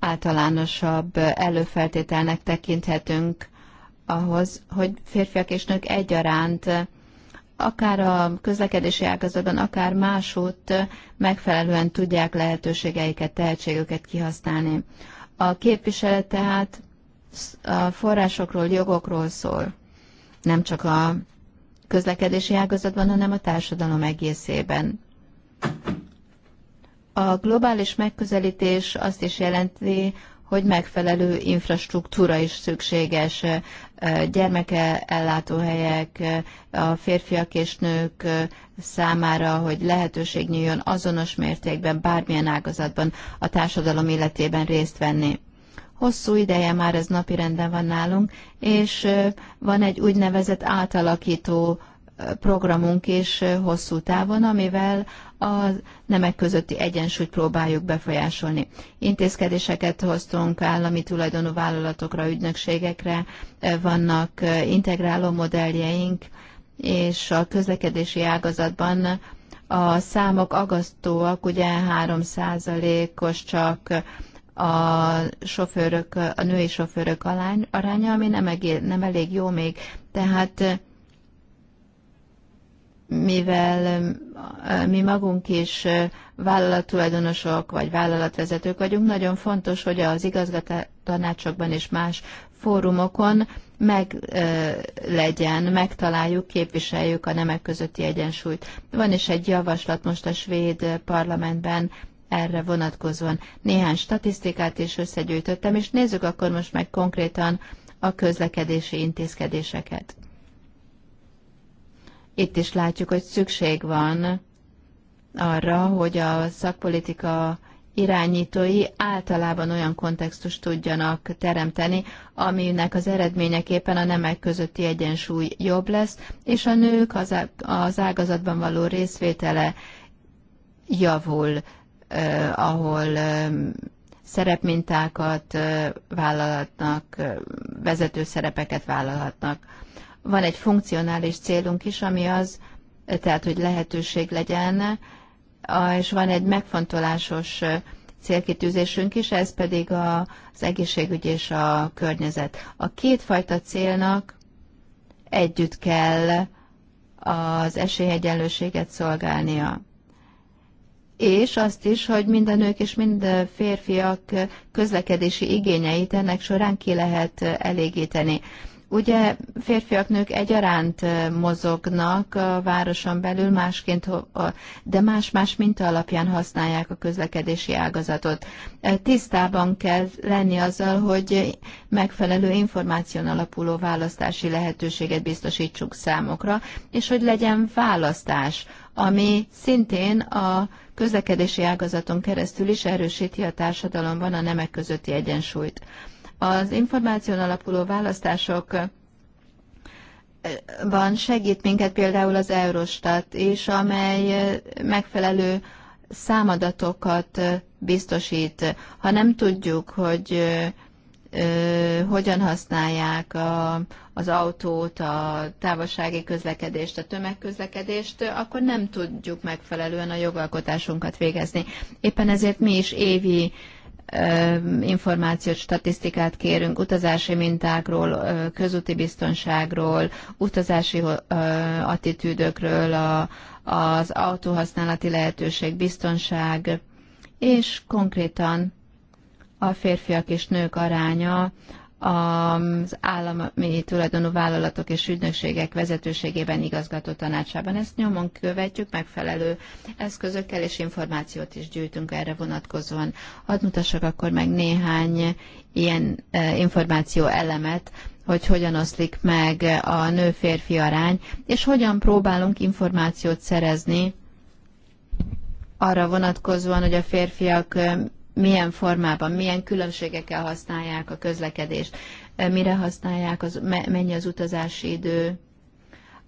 általánosabb előfeltételnek tekinthetünk ahhoz, hogy férfiak és nők egyaránt akár a közlekedési ágazatban, akár másút megfelelően tudják lehetőségeiket, tehetségüket kihasználni. A képviselet tehát a forrásokról, jogokról szól, nem csak a közlekedési ágazatban, hanem a társadalom egészében. A globális megközelítés azt is jelenti, hogy megfelelő infrastruktúra is szükséges, gyermeke ellátóhelyek a férfiak és nők számára, hogy lehetőség nyíljon azonos mértékben bármilyen ágazatban a társadalom életében részt venni. Hosszú ideje már ez napirenden van nálunk, és van egy úgynevezett átalakító programunk is hosszú távon, amivel a nemek közötti egyensúlyt próbáljuk befolyásolni. Intézkedéseket hoztunk állami tulajdonú vállalatokra, ügynökségekre, vannak integráló modelljeink, és a közlekedési ágazatban a számok agasztóak, ugye 3%-os csak a sofőrök, a női sofőrök aránya, ami nem, egész, nem elég jó még. Tehát mivel mi magunk is vállalattulajdonosok vagy vállalatvezetők vagyunk, nagyon fontos, hogy az igazgatánácsokban és más fórumokon meg legyen, megtaláljuk, képviseljük a nemek közötti egyensúlyt. Van is egy javaslat most a svéd parlamentben erre vonatkozóan. Néhány statisztikát is összegyűjtöttem, és nézzük akkor most meg konkrétan a közlekedési intézkedéseket. Itt is látjuk, hogy szükség van arra, hogy a szakpolitika irányítói általában olyan kontextust tudjanak teremteni, aminek az eredményeképpen a nemek közötti egyensúly jobb lesz, és a nők az ágazatban való részvétele javul, eh, ahol eh, szerepmintákat eh, vállalhatnak, eh, vezető szerepeket vállalhatnak. Van egy funkcionális célunk is, ami az, tehát hogy lehetőség legyen, és van egy megfontolásos célkitűzésünk is, ez pedig a, az egészségügy és a környezet. A kétfajta célnak együtt kell az esélyegyenlőséget szolgálnia. És azt is, hogy mind a nők és mind a férfiak közlekedési igényeit ennek során ki lehet elégíteni. Ugye férfiak, nők egyaránt mozognak a városon belül, másként, de más-más minta alapján használják a közlekedési ágazatot. Tisztában kell lenni azzal, hogy megfelelő információn alapuló választási lehetőséget biztosítsuk számokra, és hogy legyen választás, ami szintén a közlekedési ágazaton keresztül is erősíti a társadalomban a nemek közötti egyensúlyt. Az információn alapuló választások eh, van segít minket például az Eurostat és amely eh, megfelelő számadatokat eh, biztosít. Ha nem tudjuk, hogy hogyan használják a, az autót, a távolsági közlekedést, a tömegközlekedést, akkor nem tudjuk megfelelően a jogalkotásunkat végezni. Éppen ezért mi is évi információt, statisztikát kérünk utazási mintákról, közúti biztonságról, utazási attitűdökről, a, az autóhasználati lehetőség, biztonság, és konkrétan a férfiak és nők aránya az állami tulajdonú vállalatok és ügynökségek vezetőségében igazgató tanácsában. Ezt nyomon követjük, megfelelő eszközökkel és információt is gyűjtünk erre vonatkozóan. Hadd mutassak akkor meg néhány ilyen e, információ elemet, hogy hogyan oszlik meg a nő-férfi arány, és hogyan próbálunk információt szerezni arra vonatkozóan, hogy a férfiak milyen formában, milyen különbségekkel használják a közlekedést, e, mire használják, az, mennyi az utazási idő,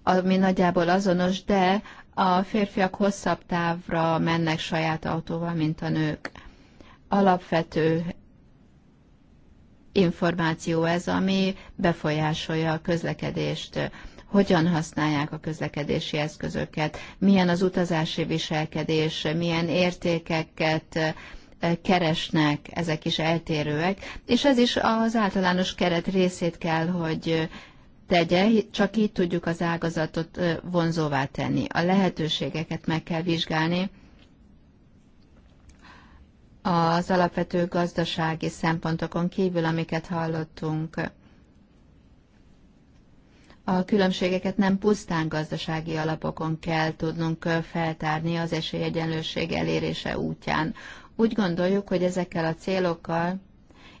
ami nagyjából azonos, de a férfiak hosszabb távra mennek saját autóval, mint a nők. Alapvető információ ez, ami befolyásolja a közlekedést, hogyan használják a közlekedési eszközöket, milyen az utazási viselkedés, milyen értékeket, keresnek, ezek is eltérőek, és ez is az általános keret részét kell, hogy tegye, csak így tudjuk az ágazatot vonzóvá tenni. A lehetőségeket meg kell vizsgálni, az alapvető gazdasági szempontokon kívül, amiket hallottunk. A különbségeket nem pusztán gazdasági alapokon kell tudnunk feltárni az esélyegyenlőség elérése útján, úgy gondoljuk, hogy ezekkel a célokkal,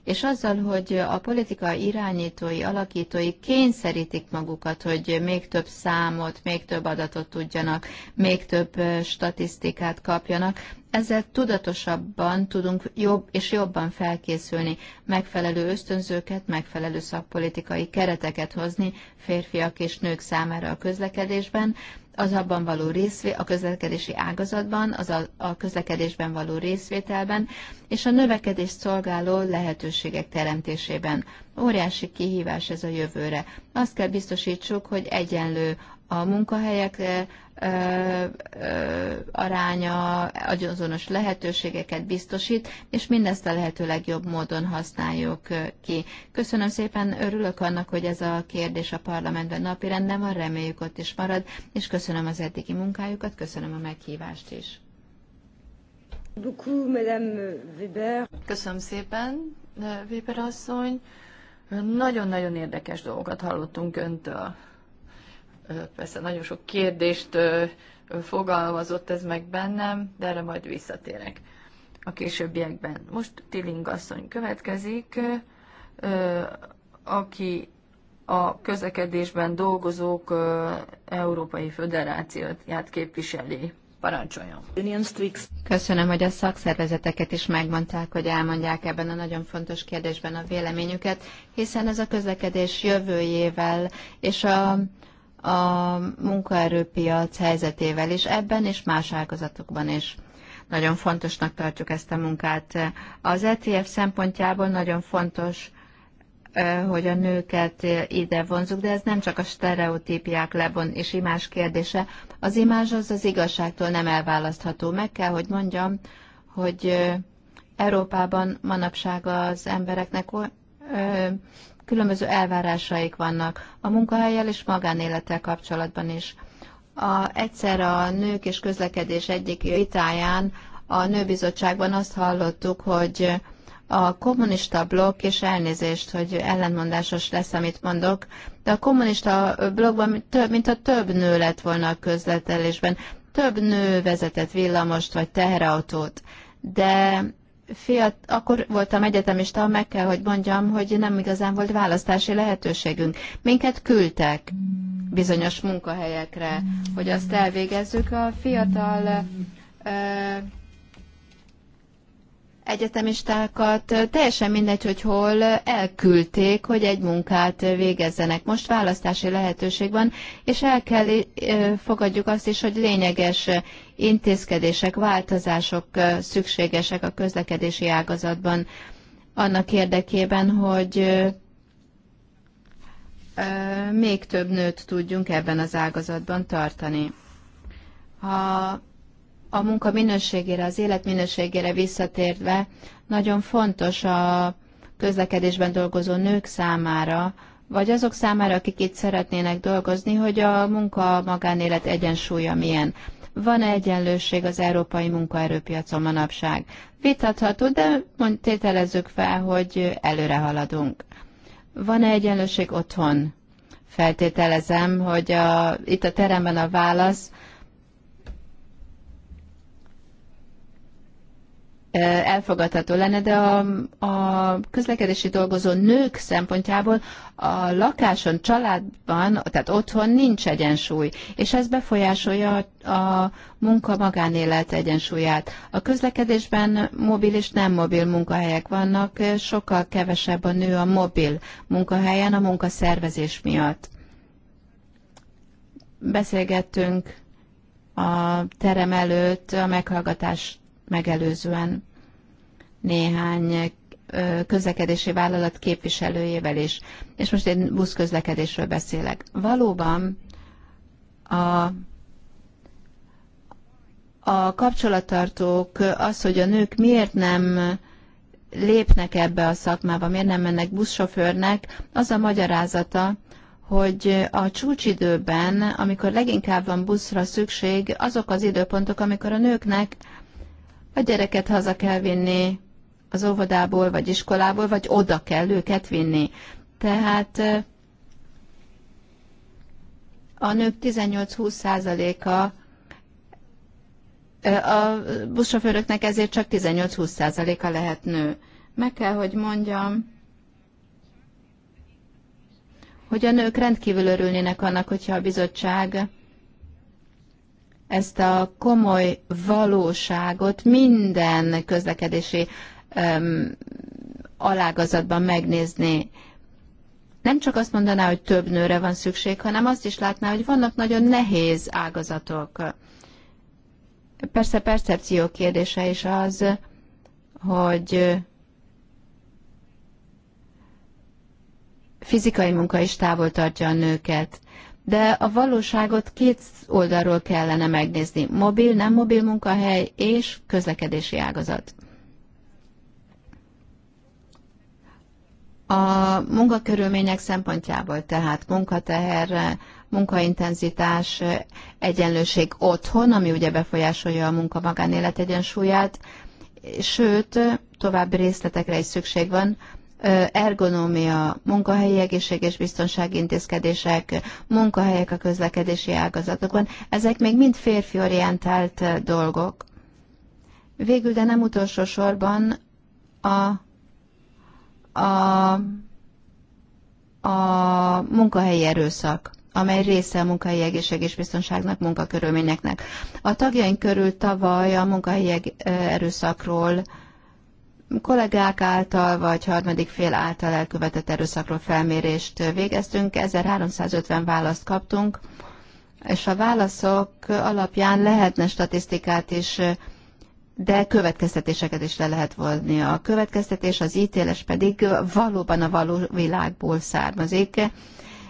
és azzal, hogy a politika irányítói, alakítói kényszerítik magukat, hogy még több számot, még több adatot tudjanak, még több statisztikát kapjanak, ezzel tudatosabban tudunk jobb és jobban felkészülni, megfelelő ösztönzőket, megfelelő szakpolitikai kereteket hozni férfiak és nők számára a közlekedésben, az abban való részvé, a közlekedési ágazatban, az a, a közlekedésben való részvételben, és a növekedést szolgáló lehetőségek teremtésében. Óriási kihívás ez a jövőre. Azt kell biztosítsuk, hogy egyenlő a munkahelyek aránya, azonos lehetőségeket biztosít, és mindezt a lehető legjobb módon használjuk ki. Köszönöm szépen, örülök annak, hogy ez a kérdés a parlamentben napirenden van, reméljük ott is marad, és köszönöm az eddigi munkájukat, köszönöm a meghívást is. Köszönöm szépen, Weber asszony. Nagyon-nagyon érdekes dolgokat hallottunk öntől. Persze nagyon sok kérdést fogalmazott ez meg bennem, de erre majd visszatérek a későbbiekben. Most Tiling asszony következik, aki a közlekedésben dolgozók Európai Föderációját képviseli. Parancsoljon! Köszönöm, hogy a szakszervezeteket is megmondták, hogy elmondják ebben a nagyon fontos kérdésben a véleményüket, hiszen ez a közlekedés jövőjével és a a munkaerőpiac helyzetével is ebben és más ágazatokban is. Nagyon fontosnak tartjuk ezt a munkát. Az ETF szempontjából nagyon fontos, hogy a nőket ide vonzuk, de ez nem csak a stereotípiák lebon és imás kérdése. Az imás az az igazságtól nem elválasztható. Meg kell, hogy mondjam, hogy Európában manapság az embereknek különböző elvárásaik vannak a munkahelyel és magánélettel kapcsolatban is. A, egyszer a nők és közlekedés egyik vitáján a nőbizottságban azt hallottuk, hogy a kommunista blokk, és elnézést, hogy ellenmondásos lesz, amit mondok, de a kommunista blokkban több, mint a több nő lett volna a közletelésben. Több nő vezetett villamost vagy teherautót, de fiat, akkor voltam egyetemista, meg kell, hogy mondjam, hogy nem igazán volt választási lehetőségünk. Minket küldtek bizonyos munkahelyekre, hogy azt elvégezzük. A fiatal egyetemistákat teljesen mindegy, hogy hol elküldték, hogy egy munkát végezzenek. Most választási lehetőség van, és el kell eh, fogadjuk azt is, hogy lényeges intézkedések, változások eh, szükségesek a közlekedési ágazatban annak érdekében, hogy eh, még több nőt tudjunk ebben az ágazatban tartani. Ha a munka minőségére, az élet minőségére visszatérve, nagyon fontos a közlekedésben dolgozó nők számára, vagy azok számára, akik itt szeretnének dolgozni, hogy a munka-magánélet egyensúlya milyen. Van-e egyenlőség az európai munkaerőpiacon manapság? Vitatható, de tételezzük fel, hogy előre haladunk. Van-e egyenlőség otthon? Feltételezem, hogy a, itt a teremben a válasz, Eh, elfogadható lenne, de a, a közlekedési dolgozó nők szempontjából a lakáson, családban, tehát otthon nincs egyensúly, és ez befolyásolja a munka-magánélet egyensúlyát. A közlekedésben mobil és nem mobil munkahelyek vannak, sokkal kevesebb a nő a mobil munkahelyen a munkaszervezés miatt. Beszélgettünk a terem előtt a meghallgatás megelőzően néhány közlekedési vállalat képviselőjével is. És most én buszközlekedésről beszélek. Valóban a a kapcsolattartók az, hogy a nők miért nem lépnek ebbe a szakmába, miért nem mennek buszsofőrnek, az a magyarázata, hogy a csúcsidőben, amikor leginkább van buszra szükség, azok az időpontok, amikor a nőknek a gyereket haza kell vinni az óvodából, vagy iskolából, vagy oda kell őket vinni. Tehát a nők 18-20%-a a buszsofőröknek ezért csak 18-20%-a lehet nő. Meg kell, hogy mondjam, hogy a nők rendkívül örülnének annak, hogyha a bizottság ezt a komoly valóságot minden közlekedési öm, alágazatban megnézni. Nem csak azt mondaná, hogy több nőre van szükség, hanem azt is látná, hogy vannak nagyon nehéz ágazatok. Persze percepció kérdése is az, hogy fizikai munka is távol tartja a nőket de a valóságot két oldalról kellene megnézni. Mobil, nem mobil munkahely és közlekedési ágazat. A munkakörülmények szempontjából, tehát munkateher, munkaintenzitás, egyenlőség otthon, ami ugye befolyásolja a munka magánélet egyensúlyát, sőt, további részletekre is szükség van, ergonómia, munkahelyi egészség és biztonsági intézkedések, munkahelyek a közlekedési ágazatokban, ezek még mind férfi orientált dolgok. Végül, de nem utolsó sorban a, a, a munkahelyi erőszak amely része a munkahelyi egészség és biztonságnak, munkakörülményeknek. A tagjaink körül tavaly a munkahelyi erőszakról kollégák által vagy harmadik fél által elkövetett erőszakról felmérést végeztünk, 1350 választ kaptunk, és a válaszok alapján lehetne statisztikát is, de következtetéseket is le lehet vonni. A következtetés, az ítéles pedig valóban a való világból származik,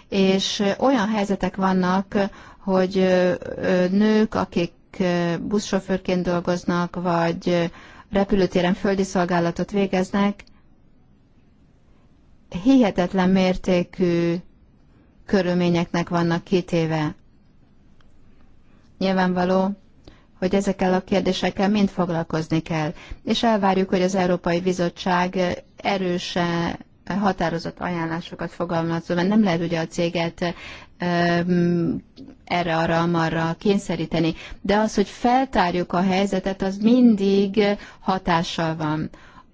és olyan helyzetek vannak, hogy nők, akik buszsofőrként dolgoznak, vagy repülőtéren földi szolgálatot végeznek, hihetetlen mértékű körülményeknek vannak kitéve. Nyilvánvaló, hogy ezekkel a kérdésekkel mind foglalkozni kell, és elvárjuk, hogy az Európai Bizottság erőse határozott ajánlásokat fogalmazva, mert nem lehet ugye a céget erre, arra, amarra kényszeríteni. De az, hogy feltárjuk a helyzetet, az mindig hatással van.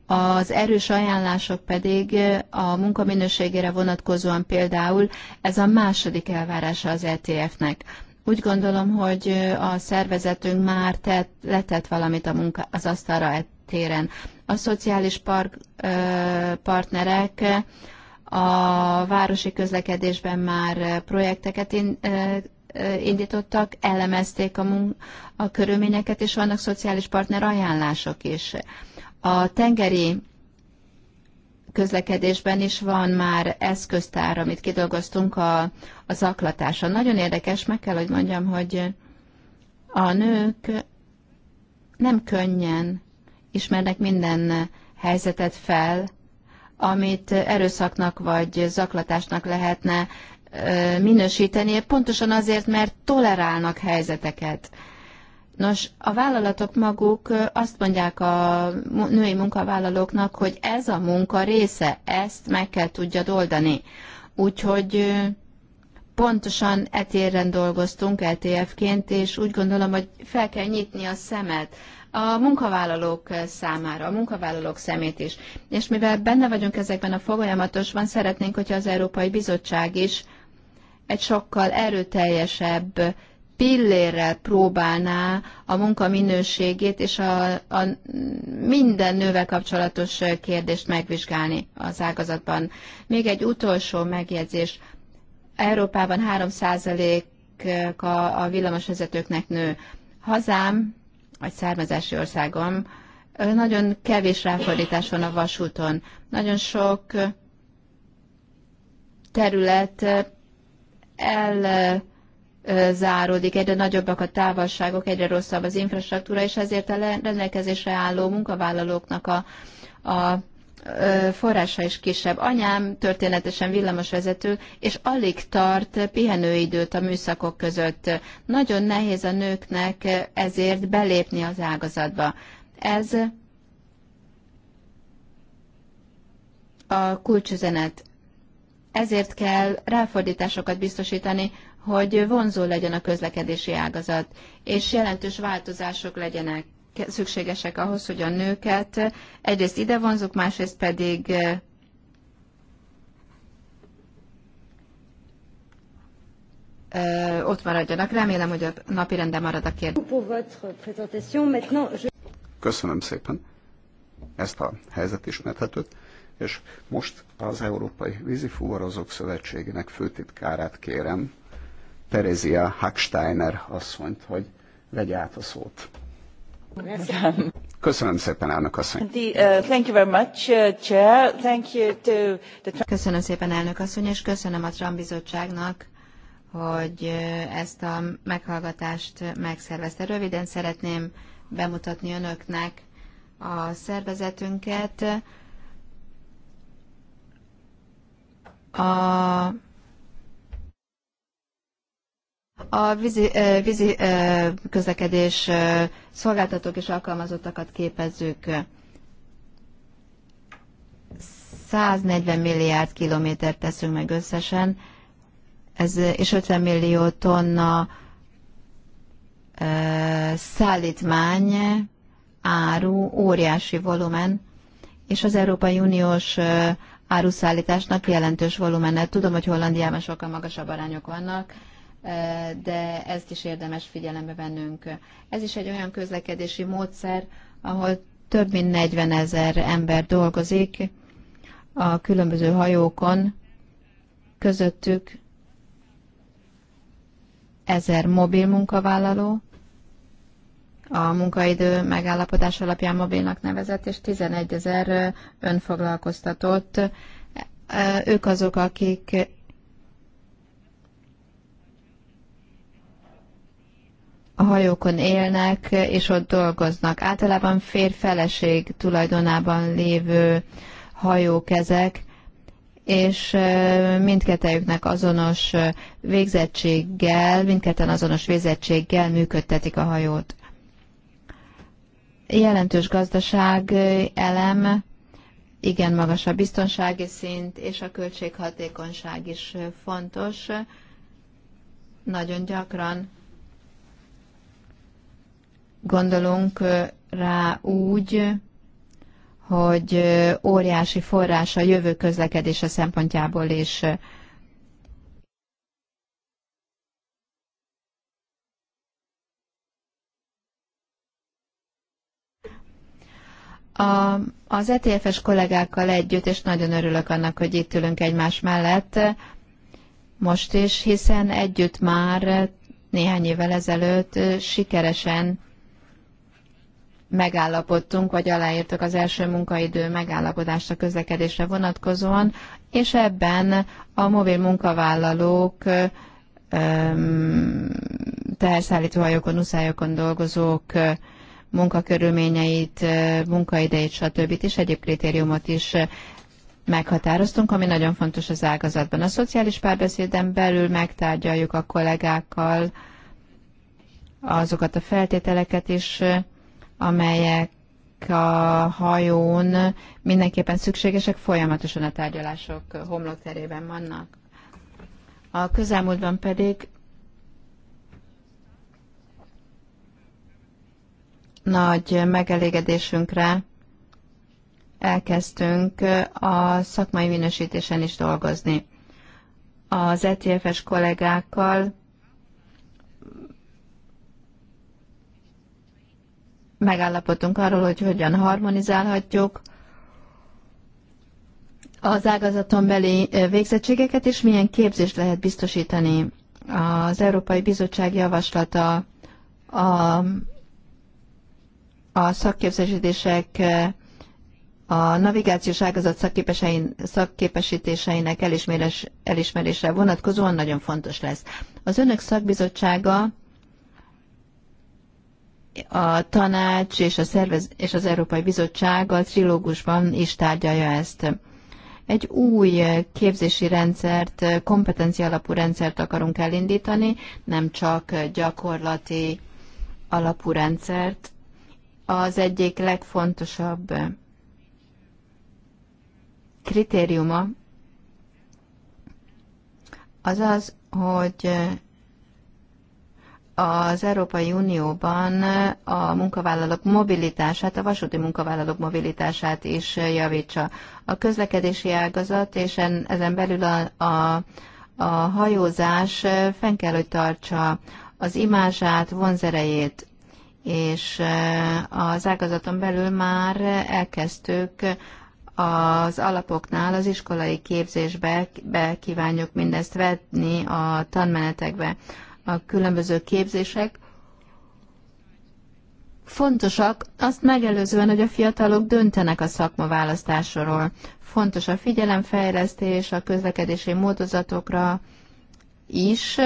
Az erős ajánlások pedig a munkaminőségére vonatkozóan például ez a második elvárása az ETF-nek. Úgy gondolom, hogy a szervezetünk már tett, letett valamit a munka, az asztalra e- téren a szociális park, partnerek a városi közlekedésben már projekteket in, indítottak, elemezték a, mun- a körülményeket, és vannak szociális partner ajánlások is. A tengeri közlekedésben is van már eszköztár, amit kidolgoztunk a, a zaklatása. Nagyon érdekes, meg kell, hogy mondjam, hogy a nők nem könnyen ismernek minden helyzetet fel, amit erőszaknak vagy zaklatásnak lehetne minősíteni, pontosan azért, mert tolerálnak helyzeteket. Nos, a vállalatok maguk azt mondják a női munkavállalóknak, hogy ez a munka része, ezt meg kell tudja oldani. Úgyhogy pontosan etéren dolgoztunk LTF-ként, e és úgy gondolom, hogy fel kell nyitni a szemet a munkavállalók számára, a munkavállalók szemét is. És mivel benne vagyunk ezekben a folyamatosban, szeretnénk, hogyha az Európai Bizottság is egy sokkal erőteljesebb pillérrel próbálná a munka minőségét és a, a minden nővel kapcsolatos kérdést megvizsgálni az ágazatban. Még egy utolsó megjegyzés. Európában 3% a, a villamosvezetőknek nő. Hazám vagy származási országom, nagyon kevés ráfordítás van a vasúton. Nagyon sok terület elzáródik, egyre nagyobbak a távolságok, egyre rosszabb az infrastruktúra, és ezért a rendelkezésre álló munkavállalóknak a, a forrása is kisebb. Anyám történetesen villamosvezető, és alig tart pihenőidőt a műszakok között. Nagyon nehéz a nőknek ezért belépni az ágazatba. Ez a kulcsüzenet. Ezért kell ráfordításokat biztosítani, hogy vonzó legyen a közlekedési ágazat, és jelentős változások legyenek szükségesek ahhoz, hogy a nőket egyrészt ide vonzuk, másrészt pedig eh, ott maradjanak. Remélem, hogy a napi renden marad a kérdés. Köszönöm szépen ezt a helyzet ismerthetőt, és most az Európai Vízifúvarozók Szövetségének főtitkárát kérem, Terezia Hacksteiner asszonyt, hogy vegye át a szót. Köszönöm szépen, elnök asszony. Uh, thank you very much, uh, Chair. Thank you to the... Köszönöm szépen, elnök asszony, és köszönöm a Trump bizottságnak, hogy uh, ezt a meghallgatást megszervezte. Röviden szeretném bemutatni önöknek a szervezetünket. A a vízi, vízi közlekedés szolgáltatók és alkalmazottakat képezzük 140 milliárd kilométert teszünk meg összesen, ez, és 50 millió tonna szállítmány, áru, óriási volumen, és az Európai Uniós áruszállításnak jelentős volumene. Tudom, hogy Hollandiában sokkal magasabb arányok vannak, de ezt is érdemes figyelembe vennünk. Ez is egy olyan közlekedési módszer, ahol több mint 40 ezer ember dolgozik a különböző hajókon, közöttük ezer mobil munkavállaló, a munkaidő megállapodás alapján mobilnak nevezett, és 11 ezer önfoglalkoztatott. Ők azok, akik a hajókon élnek és ott dolgoznak. Általában férfeleség tulajdonában lévő hajók ezek, és mindkettőjüknek azonos végzettséggel, mindketten azonos végzettséggel működtetik a hajót. Jelentős gazdaság elem, igen magas a biztonsági szint, és a költséghatékonyság is fontos. Nagyon gyakran gondolunk rá úgy, hogy óriási forrás a jövő közlekedése szempontjából is. A, az ETF-es kollégákkal együtt, és nagyon örülök annak, hogy itt ülünk egymás mellett most is, hiszen együtt már néhány évvel ezelőtt sikeresen megállapodtunk, vagy aláírtuk az első munkaidő megállapodást a közlekedésre vonatkozóan, és ebben a mobil munkavállalók teherszállítóhajókon, uszályokon dolgozók munkakörülményeit, munkaidejét, stb. és egyéb kritériumot is meghatároztunk, ami nagyon fontos az ágazatban. A szociális párbeszéden belül megtárgyaljuk a kollégákkal azokat a feltételeket is, amelyek a hajón mindenképpen szükségesek, folyamatosan a tárgyalások homlokterében vannak. A közelmúltban pedig nagy megelégedésünkre elkezdtünk a szakmai minősítésen is dolgozni. Az ETF-es kollégákkal megállapodtunk arról, hogy hogyan harmonizálhatjuk az ágazaton beli végzettségeket, és milyen képzést lehet biztosítani. Az Európai Bizottság javaslata a, a szakképzésítések a navigációs ágazat szakképesítéseinek elismerésre vonatkozóan nagyon fontos lesz. Az önök szakbizottsága a tanács és, a szervez, és az Európai Bizottság a trilógusban is tárgyalja ezt. Egy új képzési rendszert, kompetencia alapú rendszert akarunk elindítani, nem csak gyakorlati alapú rendszert. Az egyik legfontosabb kritériuma az az, hogy az Európai Unióban a munkavállalók mobilitását, a vasúti munkavállalók mobilitását is javítsa. A közlekedési ágazat és en, ezen belül a, a, a hajózás fenn kell, hogy tartsa az imázsát, vonzerejét, és e, az ágazaton belül már elkezdtük az alapoknál az iskolai képzésbe be kívánjuk mindezt vetni a tanmenetekbe a különböző képzések fontosak azt megelőzően, hogy a fiatalok döntenek a szakma választásról. Fontos a figyelemfejlesztés, a közlekedési módozatokra is,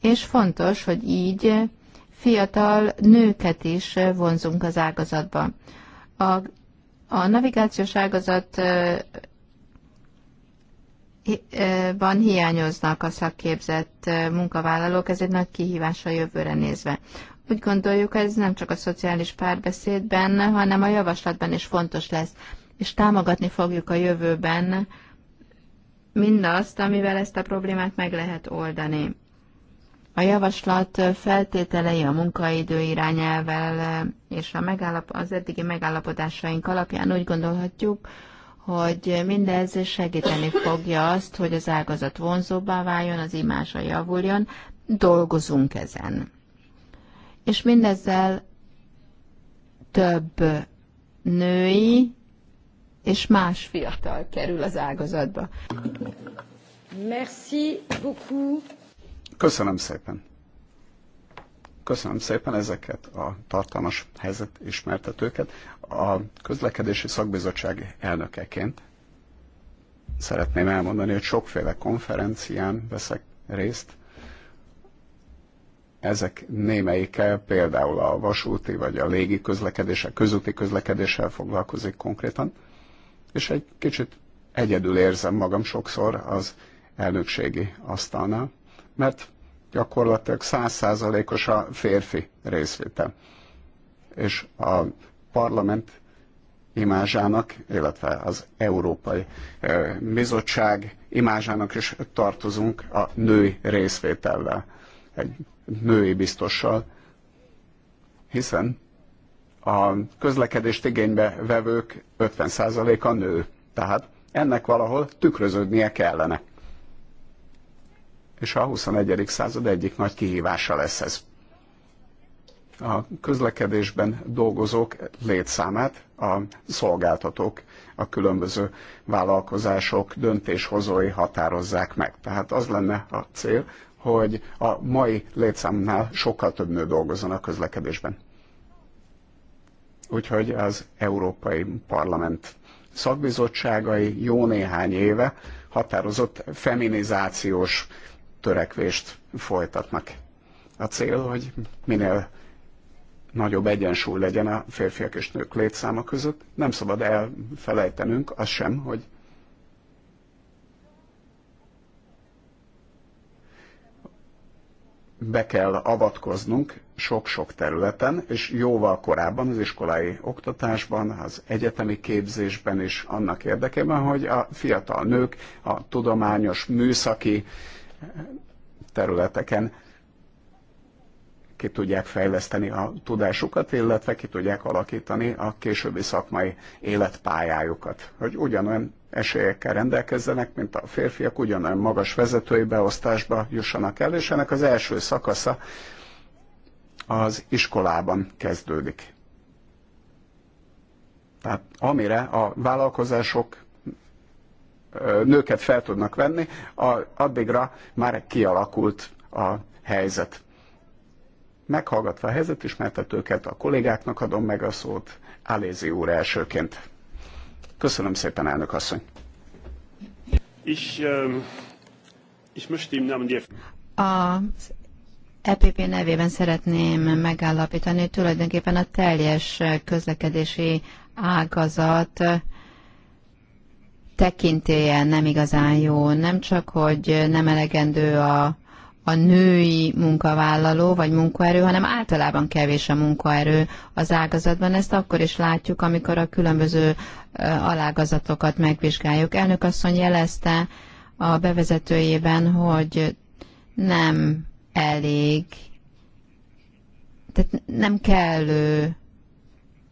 és fontos, hogy így fiatal nőket is vonzunk az ágazatba. A, a navigációs ágazat van hiányoznak a szakképzett munkavállalók, ez egy nagy kihívás a jövőre nézve. Úgy gondoljuk, ez nem csak a szociális párbeszédben, hanem a javaslatban is fontos lesz, és támogatni fogjuk a jövőben mindazt, amivel ezt a problémát meg lehet oldani. A javaslat feltételei a munkaidő irányelvel és a megállap, az eddigi megállapodásaink alapján úgy gondolhatjuk, hogy mindez segíteni fogja azt, hogy az ágazat vonzóbbá váljon, az imása javuljon, dolgozunk ezen. És mindezzel több női és más fiatal kerül az ágazatba. Merci beaucoup. Köszönöm szépen. Köszönöm szépen ezeket a tartalmas helyzetismertetőket. A közlekedési szakbizottság elnökeként szeretném elmondani, hogy sokféle konferencián veszek részt. Ezek némelyike például a vasúti vagy a légi közlekedéssel, közúti közlekedéssel foglalkozik konkrétan, és egy kicsit egyedül érzem magam sokszor az elnökségi asztalnál, mert gyakorlatilag százszázalékos a férfi részvétel. És a parlament imázsának, illetve az Európai Bizottság imázsának is tartozunk a női részvétellel, egy női biztossal, hiszen a közlekedést igénybe vevők 50%-a nő, tehát ennek valahol tükröződnie kellene. És a 21. század egyik nagy kihívása lesz ez a közlekedésben dolgozók létszámát a szolgáltatók, a különböző vállalkozások döntéshozói határozzák meg. Tehát az lenne a cél, hogy a mai létszámnál sokkal több nő dolgozzon a közlekedésben. Úgyhogy az Európai Parlament szakbizottságai jó néhány éve határozott feminizációs törekvést folytatnak. A cél, hogy minél nagyobb egyensúly legyen a férfiak és nők létszáma között. Nem szabad elfelejtenünk az sem, hogy be kell avatkoznunk sok-sok területen, és jóval korábban az iskolai oktatásban, az egyetemi képzésben is annak érdekében, hogy a fiatal nők a tudományos, műszaki területeken ki tudják fejleszteni a tudásukat, illetve ki tudják alakítani a későbbi szakmai életpályájukat. Hogy ugyanolyan esélyekkel rendelkezzenek, mint a férfiak, ugyanolyan magas vezetői beosztásba jussanak el, és ennek az első szakasza az iskolában kezdődik. Tehát amire a vállalkozások nőket fel tudnak venni, addigra már kialakult a helyzet. Meghallgatva a helyzetismertetőket, a kollégáknak adom meg a szót, Alézi úr elsőként. Köszönöm szépen, elnök asszony. Ich, ähm, ich möchte Namen Az EPP nevében szeretném megállapítani, hogy tulajdonképpen a teljes közlekedési ágazat tekintélye nem igazán jó. Nem csak, hogy nem elegendő a a női munkavállaló vagy munkaerő, hanem általában kevés a munkaerő az ágazatban. Ezt akkor is látjuk, amikor a különböző alágazatokat megvizsgáljuk. Elnök asszony jelezte a bevezetőjében, hogy nem elég, tehát nem kellő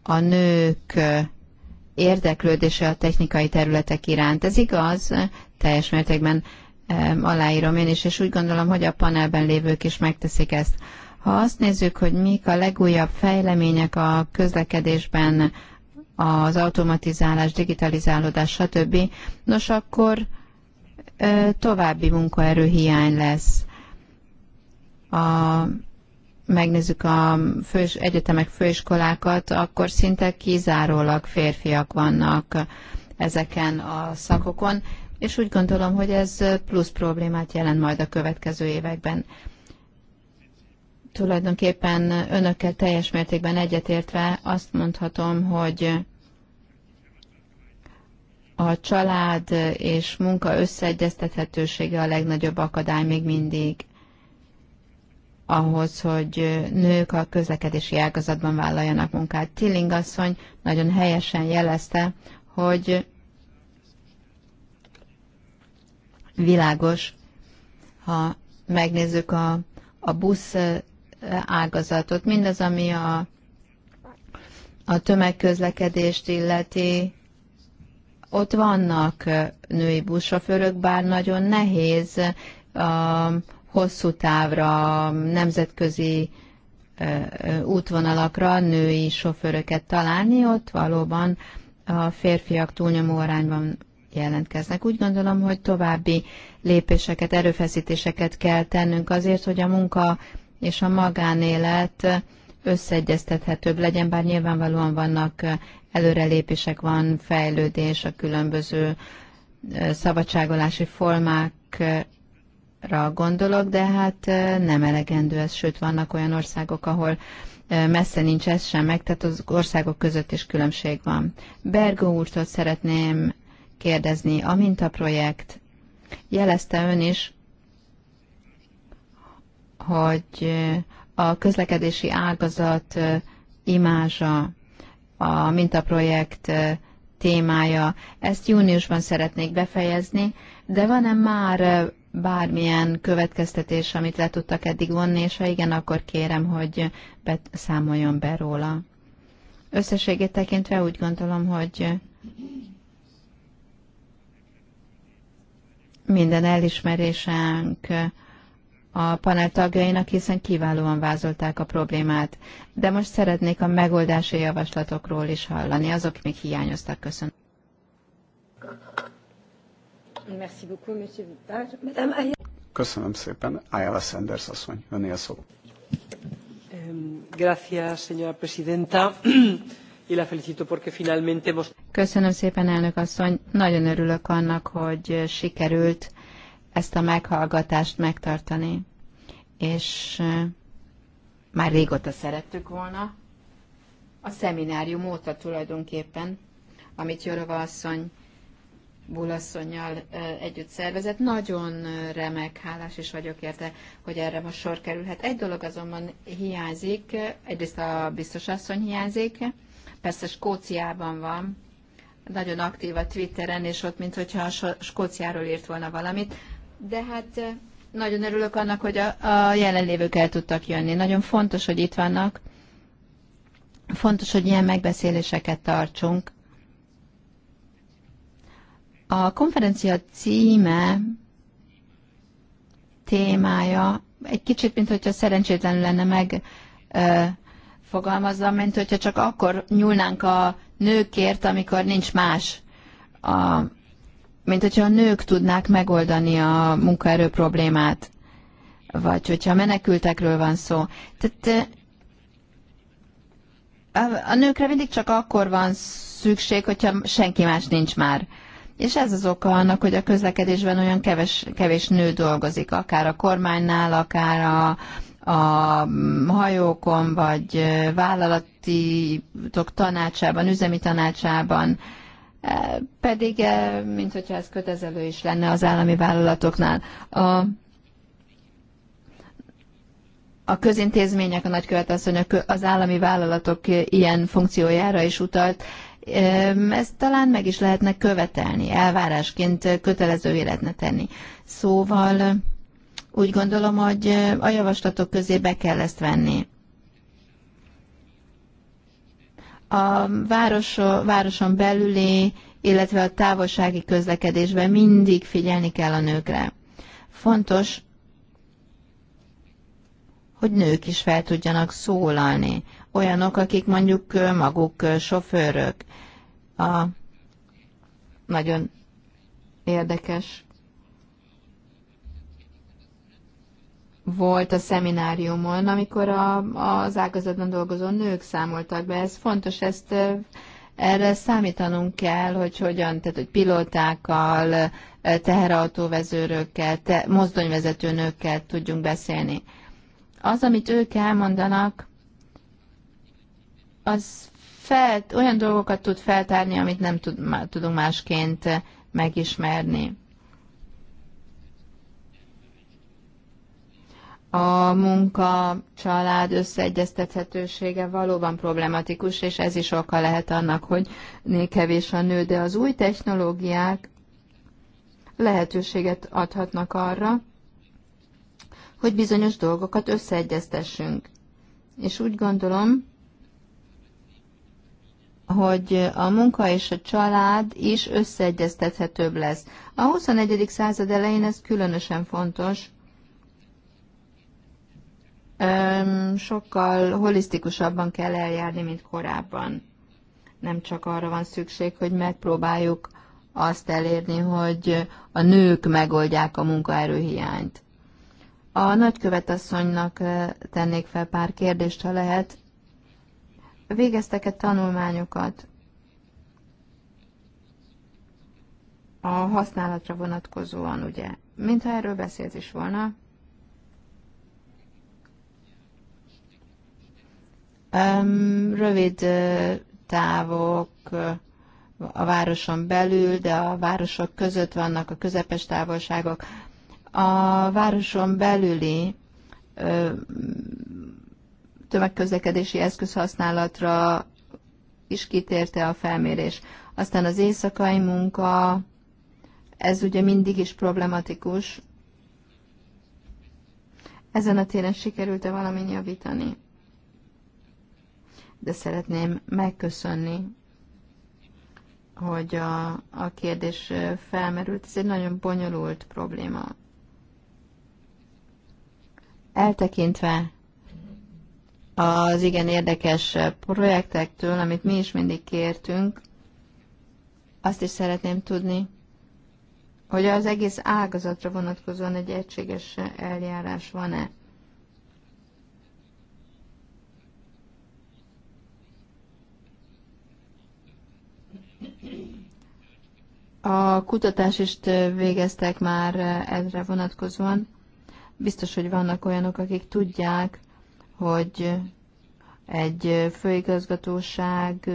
a nők érdeklődése a technikai területek iránt. Ez igaz, teljes mértékben aláírom én is, és úgy gondolom, hogy a panelben lévők is megteszik ezt. Ha azt nézzük, hogy mik a legújabb fejlemények a közlekedésben, az automatizálás, digitalizálódás, stb., nos akkor további munkaerőhiány lesz. A, megnézzük a fős, egyetemek főiskolákat, akkor szinte kizárólag férfiak vannak ezeken a szakokon, és úgy gondolom, hogy ez plusz problémát jelent majd a következő években. Tulajdonképpen önökkel teljes mértékben egyetértve azt mondhatom, hogy a család és munka összeegyeztethetősége a legnagyobb akadály még mindig ahhoz, hogy nők a közlekedési ágazatban vállaljanak munkát. Tilling asszony nagyon helyesen jelezte, hogy világos, ha megnézzük a, a busz ágazatot, mindaz, ami a, a tömegközlekedést illeti, ott vannak női buszsofőrök, bár nagyon nehéz a hosszú távra, nemzetközi útvonalakra női sofőröket találni, ott valóban a férfiak túlnyomó arányban jelentkeznek. Úgy gondolom, hogy további lépéseket, erőfeszítéseket kell tennünk azért, hogy a munka és a magánélet összeegyeztethetőbb legyen, bár nyilvánvalóan vannak előrelépések, van fejlődés a különböző szabadságolási formákra gondolok, de hát nem elegendő ez, sőt vannak olyan országok, ahol messze nincs ez sem meg, tehát az országok között is különbség van. Bergó úrtól szeretném kérdezni. A mintaprojekt jelezte ön is, hogy a közlekedési ágazat imázsa, a mintaprojekt témája. Ezt júniusban szeretnék befejezni, de van-e már bármilyen következtetés, amit le tudtak eddig vonni, és ha igen, akkor kérem, hogy számoljon be róla. Összességét tekintve úgy gondolom, hogy minden elismerésünk a panel tagjainak, hiszen kiválóan vázolták a problémát. De most szeretnék a megoldási javaslatokról is hallani, azok még hiányoztak. Köszönöm. Köszönöm szépen. Ayala Sanders asszony, önél szó. Gracias, señora presidenta. Köszönöm szépen, elnök asszony. Nagyon örülök annak, hogy sikerült ezt a meghallgatást megtartani. És már régóta szerettük volna. A szeminárium óta tulajdonképpen, amit Jorova asszony Bulasszonyjal együtt szervezett. Nagyon remek, hálás is vagyok érte, hogy erre most sor kerülhet. Egy dolog azonban hiányzik, egyrészt a biztos asszony hiányzik, persze Skóciában van, nagyon aktív a Twitteren, és ott, mint hogyha a Skóciáról írt volna valamit. De hát nagyon örülök annak, hogy a, a jelenlévők el tudtak jönni. Nagyon fontos, hogy itt vannak. Fontos, hogy ilyen megbeszéléseket tartsunk. A konferencia címe, témája egy kicsit, mint szerencsétlenül lenne meg fogalmazzam, mint hogyha csak akkor nyúlnánk a nőkért, amikor nincs más. A, mint hogyha a nők tudnák megoldani a munkaerő problémát, vagy hogyha menekültekről van szó. Tehát eh, a nőkre mindig csak akkor van szükség, hogyha senki más nincs már. És ez az oka annak, hogy a közlekedésben olyan keves, kevés nő dolgozik, akár a kormánynál, akár a, a hajókon, vagy vállalati tanácsában, üzemi tanácsában, e, pedig, e, mint hogyha ez kötezelő is lenne az állami vállalatoknál. A, a közintézmények, a nagykövetasszonyok, az állami vállalatok ilyen funkciójára is utalt, e, ezt talán meg is lehetne követelni, elvárásként kötelezővé lehetne tenni. Szóval úgy gondolom, hogy a javaslatok közé be kell ezt venni. A város, városon belüli, illetve a távolsági közlekedésben mindig figyelni kell a nőkre. Fontos, hogy nők is fel tudjanak szólalni. Olyanok, akik mondjuk maguk sofőrök. A nagyon érdekes volt a szemináriumon, amikor a, az ágazatban dolgozó nők számoltak be. Ez fontos, ezt erre számítanunk kell, hogy hogyan, tehát hogy pilótákkal, teherautóvezőrökkel, te, mozdonyvezető nőkkel tudjunk beszélni. Az, amit ők elmondanak, az fel, olyan dolgokat tud feltárni, amit nem tud, tudunk másként megismerni. a munka, család összeegyeztethetősége valóban problematikus, és ez is oka lehet annak, hogy kevés a nő, de az új technológiák lehetőséget adhatnak arra, hogy bizonyos dolgokat összeegyeztessünk. És úgy gondolom, hogy a munka és a család is összeegyeztethetőbb lesz. A 21. század elején ez különösen fontos, sokkal holisztikusabban kell eljárni, mint korábban. Nem csak arra van szükség, hogy megpróbáljuk azt elérni, hogy a nők megoldják a munkaerőhiányt. A nagykövetasszonynak tennék fel pár kérdést, ha lehet. Végeztek-e tanulmányokat a használatra vonatkozóan, ugye? Mintha erről beszélt is volna. Rövid távok a városon belül, de a városok között vannak a közepes távolságok. A városon belüli tömegközlekedési eszköz használatra is kitérte a felmérés. Aztán az éjszakai munka, ez ugye mindig is problematikus. Ezen a téren sikerült-e valamit javítani? de szeretném megköszönni, hogy a, a kérdés felmerült. Ez egy nagyon bonyolult probléma. Eltekintve az igen érdekes projektektől, amit mi is mindig kértünk, azt is szeretném tudni, hogy az egész ágazatra vonatkozóan egy egységes eljárás van-e. A kutatás is végeztek már erre vonatkozóan. Biztos, hogy vannak olyanok, akik tudják, hogy egy főigazgatóság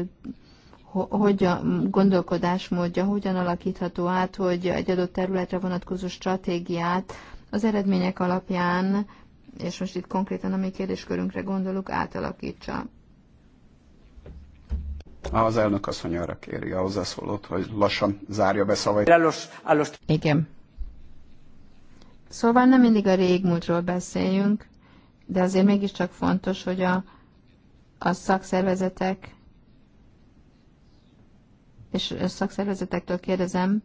hogyan, gondolkodásmódja hogyan alakítható át, hogy egy adott területre vonatkozó stratégiát az eredmények alapján, és most itt konkrétan a mi kérdéskörünkre gondolok, átalakítsa. Az elnök asszony arra kéri a hozzászólót, hogy lassan zárja be szavait. Igen. Szóval nem mindig a régmúltról beszéljünk, de azért mégiscsak fontos, hogy a, a szakszervezetek és szakszervezetektől kérdezem,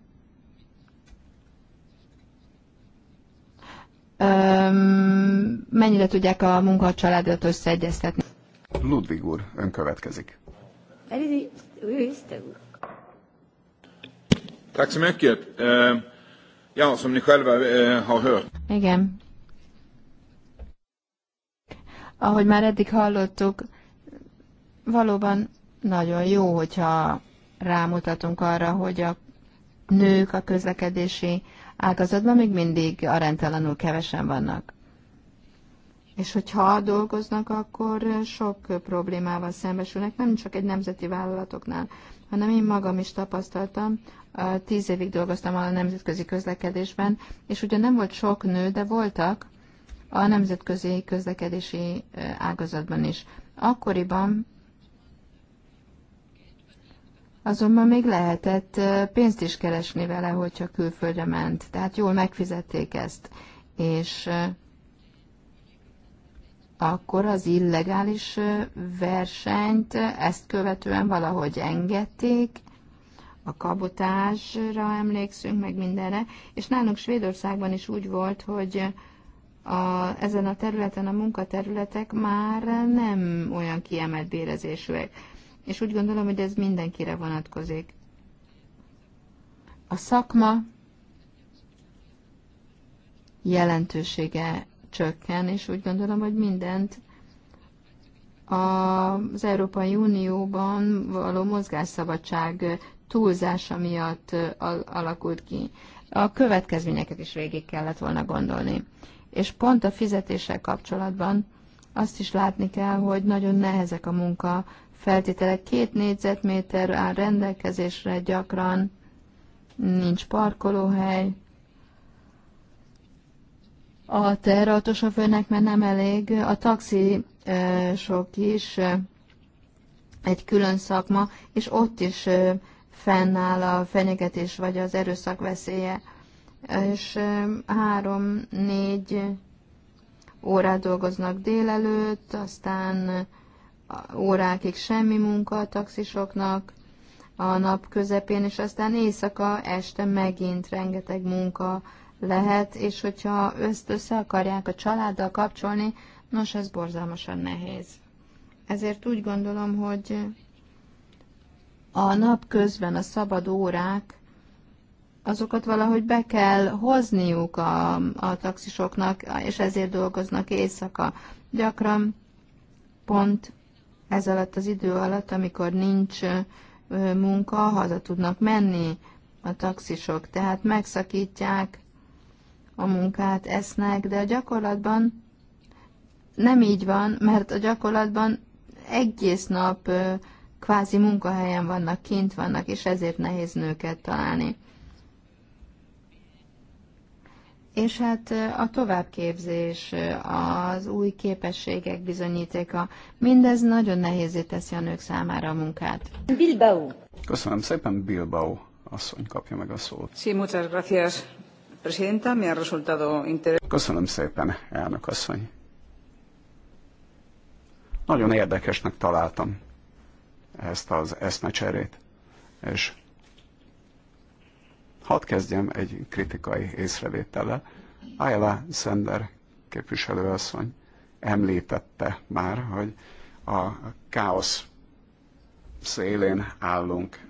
mennyire tudják a munka a családot összeegyeztetni? Ludvig úr, ön következik. Allez-y. Oui, c'est à vous. Tack så mycket. Eh, ja, som ni själva eh, har hört. Igen. Ahogy már eddig hallottuk, valóban nagyon jó, hogyha rámutatunk arra, hogy a nők a közlekedési ágazatban még mindig aránytalanul kevesen vannak. És hogyha dolgoznak, akkor sok problémával szembesülnek, nem csak egy nemzeti vállalatoknál, hanem én magam is tapasztaltam. Tíz évig dolgoztam a nemzetközi közlekedésben, és ugye nem volt sok nő, de voltak a nemzetközi közlekedési ágazatban is. Akkoriban azonban még lehetett pénzt is keresni vele, hogyha külföldre ment. Tehát jól megfizették ezt, és akkor az illegális versenyt ezt követően valahogy engedték, a kabotásra emlékszünk, meg mindenre, és nálunk Svédországban is úgy volt, hogy a, ezen a területen a munkaterületek már nem olyan kiemelt bérezésűek. És úgy gondolom, hogy ez mindenkire vonatkozik. A szakma jelentősége csökken, és úgy gondolom, hogy mindent az Európai Unióban való mozgásszabadság túlzása miatt alakult ki. A következményeket is végig kellett volna gondolni. És pont a fizetéssel kapcsolatban azt is látni kell, hogy nagyon nehezek a munka feltételek. Két négyzetméter áll rendelkezésre gyakran, nincs parkolóhely, a teherautósofőrnek mert nem elég, a taxisok is egy külön szakma, és ott is fennáll a fenyegetés vagy az erőszak veszélye. És három-négy órát dolgoznak délelőtt, aztán órákig semmi munka a taxisoknak a nap közepén, és aztán éjszaka, este megint rengeteg munka lehet, és hogyha ezt össze akarják a családdal kapcsolni, nos, ez borzalmasan nehéz. Ezért úgy gondolom, hogy a nap közben a szabad órák, azokat valahogy be kell hozniuk a, a taxisoknak, és ezért dolgoznak éjszaka. Gyakran pont ez alatt az idő alatt, amikor nincs munka, haza tudnak menni a taxisok, tehát megszakítják a munkát, esznek, de a gyakorlatban nem így van, mert a gyakorlatban egész nap kvázi munkahelyen vannak, kint vannak, és ezért nehéz nőket találni. És hát a továbbképzés, az új képességek bizonyítéka, mindez nagyon nehézé teszi a nők számára a munkát. Bilbao. Köszönöm szépen, Bilbao asszony kapja meg a szót. Sí, muchas gracias, presidenta. Me ha resultado interesante. Köszönöm szépen, elnök asszony. Nagyon érdekesnek találtam ezt az eszmecserét, és hadd kezdjem egy kritikai észrevétele. Ayala Sender képviselőasszony említette már, hogy a káosz szélén állunk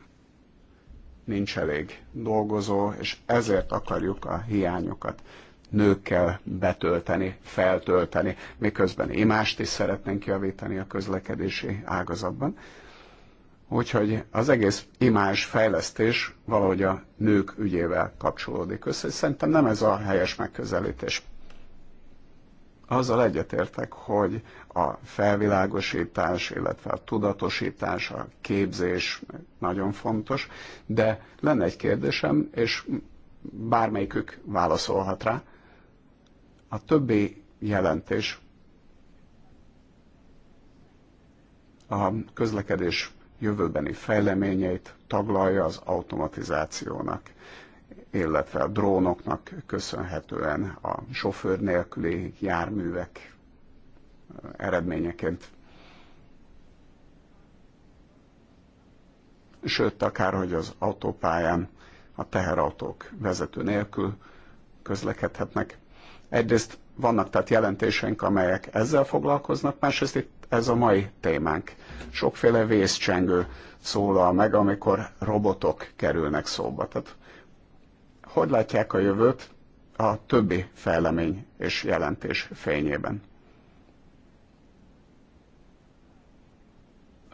nincs elég dolgozó, és ezért akarjuk a hiányokat nőkkel betölteni, feltölteni, miközben imást is szeretnénk javítani a közlekedési ágazatban. Úgyhogy az egész imás fejlesztés valahogy a nők ügyével kapcsolódik össze, és szerintem nem ez a helyes megközelítés. Azzal egyetértek, hogy a felvilágosítás, illetve a tudatosítás, a képzés nagyon fontos, de lenne egy kérdésem, és bármelyikük válaszolhat rá. A többi jelentés a közlekedés jövőbeni fejleményeit taglalja az automatizációnak, illetve a drónoknak köszönhetően a sofőr nélküli járművek eredményeként. Sőt, akár hogy az autópályán a teherautók vezető nélkül közlekedhetnek. Egyrészt vannak tehát jelentéseink, amelyek ezzel foglalkoznak, másrészt itt ez a mai témánk. Sokféle vészcsengő szólal meg, amikor robotok kerülnek szóba. Tehát hogy látják a jövőt a többi fejlemény és jelentés fényében?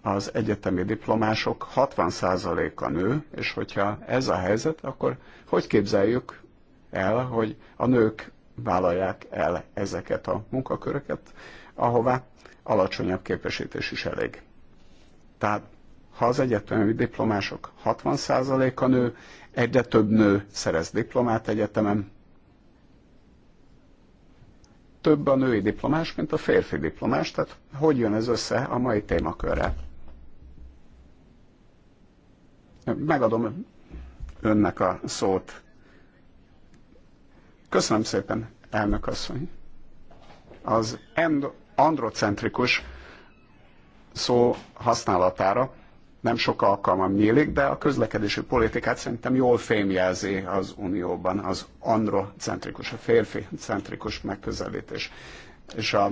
az egyetemi diplomások 60%-a nő, és hogyha ez a helyzet, akkor hogy képzeljük el, hogy a nők vállalják el ezeket a munkaköröket, ahová alacsonyabb képesítés is elég. Tehát ha az egyetemi diplomások 60%-a nő, egyre több nő szerez diplomát egyetemen, több a női diplomás, mint a férfi diplomás, tehát hogy jön ez össze a mai témakörrel? Megadom önnek a szót. Köszönöm szépen, elnök asszony. Az androcentrikus szó használatára nem sok alkalmam nyílik, de a közlekedési politikát szerintem jól fémjelzi az Unióban az androcentrikus, a férfi centrikus megközelítés. És a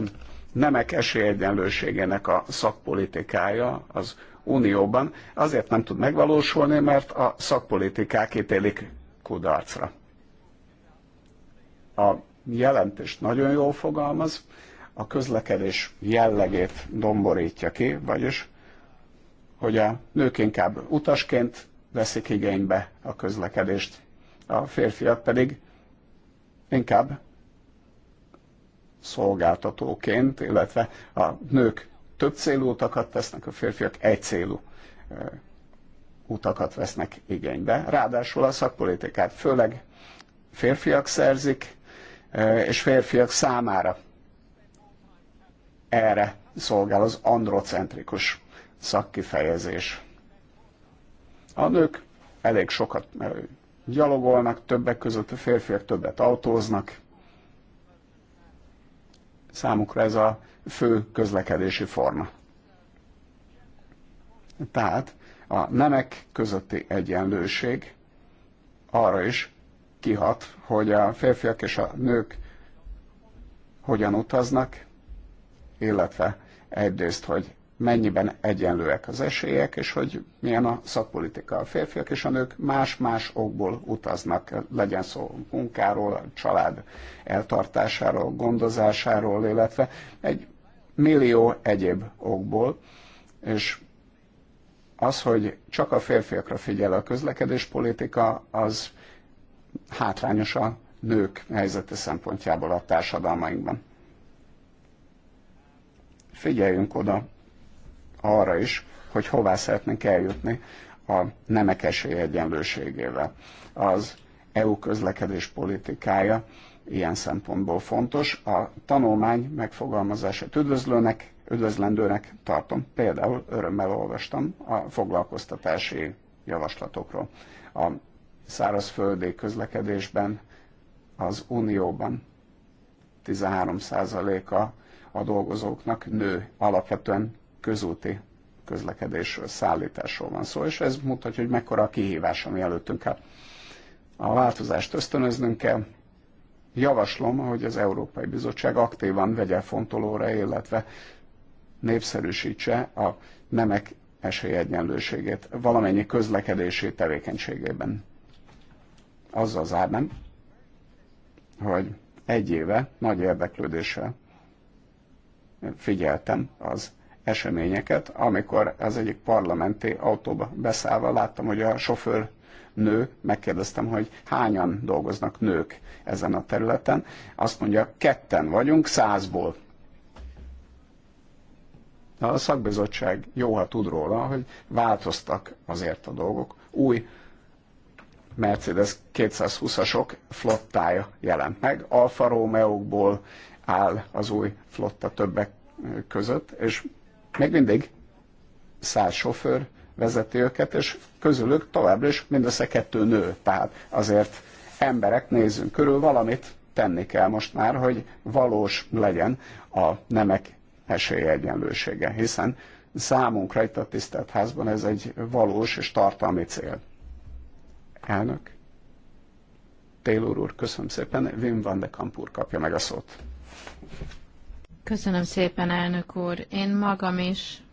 nemek esélyegyenlőségének a szakpolitikája az Unióban azért nem tud megvalósulni, mert a szakpolitikák ítélik kudarcra. A jelentés nagyon jól fogalmaz, a közlekedés jellegét domborítja ki, vagyis hogy a nők inkább utasként veszik igénybe a közlekedést, a férfiak pedig inkább szolgáltatóként, illetve a nők több célú utakat tesznek, a férfiak egy célú utakat vesznek igénybe. Ráadásul a szakpolitikát főleg férfiak szerzik, és férfiak számára erre szolgál az androcentrikus szakkifejezés. A nők elég sokat gyalogolnak, többek között a férfiak többet autóznak. Számukra ez a fő közlekedési forma. Tehát a nemek közötti egyenlőség arra is kihat, hogy a férfiak és a nők hogyan utaznak, illetve egyrészt, hogy mennyiben egyenlőek az esélyek, és hogy milyen a szakpolitika. A férfiak és a nők más-más okból utaznak, legyen szó munkáról, család eltartásáról, gondozásáról, illetve egy millió egyéb okból, és az, hogy csak a férfiakra figyel a közlekedéspolitika, az hátrányos a nők helyzete szempontjából a társadalmainkban. Figyeljünk oda arra is, hogy hová szeretnénk eljutni a nemek esélyegyenlőségével. Az EU közlekedés politikája ilyen szempontból fontos. A tanulmány megfogalmazását üdvözlőnek, üdvözlendőnek tartom. Például örömmel olvastam a foglalkoztatási javaslatokról. A szárazföldi közlekedésben az Unióban 13%-a a dolgozóknak nő, alapvetően közúti közlekedésről, szállításról van szó, és ez mutatja, hogy mekkora a kihívás, ami előttünk áll. A változást ösztönöznünk kell, javaslom, hogy az Európai Bizottság aktívan vegye fontolóra, illetve népszerűsítse a nemek esélyegyenlőségét valamennyi közlekedési tevékenységében. Azzal zárnám, hogy egy éve nagy érdeklődéssel figyeltem az eseményeket, amikor az egyik parlamenti autóba beszállva láttam, hogy a sofőr nő, megkérdeztem, hogy hányan dolgoznak nők ezen a területen. Azt mondja, ketten vagyunk százból. A szakbizottság jó, ha tud róla, hogy változtak azért a dolgok. Új Mercedes 220-asok flottája jelent meg. Alfa romeo áll az új flotta többek között, és még mindig száz sofőr, vezeti őket, és közülük továbbra is mindössze kettő nő. Tehát azért emberek nézzünk körül, valamit tenni kell most már, hogy valós legyen a nemek esélyegyenlősége, hiszen számunkra itt a tisztelt házban ez egy valós és tartalmi cél. Elnök, Taylor úr, köszönöm szépen, Wim van de Kamp úr kapja meg a szót. Köszönöm szépen, elnök úr. Én magam is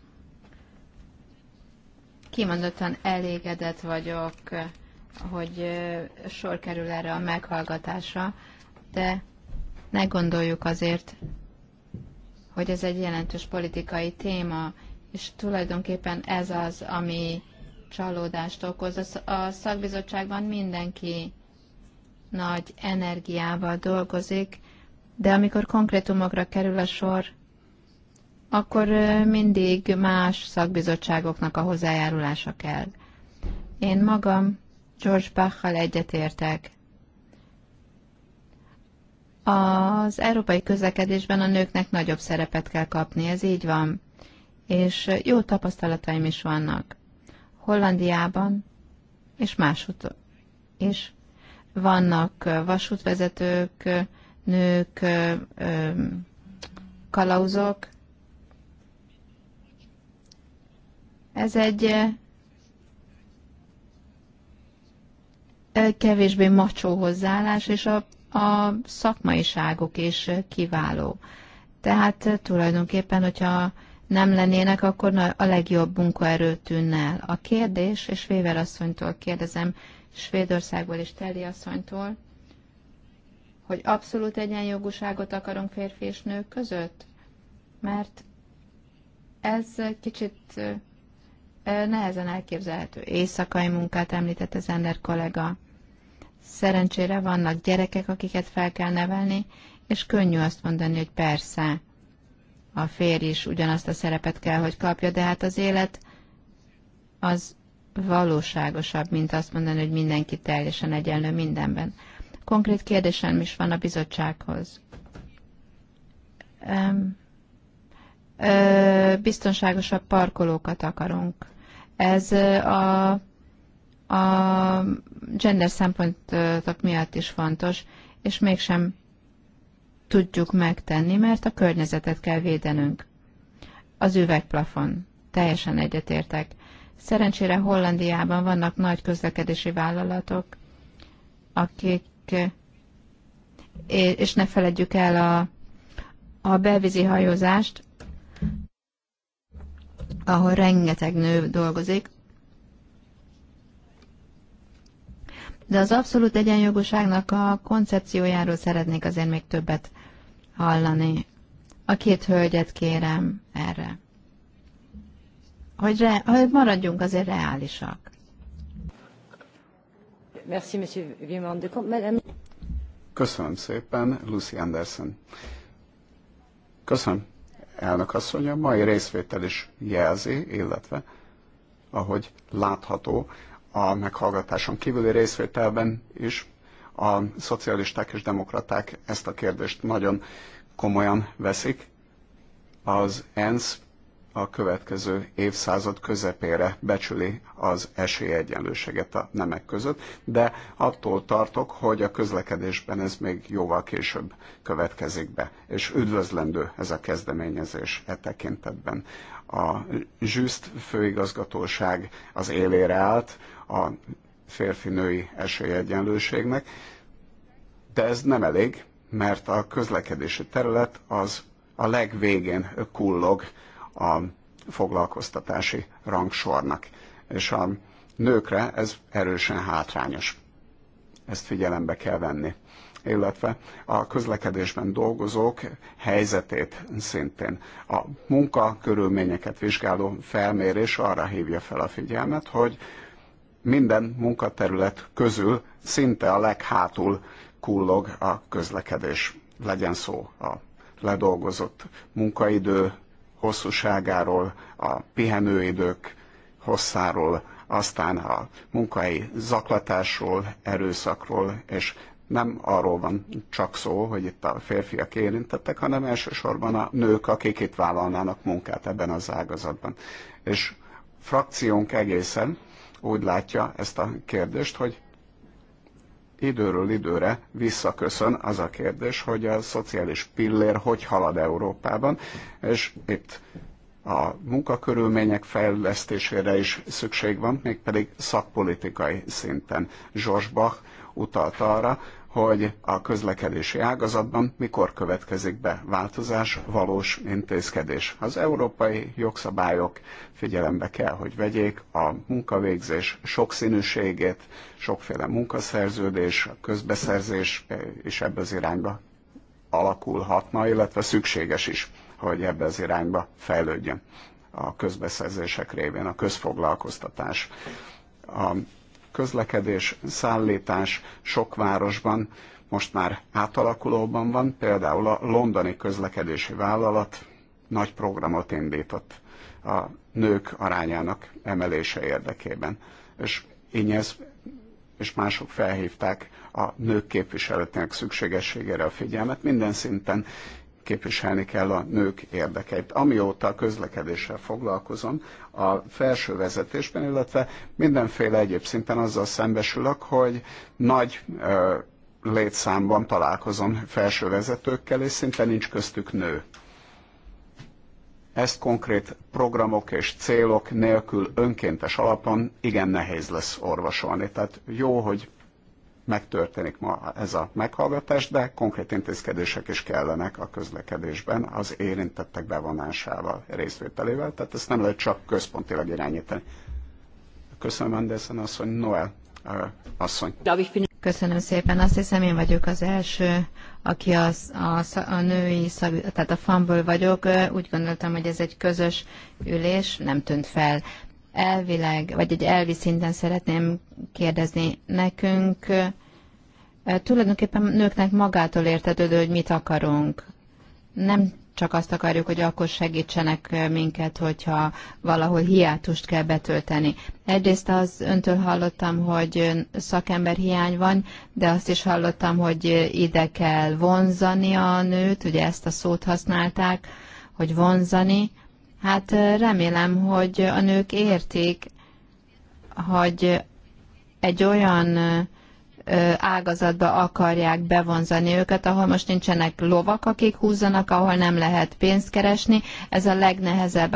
Kimondottan elégedett vagyok, hogy sor kerül erre a meghallgatásra, de ne gondoljuk azért, hogy ez egy jelentős politikai téma, és tulajdonképpen ez az, ami csalódást okoz. A szakbizottságban mindenki nagy energiával dolgozik, de amikor konkrétumokra kerül a sor, akkor mindig más szakbizottságoknak a hozzájárulása kell. Én magam George Bachal egyetértek. Az európai közlekedésben a nőknek nagyobb szerepet kell kapni, ez így van. És jó tapasztalataim is vannak. Hollandiában és máshogy is vannak vasútvezetők, nők, kalauzok, Ez egy eh, eh, kevésbé macsó hozzáállás, és a, a szakmaiságok is eh, kiváló. Tehát tulajdonképpen, hogyha nem lennének, akkor a legjobb munkaerő tűnne el. A kérdés, és Véver asszonytól kérdezem, Svédországból és Teli asszonytól, hogy abszolút egyenjogúságot akarunk férfi és nők között? Mert ez kicsit nehezen elképzelhető. Éjszakai munkát említett az Ender kollega. Szerencsére vannak gyerekek, akiket fel kell nevelni, és könnyű azt mondani, hogy persze, a férj is ugyanazt a szerepet kell, hogy kapja, de hát az élet az valóságosabb, mint azt mondani, hogy mindenki teljesen egyenlő mindenben. Konkrét kérdésem is van a bizottsághoz. Öm, ö, biztonságosabb parkolókat akarunk. Ez a, a gender szempontok miatt is fontos, és mégsem tudjuk megtenni, mert a környezetet kell védenünk. Az üvegplafon. Teljesen egyetértek. Szerencsére Hollandiában vannak nagy közlekedési vállalatok, akik, és ne feledjük el a, a belvízi hajózást, ahol rengeteg nő dolgozik, de az abszolút egyenjogúságnak a koncepciójáról szeretnék azért még többet hallani. A két hölgyet kérem erre. Hogy, re, hogy maradjunk azért reálisak. Merci, monsieur Köszönöm szépen, Lucy Anderson. Köszönöm elnök asszony, a mai részvétel is jelzi, illetve ahogy látható a meghallgatáson kívüli részvételben is a szocialisták és demokraták ezt a kérdést nagyon komolyan veszik. Az ENSZ a következő évszázad közepére becsüli az esélyegyenlőséget a nemek között, de attól tartok, hogy a közlekedésben ez még jóval később következik be, és üdvözlendő ez a kezdeményezés e tekintetben. A Zsüszt főigazgatóság az élére állt a férfi-női esélyegyenlőségnek, de ez nem elég, mert a közlekedési terület az a legvégén kullog a foglalkoztatási rangsornak, és a nőkre ez erősen hátrányos. Ezt figyelembe kell venni illetve a közlekedésben dolgozók helyzetét szintén. A munkakörülményeket vizsgáló felmérés arra hívja fel a figyelmet, hogy minden munkaterület közül szinte a leghátul kullog a közlekedés. Legyen szó a ledolgozott munkaidő hosszúságáról, a pihenőidők hosszáról, aztán a munkai zaklatásról, erőszakról, és nem arról van csak szó, hogy itt a férfiak érintettek, hanem elsősorban a nők, akik itt vállalnának munkát ebben az ágazatban. És frakciónk egészen úgy látja ezt a kérdést, hogy időről időre visszaköszön az a kérdés, hogy a szociális pillér hogy halad Európában, és itt a munkakörülmények fejlesztésére is szükség van, mégpedig szakpolitikai szinten. Zsors Bach utalta arra, hogy a közlekedési ágazatban mikor következik be változás, valós intézkedés. Az európai jogszabályok figyelembe kell, hogy vegyék a munkavégzés sokszínűségét, sokféle munkaszerződés, a közbeszerzés eh, is ebbe az irányba alakulhatna, illetve szükséges is, hogy ebbe az irányba fejlődjön a közbeszerzések révén a közfoglalkoztatás. A közlekedés, szállítás sok városban most már átalakulóban van, például a londoni közlekedési vállalat nagy programot indított a nők arányának emelése érdekében. És így ez, és mások felhívták a nők képviseletének szükségességére a figyelmet. Minden szinten képviselni kell a nők érdekeit. Amióta a közlekedéssel foglalkozom, a felső vezetésben, illetve mindenféle egyéb szinten azzal szembesülök, hogy nagy ö, létszámban találkozom felső vezetőkkel, és szinte nincs köztük nő. Ezt konkrét programok és célok nélkül önkéntes alapon igen nehéz lesz orvosolni. Tehát jó, hogy megtörténik ma ez a meghallgatás, de konkrét intézkedések is kellenek a közlekedésben az érintettek bevonásával, részvételével, tehát ezt nem lehet csak központilag irányítani. Köszönöm, Andersen asszony, Noel asszony. Köszönöm szépen. Azt hiszem, én vagyok az első, aki az, a, a női, szab, tehát a fanból vagyok. Úgy gondoltam, hogy ez egy közös ülés, nem tűnt fel elvileg, vagy egy elvi szinten szeretném kérdezni nekünk, tulajdonképpen nőknek magától értetődő, hogy mit akarunk. Nem csak azt akarjuk, hogy akkor segítsenek minket, hogyha valahol hiátust kell betölteni. Egyrészt az öntől hallottam, hogy szakember hiány van, de azt is hallottam, hogy ide kell vonzani a nőt, ugye ezt a szót használták, hogy vonzani, Hát remélem, hogy a nők értik, hogy egy olyan ágazatba akarják bevonzani őket, ahol most nincsenek lovak, akik húzzanak, ahol nem lehet pénzt keresni. Ez a legnehezebb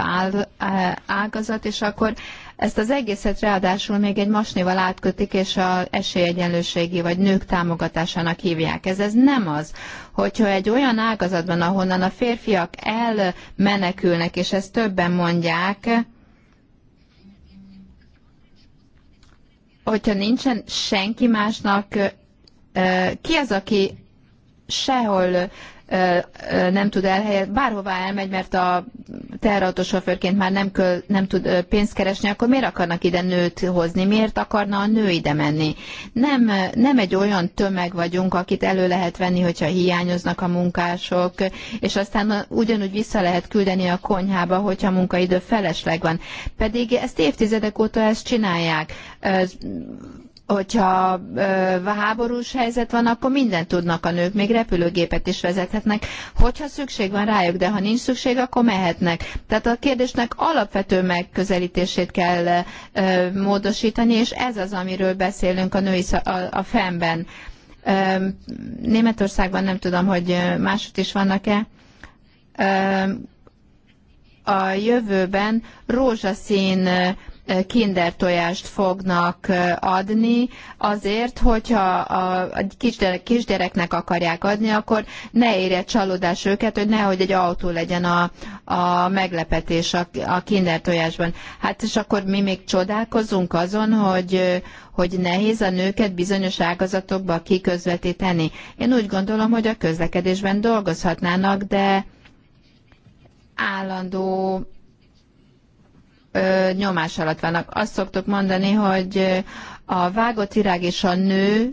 ágazat, és akkor ezt az egészet ráadásul még egy masnival átkötik, és a esélyegyenlőségi vagy nők támogatásának hívják. Ez, ez nem az, hogyha egy olyan ágazatban, ahonnan a férfiak elmenekülnek, és ezt többen mondják, hogyha nincsen senki másnak, ki az, aki sehol nem tud elhelyezni, bárhová elmegy, mert a teherautó sofőrként már nem, köl, nem tud pénzt keresni, akkor miért akarnak ide nőt hozni? Miért akarna a nő ide menni? Nem, nem egy olyan tömeg vagyunk, akit elő lehet venni, hogyha hiányoznak a munkások, és aztán ugyanúgy vissza lehet küldeni a konyhába, hogyha munkaidő felesleg van. Pedig ezt évtizedek óta ezt csinálják hogyha ö, háborús helyzet van, akkor mindent tudnak a nők, még repülőgépet is vezethetnek, hogyha szükség van rájuk, de ha nincs szükség, akkor mehetnek. Tehát a kérdésnek alapvető megközelítését kell ö, módosítani, és ez az, amiről beszélünk a női a, a fenben. Ö, Németországban nem tudom, hogy máshogy is vannak-e. Ö, a jövőben rózsaszín ö, kinder tojást fognak adni, azért, hogyha a kisgyereknek akarják adni, akkor ne érje csalódás őket, hogy nehogy egy autó legyen a, a meglepetés a, a kinder tojásban. Hát és akkor mi még csodálkozunk azon, hogy, hogy nehéz a nőket bizonyos ágazatokba kiközvetíteni. Én úgy gondolom, hogy a közlekedésben dolgozhatnának, de állandó nyomás alatt vannak. Azt szoktuk mondani, hogy a vágott virág és a nő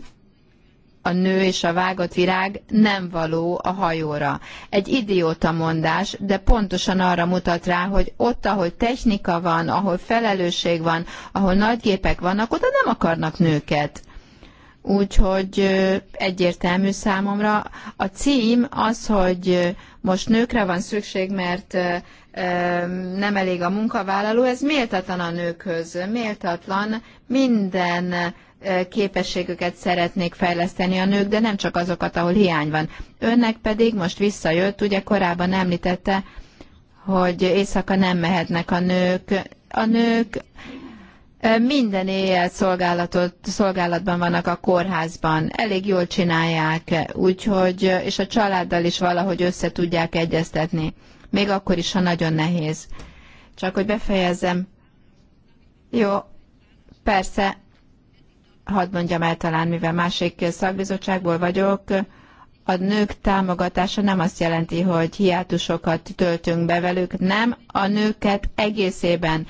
a nő és a vágott virág nem való a hajóra. Egy idióta mondás, de pontosan arra mutat rá, hogy ott, ahol technika van, ahol felelősség van, ahol nagy gépek vannak, oda nem akarnak nőket. Úgyhogy egyértelmű számomra a cím az, hogy most nőkre van szükség, mert nem elég a munkavállaló, ez méltatlan a nőkhöz, méltatlan minden képességüket szeretnék fejleszteni a nők, de nem csak azokat, ahol hiány van. Önnek pedig most visszajött, ugye korábban említette, hogy éjszaka nem mehetnek a nők. A nők minden éjjel szolgálatot, szolgálatban vannak a kórházban, elég jól csinálják, úgyhogy, és a családdal is valahogy össze tudják egyeztetni még akkor is, ha nagyon nehéz. Csak hogy befejezzem. Jó, persze, hadd mondjam el talán, mivel másik szakbizottságból vagyok, a nők támogatása nem azt jelenti, hogy hiátusokat töltünk be velük, nem, a nőket egészében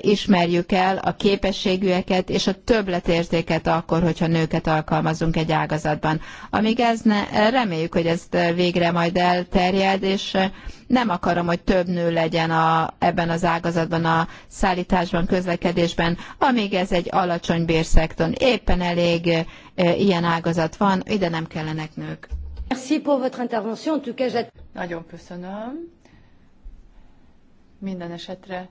ismerjük el a képességűeket és a többletértéket akkor, hogyha nőket alkalmazunk egy ágazatban. Amíg ez ne, reméljük, hogy ezt végre majd elterjed, és nem akarom, hogy több nő legyen a, ebben az ágazatban, a szállításban, közlekedésben, amíg ez egy alacsony bérszektor. Éppen elég e, ilyen ágazat van, ide nem kellenek nők. Merci pour votre intervention. Nagyon köszönöm. Minden esetre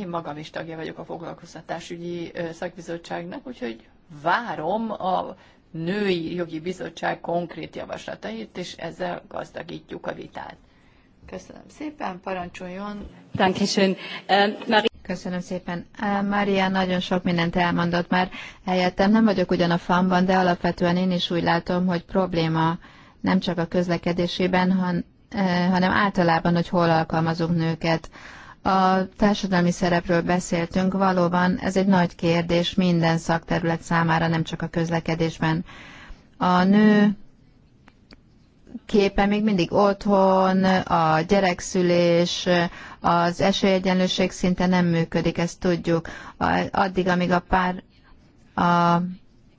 én magam is tagja vagyok a foglalkoztatásügyi szakbizottságnak, úgyhogy várom a női jogi bizottság konkrét javaslatait, és ezzel gazdagítjuk a vitát. Köszönöm szépen, parancsoljon. Dankeschön. Köszönöm szépen. Mária nagyon sok mindent elmondott már helyettem. Nem vagyok ugyan a fanban, de alapvetően én is úgy látom, hogy probléma nem csak a közlekedésében, han, hanem általában, hogy hol alkalmazunk nőket. A társadalmi szerepről beszéltünk, valóban ez egy nagy kérdés minden szakterület számára, nem csak a közlekedésben. A nő képe még mindig otthon, a gyerekszülés, az esélyegyenlőség szinte nem működik, ezt tudjuk. Addig, amíg a pár a,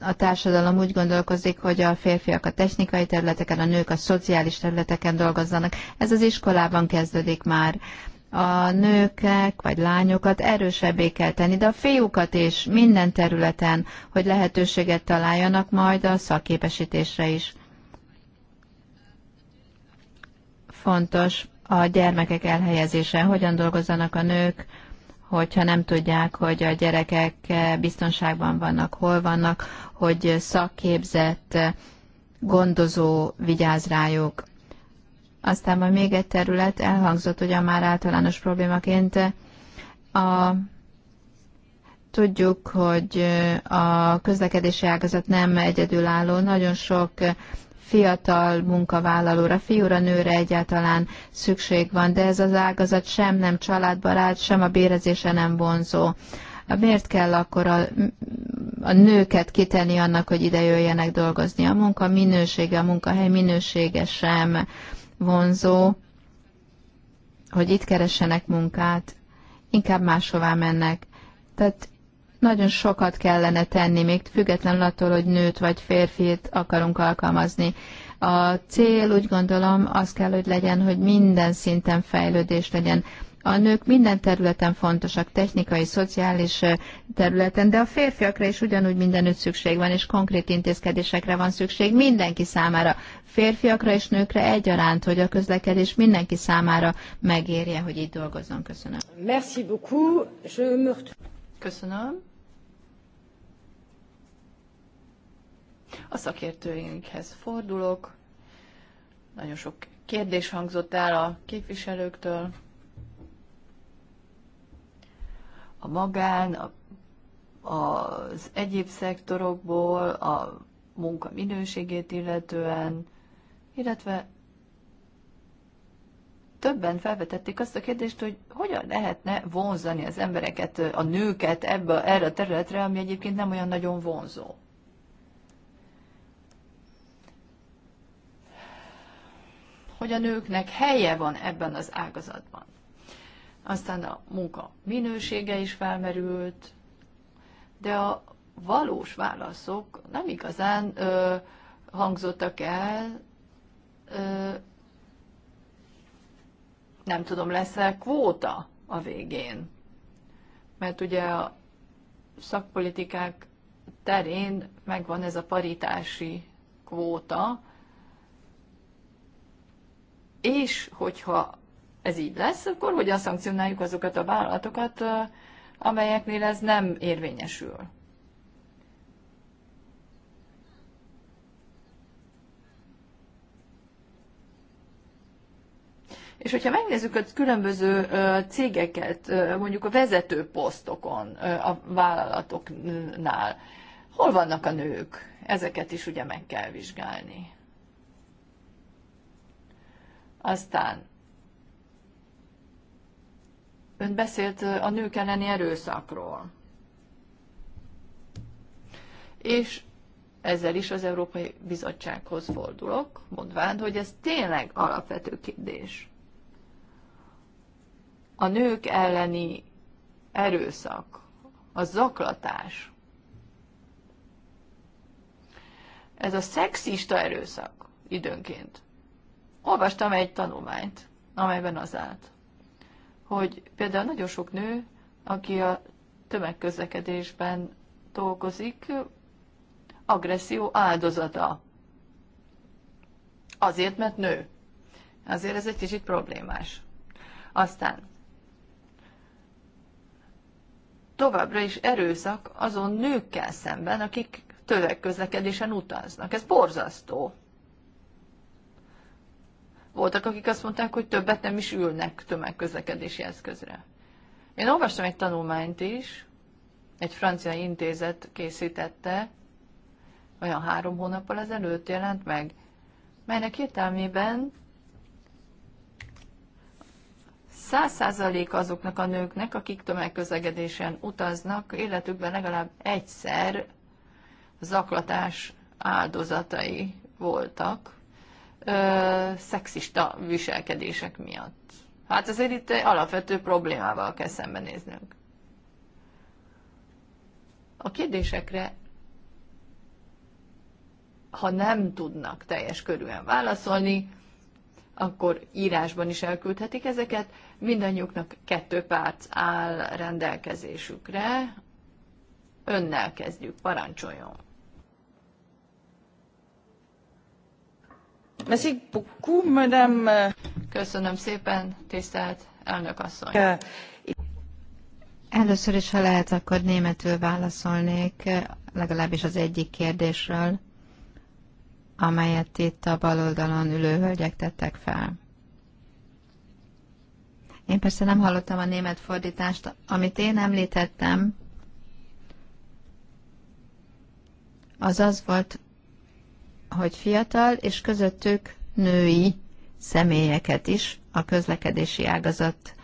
a társadalom úgy gondolkozik, hogy a férfiak a technikai területeken, a nők a szociális területeken dolgozzanak. Ez az iskolában kezdődik már a nőket vagy lányokat erősebbé kell tenni, de a fiúkat is minden területen, hogy lehetőséget találjanak majd a szakképesítésre is. Fontos a gyermekek elhelyezése, hogyan dolgozzanak a nők, hogyha nem tudják, hogy a gyerekek biztonságban vannak, hol vannak, hogy szakképzett gondozó vigyáz rájuk. Aztán majd még egy terület, elhangzott a már általános problémaként, a, tudjuk, hogy a közlekedési ágazat nem egyedülálló, nagyon sok fiatal munkavállalóra, fiúra, nőre egyáltalán szükség van, de ez az ágazat sem nem családbarát, sem a bérezése nem vonzó. Miért kell akkor a, a nőket kitenni annak, hogy ide jöjjenek dolgozni? A munka minősége, a munkahely minősége sem vonzó, hogy itt keressenek munkát, inkább máshová mennek. Tehát nagyon sokat kellene tenni, még függetlenül attól, hogy nőt vagy férfit akarunk alkalmazni. A cél úgy gondolom az kell, hogy legyen, hogy minden szinten fejlődés legyen. A nők minden területen fontosak, technikai, szociális területen, de a férfiakra is ugyanúgy mindenütt szükség van, és konkrét intézkedésekre van szükség mindenki számára, férfiakra és nőkre egyaránt, hogy a közlekedés mindenki számára megérje, hogy itt dolgozzon. Köszönöm. Merci beaucoup. Je me... Köszönöm. A szakértőinkhez fordulok. Nagyon sok kérdés hangzott el a képviselőktől. a magán, a, az egyéb szektorokból, a munka minőségét illetően, illetve többen felvetették azt a kérdést, hogy hogyan lehetne vonzani az embereket, a nőket ebbe, erre a területre, ami egyébként nem olyan nagyon vonzó. Hogy a nőknek helye van ebben az ágazatban aztán a munka minősége is felmerült, de a valós válaszok nem igazán ö, hangzottak el. Ö, nem tudom, lesz-e kvóta a végén? Mert ugye a szakpolitikák terén megvan ez a paritási kvóta, és hogyha ez így lesz, akkor hogyan szankcionáljuk azokat a vállalatokat, amelyeknél ez nem érvényesül? És hogyha megnézzük a különböző cégeket, mondjuk a vezető posztokon a vállalatoknál, hol vannak a nők? Ezeket is ugye meg kell vizsgálni. Aztán Ön beszélt a nők elleni erőszakról. És ezzel is az Európai Bizottsághoz fordulok, mondván, hogy ez tényleg alapvető kérdés. A nők elleni erőszak, a zaklatás, ez a szexista erőszak időnként. Olvastam egy tanulmányt, amelyben az állt, hogy például nagyon sok nő, aki a tömegközlekedésben dolgozik, agresszió áldozata. Azért, mert nő. Azért ez egy kicsit problémás. Aztán továbbra is erőszak azon nőkkel szemben, akik tömegközlekedésen utaznak. Ez borzasztó. Voltak, akik azt mondták, hogy többet nem is ülnek tömegközlekedési eszközre. Én olvastam egy tanulmányt is, egy francia intézet készítette, olyan három hónappal ezelőtt jelent meg, melynek értelmében 100% azoknak a nőknek, akik tömegközlekedésen utaznak, életükben legalább egyszer zaklatás áldozatai voltak ö, szexista viselkedések miatt. Hát azért itt egy alapvető problémával kell szembenéznünk. A kérdésekre, ha nem tudnak teljes körűen válaszolni, akkor írásban is elküldhetik ezeket. Mindannyiuknak kettő perc áll rendelkezésükre. Önnel kezdjük, parancsoljon! Merci beaucoup, madame. Köszönöm szépen, tisztelt elnök asszony. Euh, Először is, ha lehet, akkor németül válaszolnék, legalábbis az egyik kérdésről, amelyet itt a bal oldalon ülő hölgyek tettek fel. Én persze nem hallottam a német fordítást, amit én említettem, az az volt, hogy fiatal és közöttük női személyeket is a közlekedési ágazat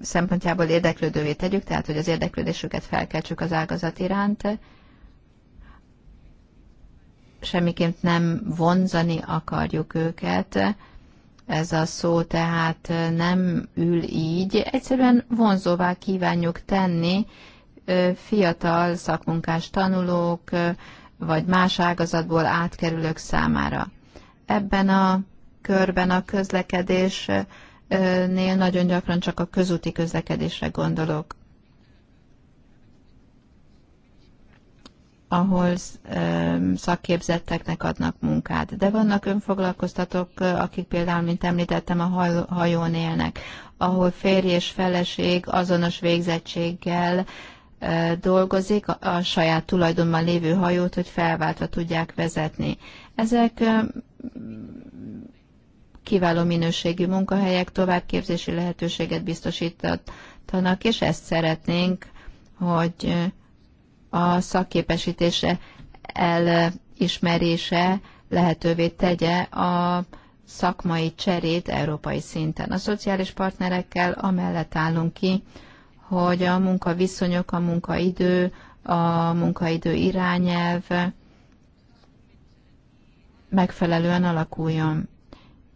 szempontjából érdeklődővé tegyük, tehát hogy az érdeklődésüket felkeltsük az ágazat iránt, semmiként nem vonzani akarjuk őket. Ez a szó tehát nem ül így, egyszerűen vonzóvá kívánjuk tenni, fiatal szakmunkás tanulók, vagy más ágazatból átkerülők számára. Ebben a körben a közlekedésnél nagyon gyakran csak a közúti közlekedésre gondolok, ahol szakképzetteknek adnak munkát. De vannak önfoglalkoztatók, akik például, mint említettem, a hajón élnek, ahol férj és feleség azonos végzettséggel dolgozik a saját tulajdonban lévő hajót, hogy felváltva tudják vezetni. Ezek kiváló minőségű munkahelyek, továbbképzési lehetőséget biztosítanak, és ezt szeretnénk, hogy a szakképesítése elismerése lehetővé tegye a szakmai cserét európai szinten. A szociális partnerekkel amellett állunk ki, hogy a munkaviszonyok, a munkaidő, a munkaidő irányelv megfelelően alakuljon.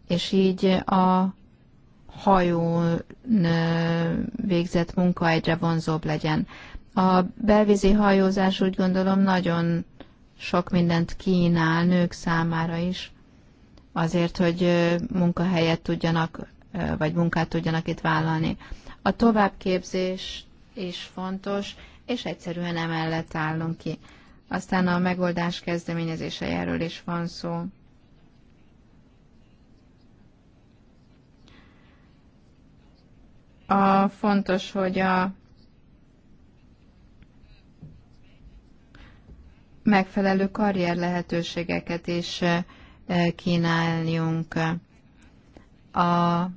És így a hajón végzett munka egyre vonzóbb legyen. A belvízi hajózás úgy gondolom nagyon sok mindent kínál nők számára is, azért, hogy munkahelyet tudjanak, vagy munkát tudjanak itt vállalni. A továbbképzés is fontos, és egyszerűen emellett állunk ki. Aztán a megoldás kezdeményezése erről is van szó. A fontos, hogy a megfelelő karrier lehetőségeket is eh, kínáljunk. A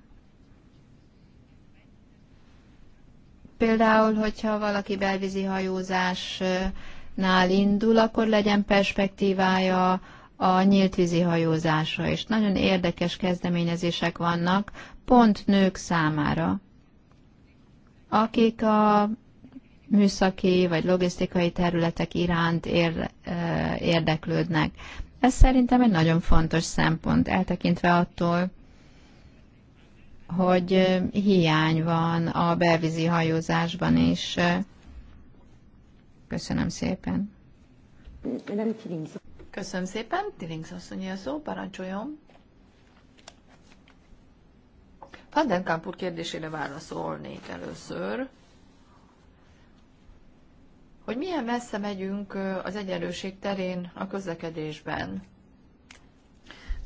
például, hogyha valaki belvízi hajózásnál indul, akkor legyen perspektívája a vízi hajózásra, és nagyon érdekes kezdeményezések vannak, pont nők számára, akik a műszaki vagy logisztikai területek iránt ér, érdeklődnek. Ez szerintem egy nagyon fontos szempont, eltekintve attól, hogy hiány van a belvízi hajózásban is. Köszönöm szépen. Köszönöm szépen. Tilings asszonyi a szó, parancsoljon. Fandenkamp úr kérdésére válaszolnék először, hogy milyen messze megyünk az egyenlőség terén a közlekedésben.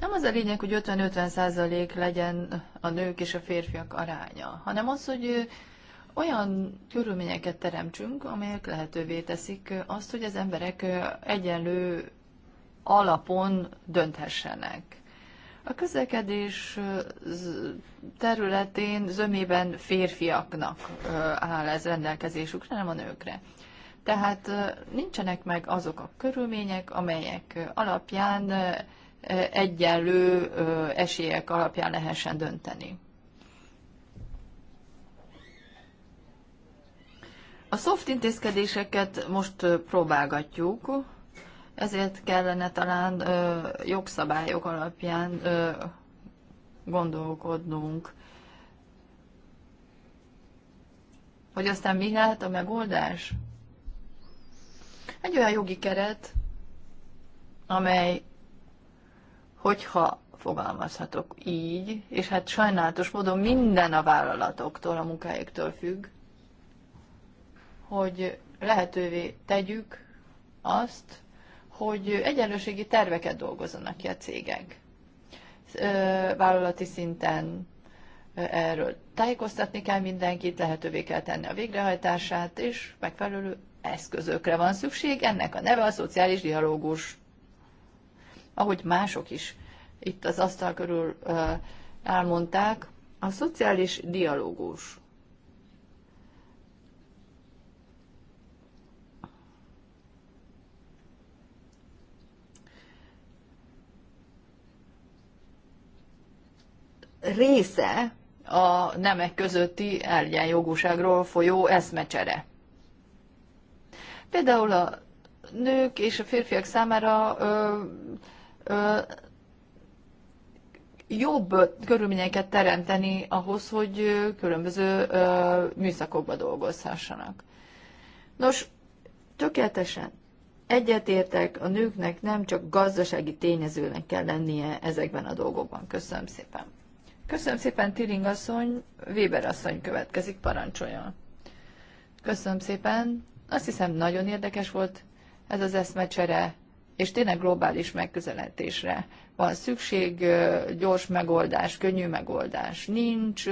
Nem az a lényeg, hogy 50-50 százalék -50 legyen a nők és a férfiak aránya, hanem az, hogy olyan körülményeket teremtsünk, amelyek lehetővé teszik azt, hogy az emberek egyenlő alapon dönthessenek. A közlekedés területén zömében férfiaknak áll ez rendelkezésükre, nem a nőkre. Tehát nincsenek meg azok a körülmények, amelyek alapján egyenlő esélyek alapján lehessen dönteni. A soft intézkedéseket most próbálgatjuk, ezért kellene talán jogszabályok alapján gondolkodnunk. Hogy aztán mi lehet a megoldás? Egy olyan jogi keret, amely hogyha fogalmazhatok így, és hát sajnálatos módon minden a vállalatoktól, a munkáiktól függ, hogy lehetővé tegyük azt, hogy egyenlőségi terveket dolgozzanak ki a cégek. Vállalati szinten erről tájékoztatni kell mindenkit, lehetővé kell tenni a végrehajtását, és megfelelő eszközökre van szükség. Ennek a neve a szociális dialógus ahogy mások is itt az asztal körül elmondták, a szociális dialógus. része a nemek közötti egyenjogúságról folyó eszmecsere. Például a nők és a férfiak számára ö, jobb körülményeket teremteni ahhoz, hogy különböző műszakokba dolgozhassanak. Nos, tökéletesen egyetértek, a nőknek nem csak gazdasági tényezőnek kell lennie ezekben a dolgokban. Köszönöm szépen. Köszönöm szépen, Tiring asszony, Weber asszony következik, parancsoljon. Köszönöm szépen. Azt hiszem, nagyon érdekes volt ez az eszmecsere és tényleg globális megközelítésre van szükség, gyors megoldás, könnyű megoldás nincs.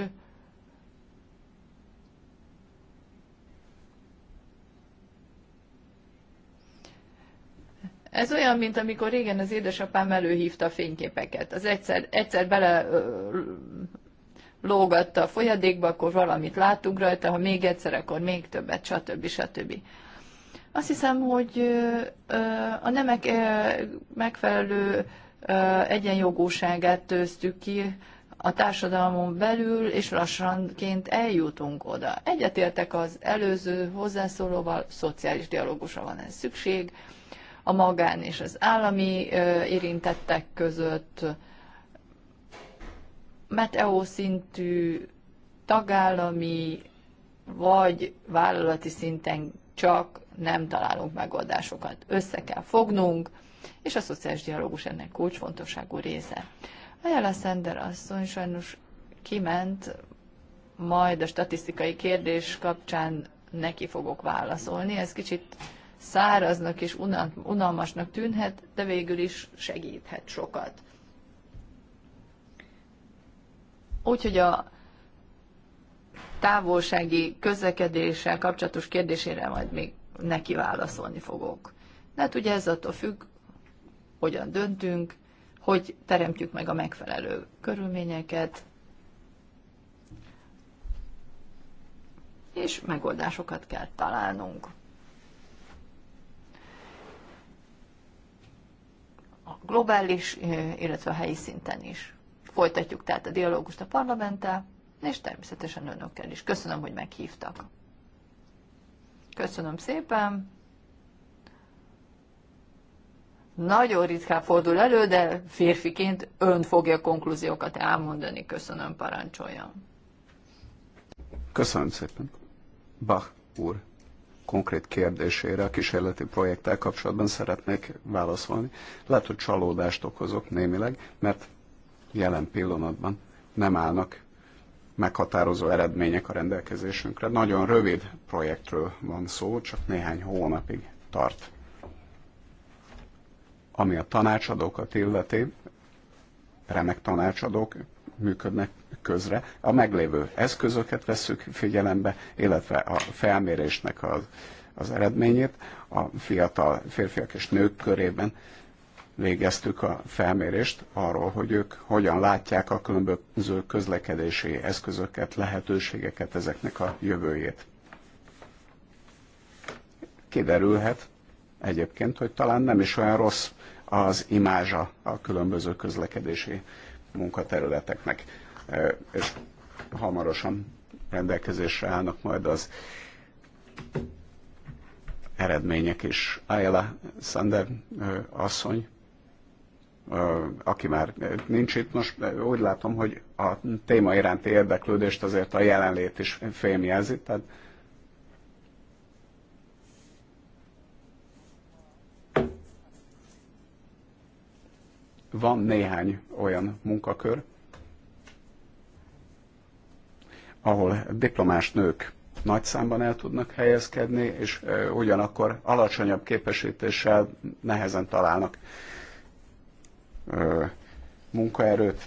Ez olyan, mint amikor régen az édesapám előhívta a fényképeket. Az egyszer, egyszer bele lógatta a folyadékba, akkor valamit láttunk rajta, ha még egyszer, akkor még többet, stb. stb. stb. Azt hiszem, hogy a nemek megfelelő egyenjogóságát tőztük ki a társadalmon belül, és lassanként eljutunk oda. Egyetértek az előző hozzászólóval, szociális dialógusra van ez szükség, a magán és az állami érintettek között, meteó szintű, tagállami vagy vállalati szinten csak nem találunk megoldásokat. Össze kell fognunk, és a szociális dialógus ennek kulcsfontosságú része. Ajala Szender asszony sajnos kiment, majd a statisztikai kérdés kapcsán neki fogok válaszolni. Ez kicsit száraznak és unalmasnak tűnhet, de végül is segíthet sokat. Úgyhogy a távolsági közlekedéssel kapcsolatos kérdésére majd még neki válaszolni fogok. Mert hát ugye ez attól függ, hogyan döntünk, hogy teremtjük meg a megfelelő körülményeket, és megoldásokat kell találnunk. A globális, eh, illetve a helyi szinten is. Folytatjuk tehát a dialógust a parlamenttel, és természetesen önökkel is. Köszönöm, hogy meghívtak. Köszönöm szépen. Nagyon ritkán fordul elő, de férfiként ön fogja konklúziókat elmondani. Köszönöm, parancsoljon. Köszönöm szépen. Bach úr konkrét kérdésére a kísérleti projekttel kapcsolatban szeretnék válaszolni. Lehet, hogy csalódást okozok némileg, mert jelen pillanatban nem állnak meghatározó eredmények a rendelkezésünkre. Nagyon rövid projektről van szó, csak néhány hónapig tart. Ami a tanácsadókat illeti, remek tanácsadók működnek közre. A meglévő eszközöket veszük figyelembe, illetve a felmérésnek az, az eredményét a fiatal férfiak és nők körében végeztük a felmérést arról, hogy ők hogyan látják a különböző közlekedési eszközöket, lehetőségeket ezeknek a jövőjét. Kiderülhet egyébként, hogy talán nem is olyan rossz az imázsa a különböző közlekedési munkaterületeknek, és hamarosan rendelkezésre állnak majd az eredmények is. Ayala Sander asszony aki már nincs itt, most úgy látom, hogy a téma iránti érdeklődést azért a jelenlét is fémjelzi, tehát van néhány olyan munkakör, ahol diplomás nők nagy számban el tudnak helyezkedni, és ugyanakkor alacsonyabb képesítéssel nehezen találnak munkaerőt.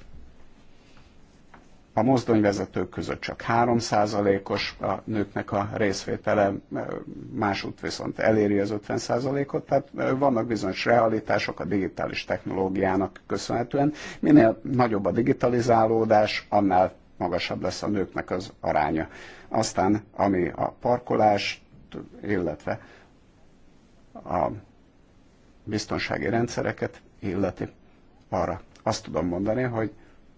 A mozdonyvezetők között csak 3%-os a nőknek a részvétele, másút viszont eléri az 50%-ot, tehát vannak bizonyos realitások a digitális technológiának köszönhetően. Minél nagyobb a digitalizálódás, annál magasabb lesz a nőknek az aránya. Aztán, ami a parkolás illetve a biztonsági rendszereket illeti arra. Azt tudom mondani, hogy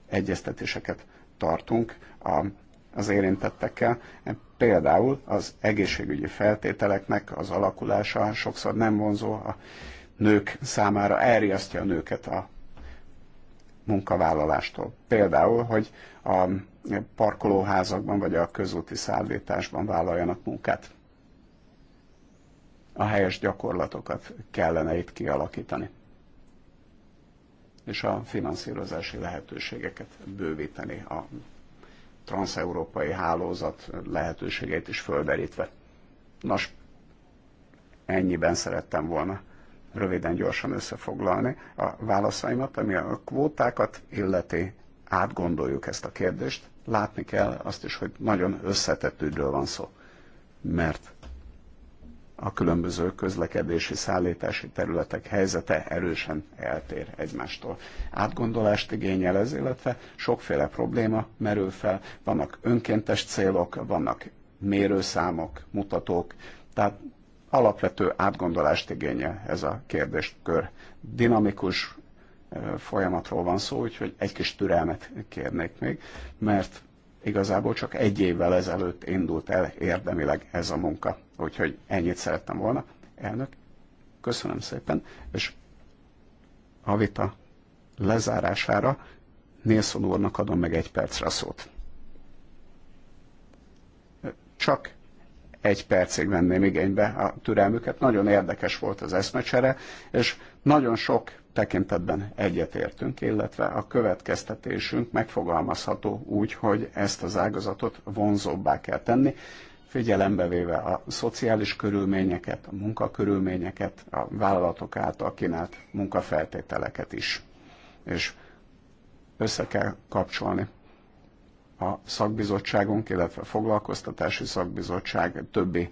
egyeztetéseket tartunk a, az érintettekkel. Például az egészségügyi feltételeknek az alakulása sokszor nem vonzó a nők számára, elriasztja a nőket a munkavállalástól. Például, hogy a parkolóházakban vagy a közúti szállításban vállaljanak munkát. A helyes gyakorlatokat kellene itt kialakítani és a finanszírozási lehetőségeket bővíteni, a transeurópai hálózat lehetőségeit is földerítve. Nos, ennyiben szerettem volna röviden, gyorsan összefoglalni a válaszaimat, ami a kvótákat illeti, átgondoljuk ezt a kérdést, látni kell azt is, hogy nagyon összetett van szó, mert a különböző közlekedési, szállítási területek helyzete erősen eltér egymástól. Átgondolást igényel ez, illetve sokféle probléma merül fel. Vannak önkéntes célok, vannak mérőszámok, mutatók, tehát alapvető átgondolást igényel ez a kérdéskör. Dinamikus folyamatról van szó, úgyhogy egy kis türelmet kérnék még, mert igazából csak egy évvel ezelőtt indult el érdemileg ez a munka. Úgyhogy ennyit szerettem volna. Elnök, köszönöm szépen, és a vita lezárására Nélszon úrnak adom meg egy percre a szót. Csak egy percig venném igénybe a türelmüket. Nagyon érdekes volt az eszmecsere, és nagyon sok tekintetben egyetértünk, illetve a következtetésünk megfogalmazható úgy, hogy ezt az ágazatot vonzóbbá kell tenni, figyelembe véve a szociális körülményeket, a munkakörülményeket, a vállalatok által kínált munkafeltételeket is. És össze kell kapcsolni a szakbizottságunk, illetve a foglalkoztatási szakbizottság többi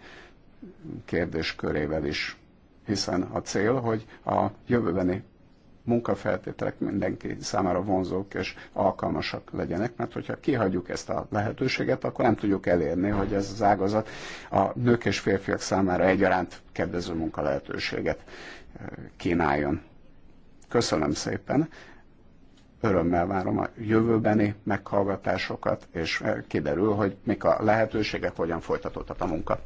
kérdéskörével is, hiszen a cél, hogy a jövőbeni munkafeltételek mindenki számára vonzók és alkalmasak legyenek, mert hogyha kihagyjuk ezt a lehetőséget, akkor nem tudjuk elérni, hogy ez az ágazat a nők és férfiak számára egyaránt kedvező munka lehetőséget kínáljon. Köszönöm szépen! örömmel várom a jövőbeni meghallgatásokat, és kiderül, hogy mik a lehetőségek, hogyan folytatódhat a munka.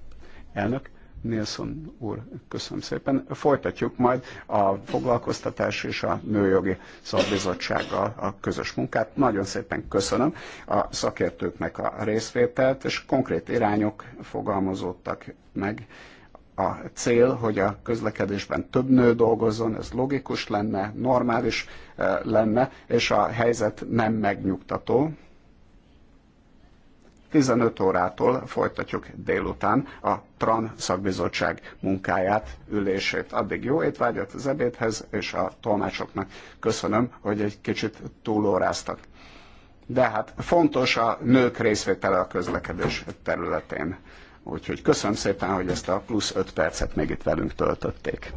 Elnök, Nilsson úr, köszönöm szépen. Folytatjuk majd a foglalkoztatás és a nőjogi szakbizottsággal a közös munkát. Nagyon szépen köszönöm a szakértőknek a részvételt, és konkrét irányok fogalmazódtak meg. A cél, hogy a közlekedésben több nő dolgozzon, ez logikus lenne, normális eh, lenne, és a helyzet nem megnyugtató 15 órától folytatjuk délután a TRAN szakbizottság munkáját, ülését. Addig jó étvágyat az ebédhez, és a tolmácsoknak köszönöm, hogy egy kicsit túlóráztak. De hát fontos a nők részvétele a közlekedés területén. Úgyhogy köszönöm szépen, hogy ezt a plusz 5 percet még itt velünk töltötték.